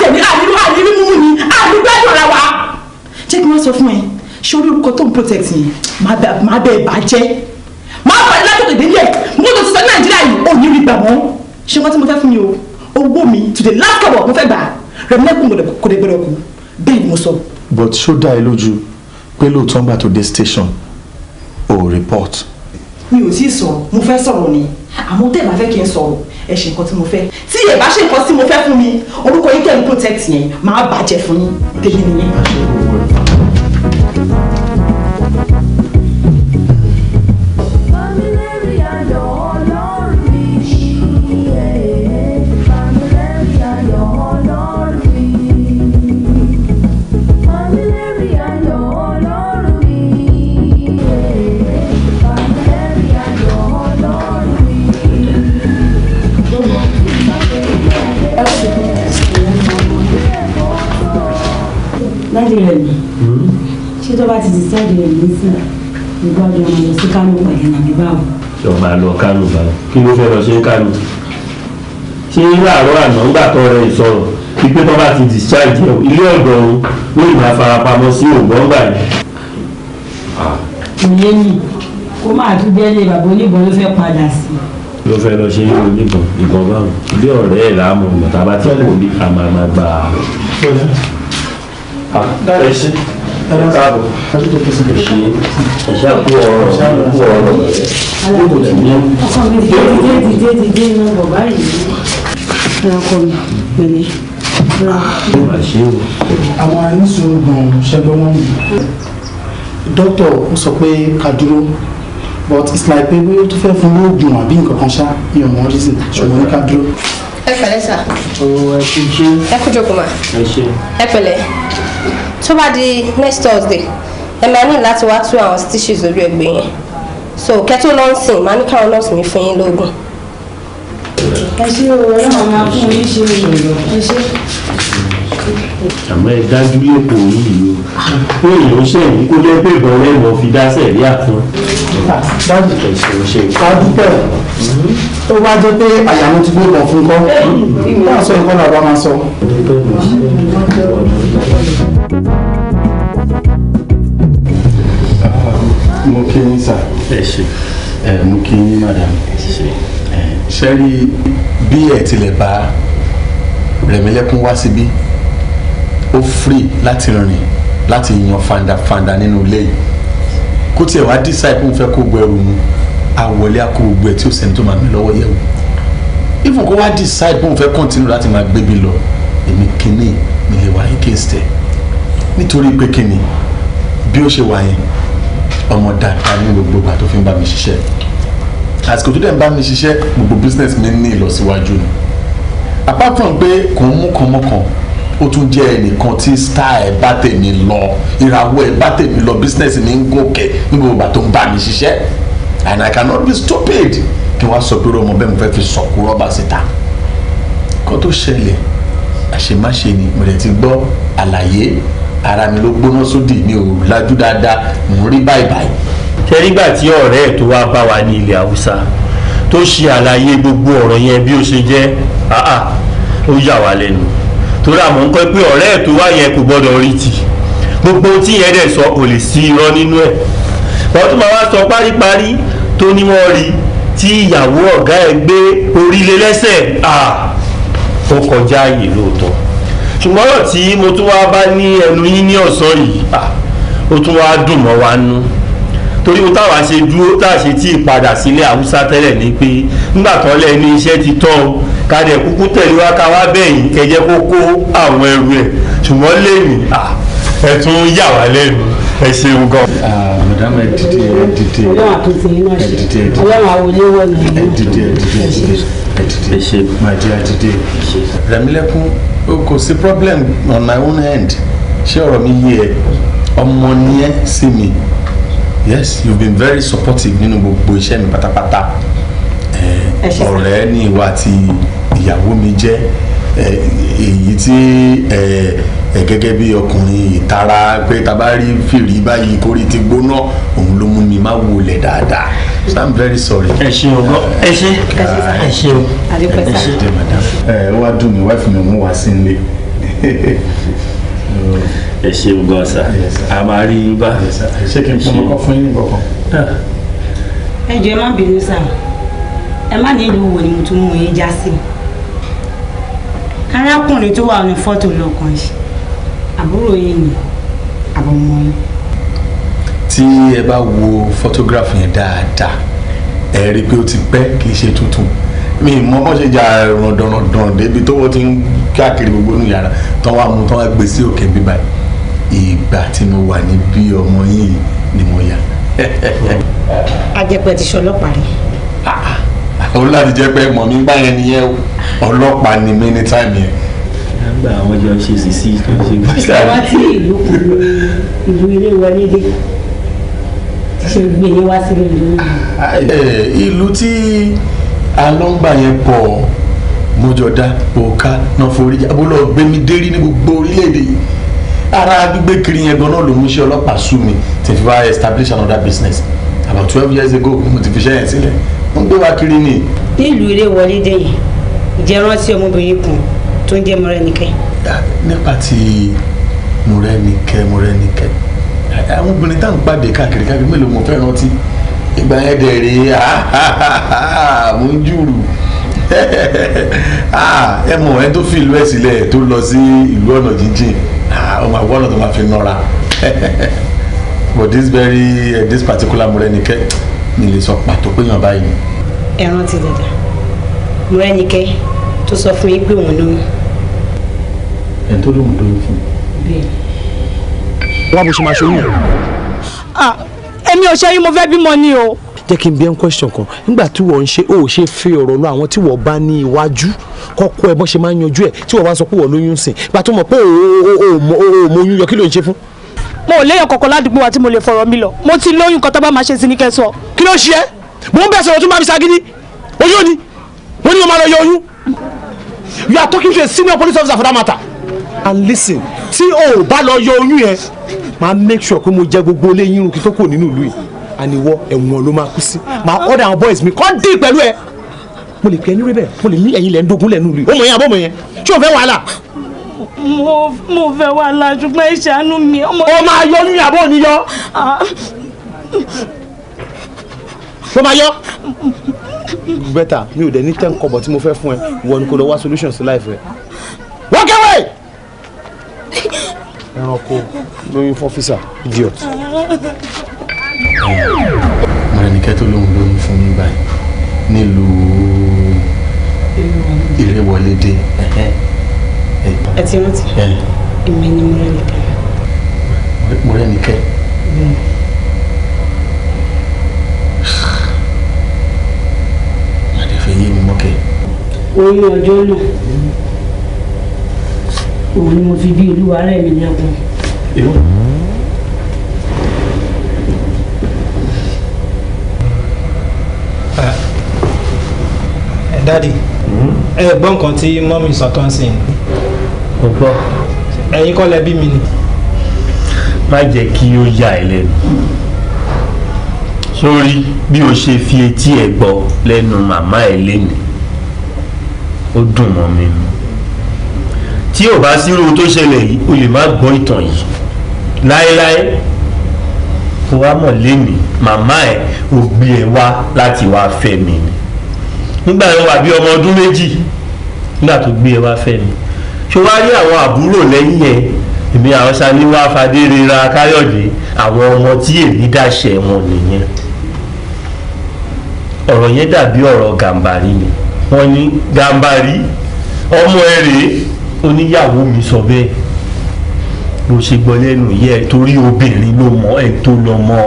àtẹ̀mí ànílú ànílú mímú ni ànígbẹ́dùn ra wa. jẹ́ kí wọ́n sọ fún ẹ ṣé orí orúkọ tó ń protect yẹn má bẹ́ẹ̀ bá jẹ́ má bá ẹ látọ̀tẹ̀ délé mo tó ti sọ ní nàìjíríà yìí ò ní rí gbà wọ́n ṣé wọ́n ti mo fẹ́ fún mi o owó mi to the last cover mo fẹ́ gbà rẹ̀mílẹ́kùn kò dé gbọ́dọ̀ kù bẹ́ẹ̀ ni mo sọ. but ṣó dá ẹ lójú pé lóòótọ́ ń gbà tó dé station ò report. mi ò tí ì sọ mo fẹ́ sọ̀rọ̀ ni àmọ́ tẹ́ẹ̀ bá fẹ́ kí n sọ̀rọ̀ ẹ ṣe nǹkan tí mo fẹ́ tí ẹ bá ṣe nǹkan tí mo fẹ́ fún mi orúkọ yín kẹ́ ń protect yẹn máa bàjẹ́ fún yín tèmi nìyẹn. tó bá ti dìsáìdì rẹ̀ ní sí ìgbọ́dọ̀ máa lọ sí kánò pẹ̀lú nàbí báwo. yóò máa lọ kánò báwo kí ló fẹ́ lọ ṣe kánò ṣé láàárọ̀ àná ńgbà tó rẹ ìsọ̀rọ̀ pípé tó bá ti dìsáìdì rẹ̀ ilé ọ̀dọ̀ òun ló ì máa farapamọ́ sí ògbọ́n gbà yẹn. ìyẹn ah. ni kó máa tún bẹ́ẹ̀ lé bàbá oníbọn ló fẹ́ padà sí i ló fẹ́ lọ ṣe yóò níbọn ìbọn báwọn bí ọ̀rẹ́ ẹ̀ láàmú ọ̀nà tàbá tí kò ní àmàmà gbà á káàbọ̀ ẹ̀ṣá kú ọ̀rọ̀ kú ọ̀rọ̀ kú kò tì mí. ọkọ mi dìde dìde dìde ní bàbá yìí. ọkọ mi pẹ̀lẹ́. àwọn anísòro gan-an ṣẹgbẹ́ wọn yìí dókítà ó sọ pé ká dúró but it's like pé bóyá tó fẹ́ fún lóògùn àbí nǹkan kan ṣá mi ò mọ reason ṣùgbọ́n ká dúró. ẹ pẹ̀lẹ́ sà. ẹ kú jókòó ma. ẹ pẹ̀lẹ́ tó bá di next thursday ẹ máa ní láti wá tú àwọn stitches lórí ẹgbẹ́ yẹn so kẹtó nọ́ọ̀sìn máa ní káwọn nọ́ọ̀sì mi fún yín lóògùn. ẹ ṣe o ọlọ́run máa fún yín ṣe é ṣe àmọ́ ẹ dájú lẹ́kọ̀ọ́ yìí o ó èèyàn ṣe yìí kó jẹ́ pé ìbọn lẹ́wọ̀n fi dá sẹ̀rí àtún. dájú kẹ̀sì ò ṣe. adúpẹ́ tó bá jẹ́ pé àyàmú ti gbé bọ̀ fún kọ́ wọ́n á sọ ìkọ́ làbá máa sọ. mo kí yín sà ẹ mo kí yín madam ṣẹ́rí bí ẹ̀ tilẹ̀ bá rẹ̀mílẹ́kún wá síbí ó free láti rìn láti yan fandafanda nínú ilé yìí kó tiẹ̀ wá dísáì kó n fẹ́ kó gbẹrù mu àwọlé akó gbogbo ẹ̀ tí ó sẹ́ni tó máa gbé lọ́wọ́ even kó wá decide bóun fẹ́ continue láti máa gbébi lọ èmi kínní mi lè wà against ẹ̀ nítorí pé kínní bí ó ṣe wà yẹn ọmọ dáadáa ní gbogbo ìgbà tó fi ń bá mi ṣiṣẹ́ àsìkò tó dẹ̀ ń bá mi ṣiṣẹ́ gbogbo business mi ní ìlọsíwájú ni apart from pé kò ń mú kan mọ́kàn ó tún jẹ́ ẹnìkan tí style bá tèmi lọ ìràwọ̀ ẹ̀ bá tèmi lọ business mi ń gòkè ní gbogbo ìgbà tó ń bá mi ṣiṣẹ́ and i cannot be stupid kí wọ́n á sọ pé ọmọ bẹ́ẹ̀ mo fẹ́ fi sọ̀kú rọ́bà síta kó tó ṣẹlẹ̀ àṣemáṣe ni mo lè ti gbọ́ àlàyé ara mi ló gbóná sódì mi ò lajú dáadáa mo rí báyìí báyìí. ṣe nígbà tí ọ̀rẹ́ ẹ̀ tó wá bá wa ní ilẹ̀ haúsá tó ṣe àlàyé gbogbo ọ̀rọ̀ yẹn bí ó ṣe jẹ́ àà ó yà wá lẹ́nu torí àmọ́ nǹkan pé ọ̀rẹ́ ẹ̀ tó wá yẹn kò gbọ́dọ̀ rí tì gbogbo tí yẹn dẹ̀ sọ kò lè sí irọ́ nínú ẹ̀ wọ́n tún máa wá sọ paríparí tó ní wọ́n rí tí ìyàwó ọ̀gá ẹ̀ gbé orílẹ̀ lẹ́sẹ̀ à ó kọjá ààyè lóòótọ́ ṣùgbọ́n ọ̀rọ̀ tí mo tún wá bá ní ẹnu yín ní ọ̀sán yìí ó tún wá dùn mọ́ wa nú torí mo táwa ṣe dúró tá a ṣe tí ìpadà sílẹ̀ haúsá tẹ́lẹ̀ ni pé nígbà tán lẹ́ ní iṣẹ́ ti tán o kàdé kúkú tẹ̀lé wa ká wá bẹ̀yìn kẹjẹ́ kó kó àwọn ẹrù ẹ̀ ṣùgbọ́n lẹ́yìn ẹ̀ tún yà wá lẹ́nu ẹ̀ ṣeun gan madam ẹ dìde ẹ dìde ẹ dìde ẹ dìde ẹ dìde ẹ̀ṣẹ̀ my dear today Rẹ̀mílẹ́kún kò sí problem on my own end ṣé ọ̀rọ̀ mi yé ẹ ọmọ ni ẹ sí mi yes you been very supportive nínú gbogbo iṣẹ́ mi pátápátá ọ̀rẹ́ ni ìwà àti ìyàwó mi jẹ́ èyí tí gẹ́gẹ́ bí ọkùnrin ìtara pé ta bá rí fìrí báyìí kórìí ti gbóná òun ló mú mi má wọlé dáadáa so i'm very sorry. ẹ ṣe o ẹ ṣe ẹ ṣe o ẹ ṣe ẹ wá dùn mí wáìfù mi mú wá sí ilé. ẹ ṣe o gan sa a máa rí yín bá. ṣé kí n pọn ọkọ fún yín nìkan. ẹ jọ̀ọ́ ẹ má bínú sáà ẹ má ní ìlú wo ni mo tún mú yín já sí i arákùnrin tó wà ní fọ́tò lọ́kàn yìí àbúrò yìí ni àbọ̀mọ́ yìí. tí ẹ bá wo photograph yẹn dáadáa ẹ rí i pé ó ti pẹ́ kì í ṣe tuntun mi mọ bọ́n ṣe jà rọ̀dọ̀rọ̀dọ̀ débi tó wọ́n ti ń káàkiri gbogbo nù yàrá tán wàá mú tán wàá gbé sí òkè bíbá ìgbà tí mo wà ní bí ọmọ yìí ni mo yà. ajẹpẹ ti ṣọlọpàá rí òun láti jẹ́ pé mọ̀ mi ń bá yẹn nìyẹn ọlọ́pàá ni mí ní táìmù yẹn. àgbà àwọn jọ ṣe sì sí tó ṣe bá ṣáà. wá sí ìlú kúrò ìlú ilé wọlé dé ṣe gbé yín wá sílé ìlú. Ah, eh, ìlú tí alọ́ngbà yẹn pọ̀ mọ́jọ́dá òka náà forí abúlé ọ̀gbẹ́mi dérí ní gbogbo orílẹ̀-èdè yìí ara gbígbé kiri yẹn gan náà ló mú iṣẹ́ ọlọ́pàá sú mi tí n fi wá establish another business about twelve years ago mo ti fi iṣẹ́ yẹn sílẹ̀ ń gbé wa kiri ni. ní ìlú ilé wọlé dé yìí ìjẹ́ rántí ọmọbìnrin kan tó ń jẹ́ mọ́rẹ́nikẹ́. nípa ti mọ́rẹ́nikẹ́ mọ́rẹ́nikẹ́ àwọn obìnrin tá à ń pàdé káàkiri káàkiri mélòó mo fẹ́ rántí ìgbà yẹn dẹ̀ rí ah, mo ń jùrù ah, ẹ mọ̀ ẹ tó fi ìlú ẹ̀ sílẹ̀ tó lọ sí ìlú ọ̀nà jíjìn ọmọ ah, àwọn ọ̀nà tó máa fi nọra but this very uh, this particular Mọ́rẹ́nikẹ́ mi lè sọ pàtó pé yàn báyìí ni. ẹ rántí dada mo rẹ́nikẹ́ tó sọ fún yín pé òun lóyún. ẹ̀ tó lóun lóyún fún mi. bẹ́ẹ̀ wá bó ṣe máa ṣoyún. èmi ò ṣẹ́yún mo fẹ́ bímọ ni o. jẹ́ kí n bí ẹ́ ń question kan nígbà tí wọ́n ń ṣe ó ṣe fi ọ̀rọ̀ lọ àwọn tí wọ́n bá ní iwájú kọ́kọ́ ẹ bọ́n ṣe máa ń yanjú ẹ̀ tí wọ́n bá ń sọ pé wọ́n lóyún sìn gbà tó mọ̀ pé òun ò mọ oyún yọ kí ló ń ṣe fún mo ò léyàn kankan ládùúgbò wa tí mo lè fọ̀rọ̀ mi lọ mo ti lóyún kan tó bá máa ṣe sí ní kẹsàn. kí ló ṣe é mo ń bẹ sọ̀rọ̀ tó máa fi ṣagídí oyún ni mo ní mo máa lọ yọ oyún you are talking to a senior police officer for that matter and listen tí o ò bá lọ yọ oyún yẹn máa make sure pé mo jẹ gbogbo ilé yín rún kí tó kù nínú ìlú yìí àníwọ ẹ̀wọ̀n ló máa kú sí máa order àwọn boys mi kọ́ dì pẹ̀lú ẹ mo lè pẹ́ ní rẹ́bẹ̀ mo lè ní ẹ̀yin lẹ́ ń dogun lẹ́nu ìlú yìí ó mọ̀ yẹn àbọ̀ mọ̀ yẹn ṣé o fẹ́ wàhálà mo mo fẹ́ wà la ṣùgbọ́n ẹ ṣàánú mi. ó máa yọ ní àbọ̀ níyọ. Ah. ó máa yọ. bẹ́tà mi ò dẹ̀ ní ten kọ́bọ̀ tí mo fẹ́ fún ẹ wọ ni kò lọ wá solutions sí life rẹ. walk away. ẹranko lóyún fọ́físà idiot. mọ̀rẹ́nìkẹ́ tó lóun lóyún fún mi báyìí nílùú ìrẹ́wọlédè ẹ ti rántí èmi ni mo rẹ́ nìkẹ́. mo rẹ́ nìkẹ́. àdẹ̀fẹ̀ yé mi mọ́kẹ́. oyún ọjọ́ náà òun ni mo fi bí olúwa rẹ̀ mi lẹ́kùn. èèwọ̀. dadi ẹ gbọ́ nǹkan tí mọ́mí sọ tán sí i kò gbọ́ ẹ̀yin kọ́ lẹ bí mi ni. má jẹ́ kí ó yà ẹ́ lẹ́nu sórí bí o ṣe fi etí ẹ̀ gbọ́ lẹ́nu màmá ẹ̀ lẹ́nu ó dùn mọ́ mi mu tí o bá sírú tó ṣẹlẹ̀ yìí o lè má gbọ́ ìtàn yìí láéláé kó wá mọ̀ lẹ́nu màmá ẹ̀ ò gbé ẹ wá láti wá fẹ́ mi ni nígbà yẹn wà bí ọmọ ọdún méjì nígbà tó gbé ẹ e wá fẹ́ mi ṣé wàá rí àwọn àbúrò lẹ́yìn yẹn èmi àwọn saniwa fadérera káyọ̀dé àwọn ọmọ tí èmi dàṣẹ wọn nìyẹn ọ̀rọ̀ yẹn dàbí ọ̀rọ̀ gàǹbarì ni wọ́n ní gàǹbarì ọmọ ẹ rèé oníyàwó mi sọ bẹ́ẹ̀ ló ṣe gbọ́ lẹ́nu yẹ torí obìnrin ló mọ ẹ tó lọ mọ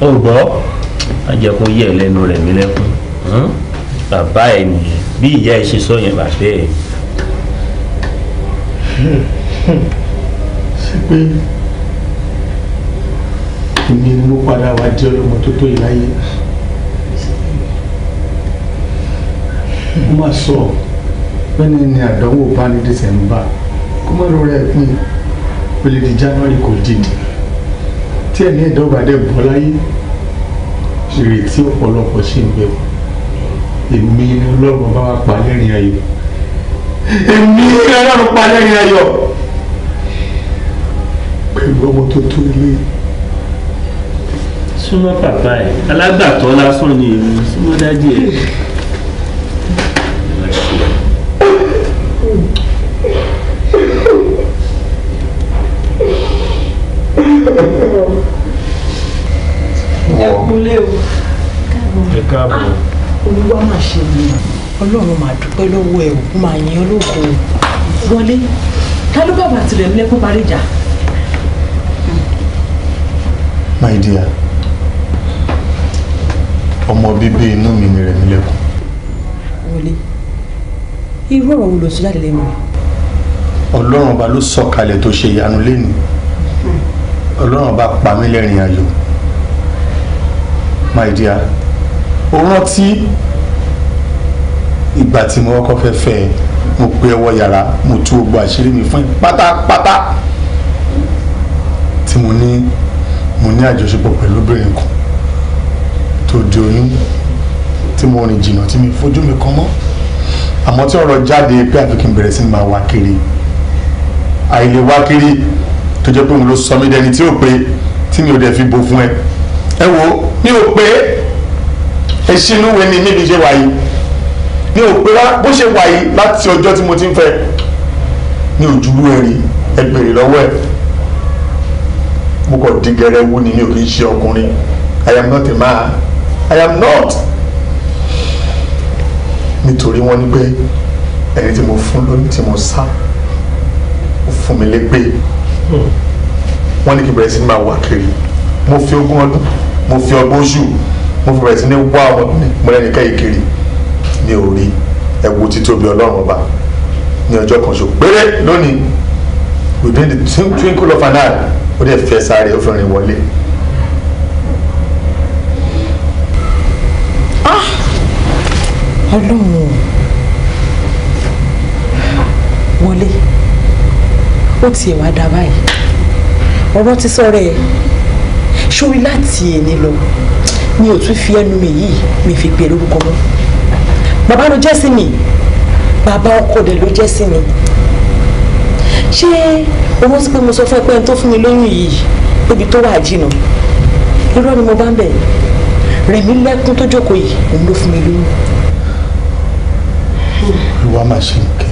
ó gbọ́ á kó yẹ lẹ́nu rẹ̀ mí lẹ́kún bàbá ẹ nìyẹn bí ìyá ẹ ṣe sọ yẹn bàbá ẹ ṣe pé èmi ni mo padà wá di ọlọ́mọ tó tó yìí mo máa sọ bẹ́ẹ̀ ni àdánwò bá ní dẹ́sẹ̀mbà kó má lọ rẹ̀ pín pèlè di january kò dìde tí ẹni ẹ̀dọ́gba dẹ̀ bọ́ láyé ìrètí ọ̀pọ̀lọpọ̀ sì ń bẹ̀rù èmi ni ọlọ́run bá wà pa lẹ́rìn ayọ̀ èmi ọlọ́run pa lẹ́yìn ayọ̀ pẹ̀lú ọmọ tó tó ilé. súnmọ́ bàbá ẹ̀ alágbàtọ́ lásán ni èmi súnmọ́ dájú ẹ̀. ẹ kúlé o ẹ káàbọ̀ ah, olúwa máa ṣe nìyẹn ọlọ́run máa dúpẹ́ lọ́wọ́ ẹ̀ òkú máa yan olóko wọlé ta ló bàbá tirẹ̀ múlẹ̀ kó parí ìjà. my dear ọmọ bíbí inú mi ni Rẹ̀mílẹ́kùn. wọlé irú ọ̀rọ̀ wo ló sọ jáde lẹ́nu rẹ̀. ọlọ́run ọba ló sọ̀kalẹ̀ tó ṣe ìyanu lẹ́nu ọlọ́run ọba pa mí lẹ́rìn ayọ̀ my dear ó rántí ìgbà tí mo kọ́kọ́ fẹ́ fẹ́ mo pe ẹwọ́ yàrá mo tú gbogbo àṣírí mi fún pátápátá tí mo ní mo ní àjọṣepọ̀ pẹ̀lú obìnrin kan tó di oyún tí mo rìn jìnnà tí mi fojú mi kan mọ́ àmọ́ tí ọ̀rọ̀ jáde pé àfi kí bẹ̀rẹ̀ sí ni máa wá kiri àìlè wá kiri tó jẹ́ pé òun ló sọ mí dẹni tí ò pé tí mi ò dẹ̀ fi bo fún ẹ ẹ wo mi ò pé ẹ ṣínú wẹ́ni níbi ṣe wáyé mi ò pé rárá bó ṣe wà yìí láti ọjọ́ tí mo ti ń fẹ́ mi ò júlú ẹ̀rí ẹ lọ́wọ́ ẹ̀ mo kọ̀ di gẹ̀rẹ́ wú ni mi ò kì í ṣe ọkùnrin I am not a man I am not nítorí wọ́n ní pé ẹni tí mo fún lónìí tí mo sá ó fún mi lépè wọ́n ní kí n bẹ̀rẹ̀ sí ní máa wà kiri mo fi ogún ọdún mo fi ọgbọ́n oṣù mo fi bẹ̀rẹ̀ sí ní wá ọmọdún mi mo lẹ́nu ká yìí kiri mi ò rí ẹ wo títóbi ọlọ́run ọba ní ọjọ́ kan ṣo péré lónìí within the twinkle of an eye ó dẹ̀ fẹ́ sáré ó fi rìn wọlé. Ah! ọlọ́run wọlé ó tiẹ̀ wá dá báyìí ọ̀rọ̀ ti sọ̀rọ̀ ẹ̀ sórí láti èní lọ mi ò tún fi ẹnu mi yìí mi fi pè lórúkọ mọ́ bàbá ló jẹ́ sí mi bàbá ọkọ dẹ̀ ló jẹ́ sí mi ṣé owó sí pé mo sọ fún ẹ pé ẹni tó fún mi lóyún yìí ibi tó wà jìnnà irọ́ ni mo bá ń bẹ̀ rẹ̀mí lẹ́kún tó jókòó yìí òun ló fún mi lóyún. olúwa máa ṣe nǹkan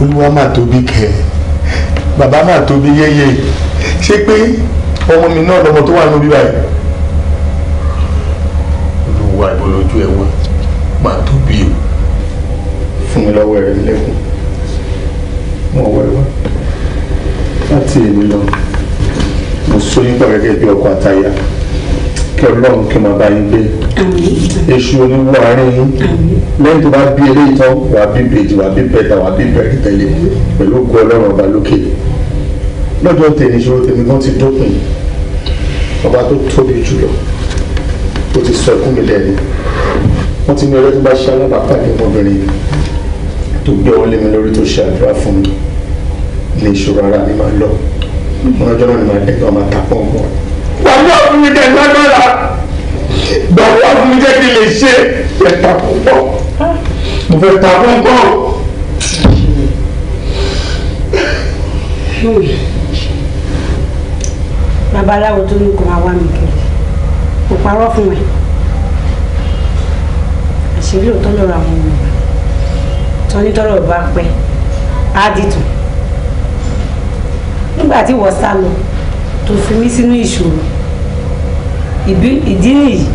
olúwa máa tóbi kẹ bàbá máa tóbi yẹyẹ ṣé pé ọmọ mi náà lọmọ tó wà níbí báyìí olúwa ìbò lójú ẹ wọ́n mi lọ́wọ́ ẹ̀rẹ̀ lẹ́kùn mo wọ ẹ̀wá láti èmi lọ mo so yín pọ̀ gẹ́gẹ́ bí ọkọ àtàyà kí ọlọ́run kí máa bá yín gbé èṣù oníwọ̀ àárín yín lẹ́yìn tó bá bí eléyìí tán wàá bí bèjì wàá bí bẹ́ẹ̀ta wàá bí bẹ́ẹ̀ tẹ̀lé pẹ̀lú ògo ọlọ́run ọba lókè lọ́dọ̀ tèmi ìṣòro tèmi kan ti dópin ọba tó tóbi jùlọ ó ti sọ ẹkún mi lẹ́nu wọ́n ti ní ọlọ́dún bá ṣe alábàápàdé ọmọbìnrin tó gbọ́wọ́ lé mi lórí tó ṣe àdúrà fún mi ilé ìṣòro ara mi máa lọ ọlọ́jọ́ náà ni máa dẹ́gbẹ́ máa ta pọ́ǹpọ́. gbàgbọ́ fún mi jẹ́ lágbára gbàgbọ́ fún mi jẹ́ kí n lè ṣe fẹ́ ta pọ́ǹpọ́ mo fẹ́ ta pọ́ǹpọ́. babaláwo tó ní kò máa wá mi kiri kò parọ́ fún ẹ àṣírí òótọ́ lọ́rọ̀ àwọn ọmọ rẹ tọ́nítọ́rọ̀ bá pẹ́ á dìtò nígbà tí wọ́n sá lọ tó fi mí sínú ìṣòro ìdí nìyí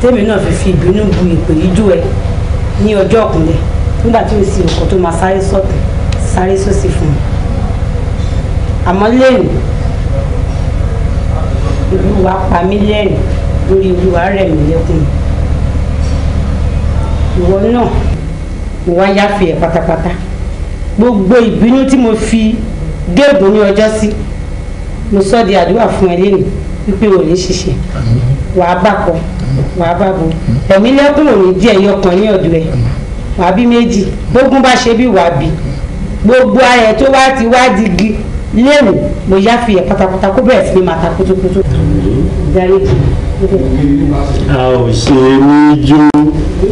tèmi náà fi fi ìbínú bu ìpè yíjú ẹ ní ọjọ́ ọ̀kúnlẹ̀ nígbà tí o sì ọkọ̀ tó máa sáré sọ̀tẹ̀ sáré sósì fún mi àmọ́ lẹ́nu olúwa pa mí lẹ́nu lórí olúwa rẹ̀ mí lẹ́kùn ìwọ náà wa wá yáfẹ ẹ pátápátá gbogbo ìbínú tí mo fi géèbù ní ọjọ́ sí mo sọ di àdúrà fún ẹ lẹ́nu wípé ò ní ṣiṣẹ́ wàá bà kọ wàá bà bo ẹ̀mí lẹ́kùn ò ní díẹ̀ yọkàn ní ọ̀dọ̀ ẹ̀ wàá bí méjì gbógun bá ṣe bí wàá bí gbogbo ayẹ tó bá ti wá digi lẹ́nu mo yáfẹ ẹ pátápátá kó bẹ̀rẹ̀ sí ní máa ta a ò ṣe ní jó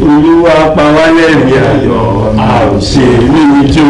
olúwa pa wá lẹ́rìí ayọ̀ a ò ṣe ní jó.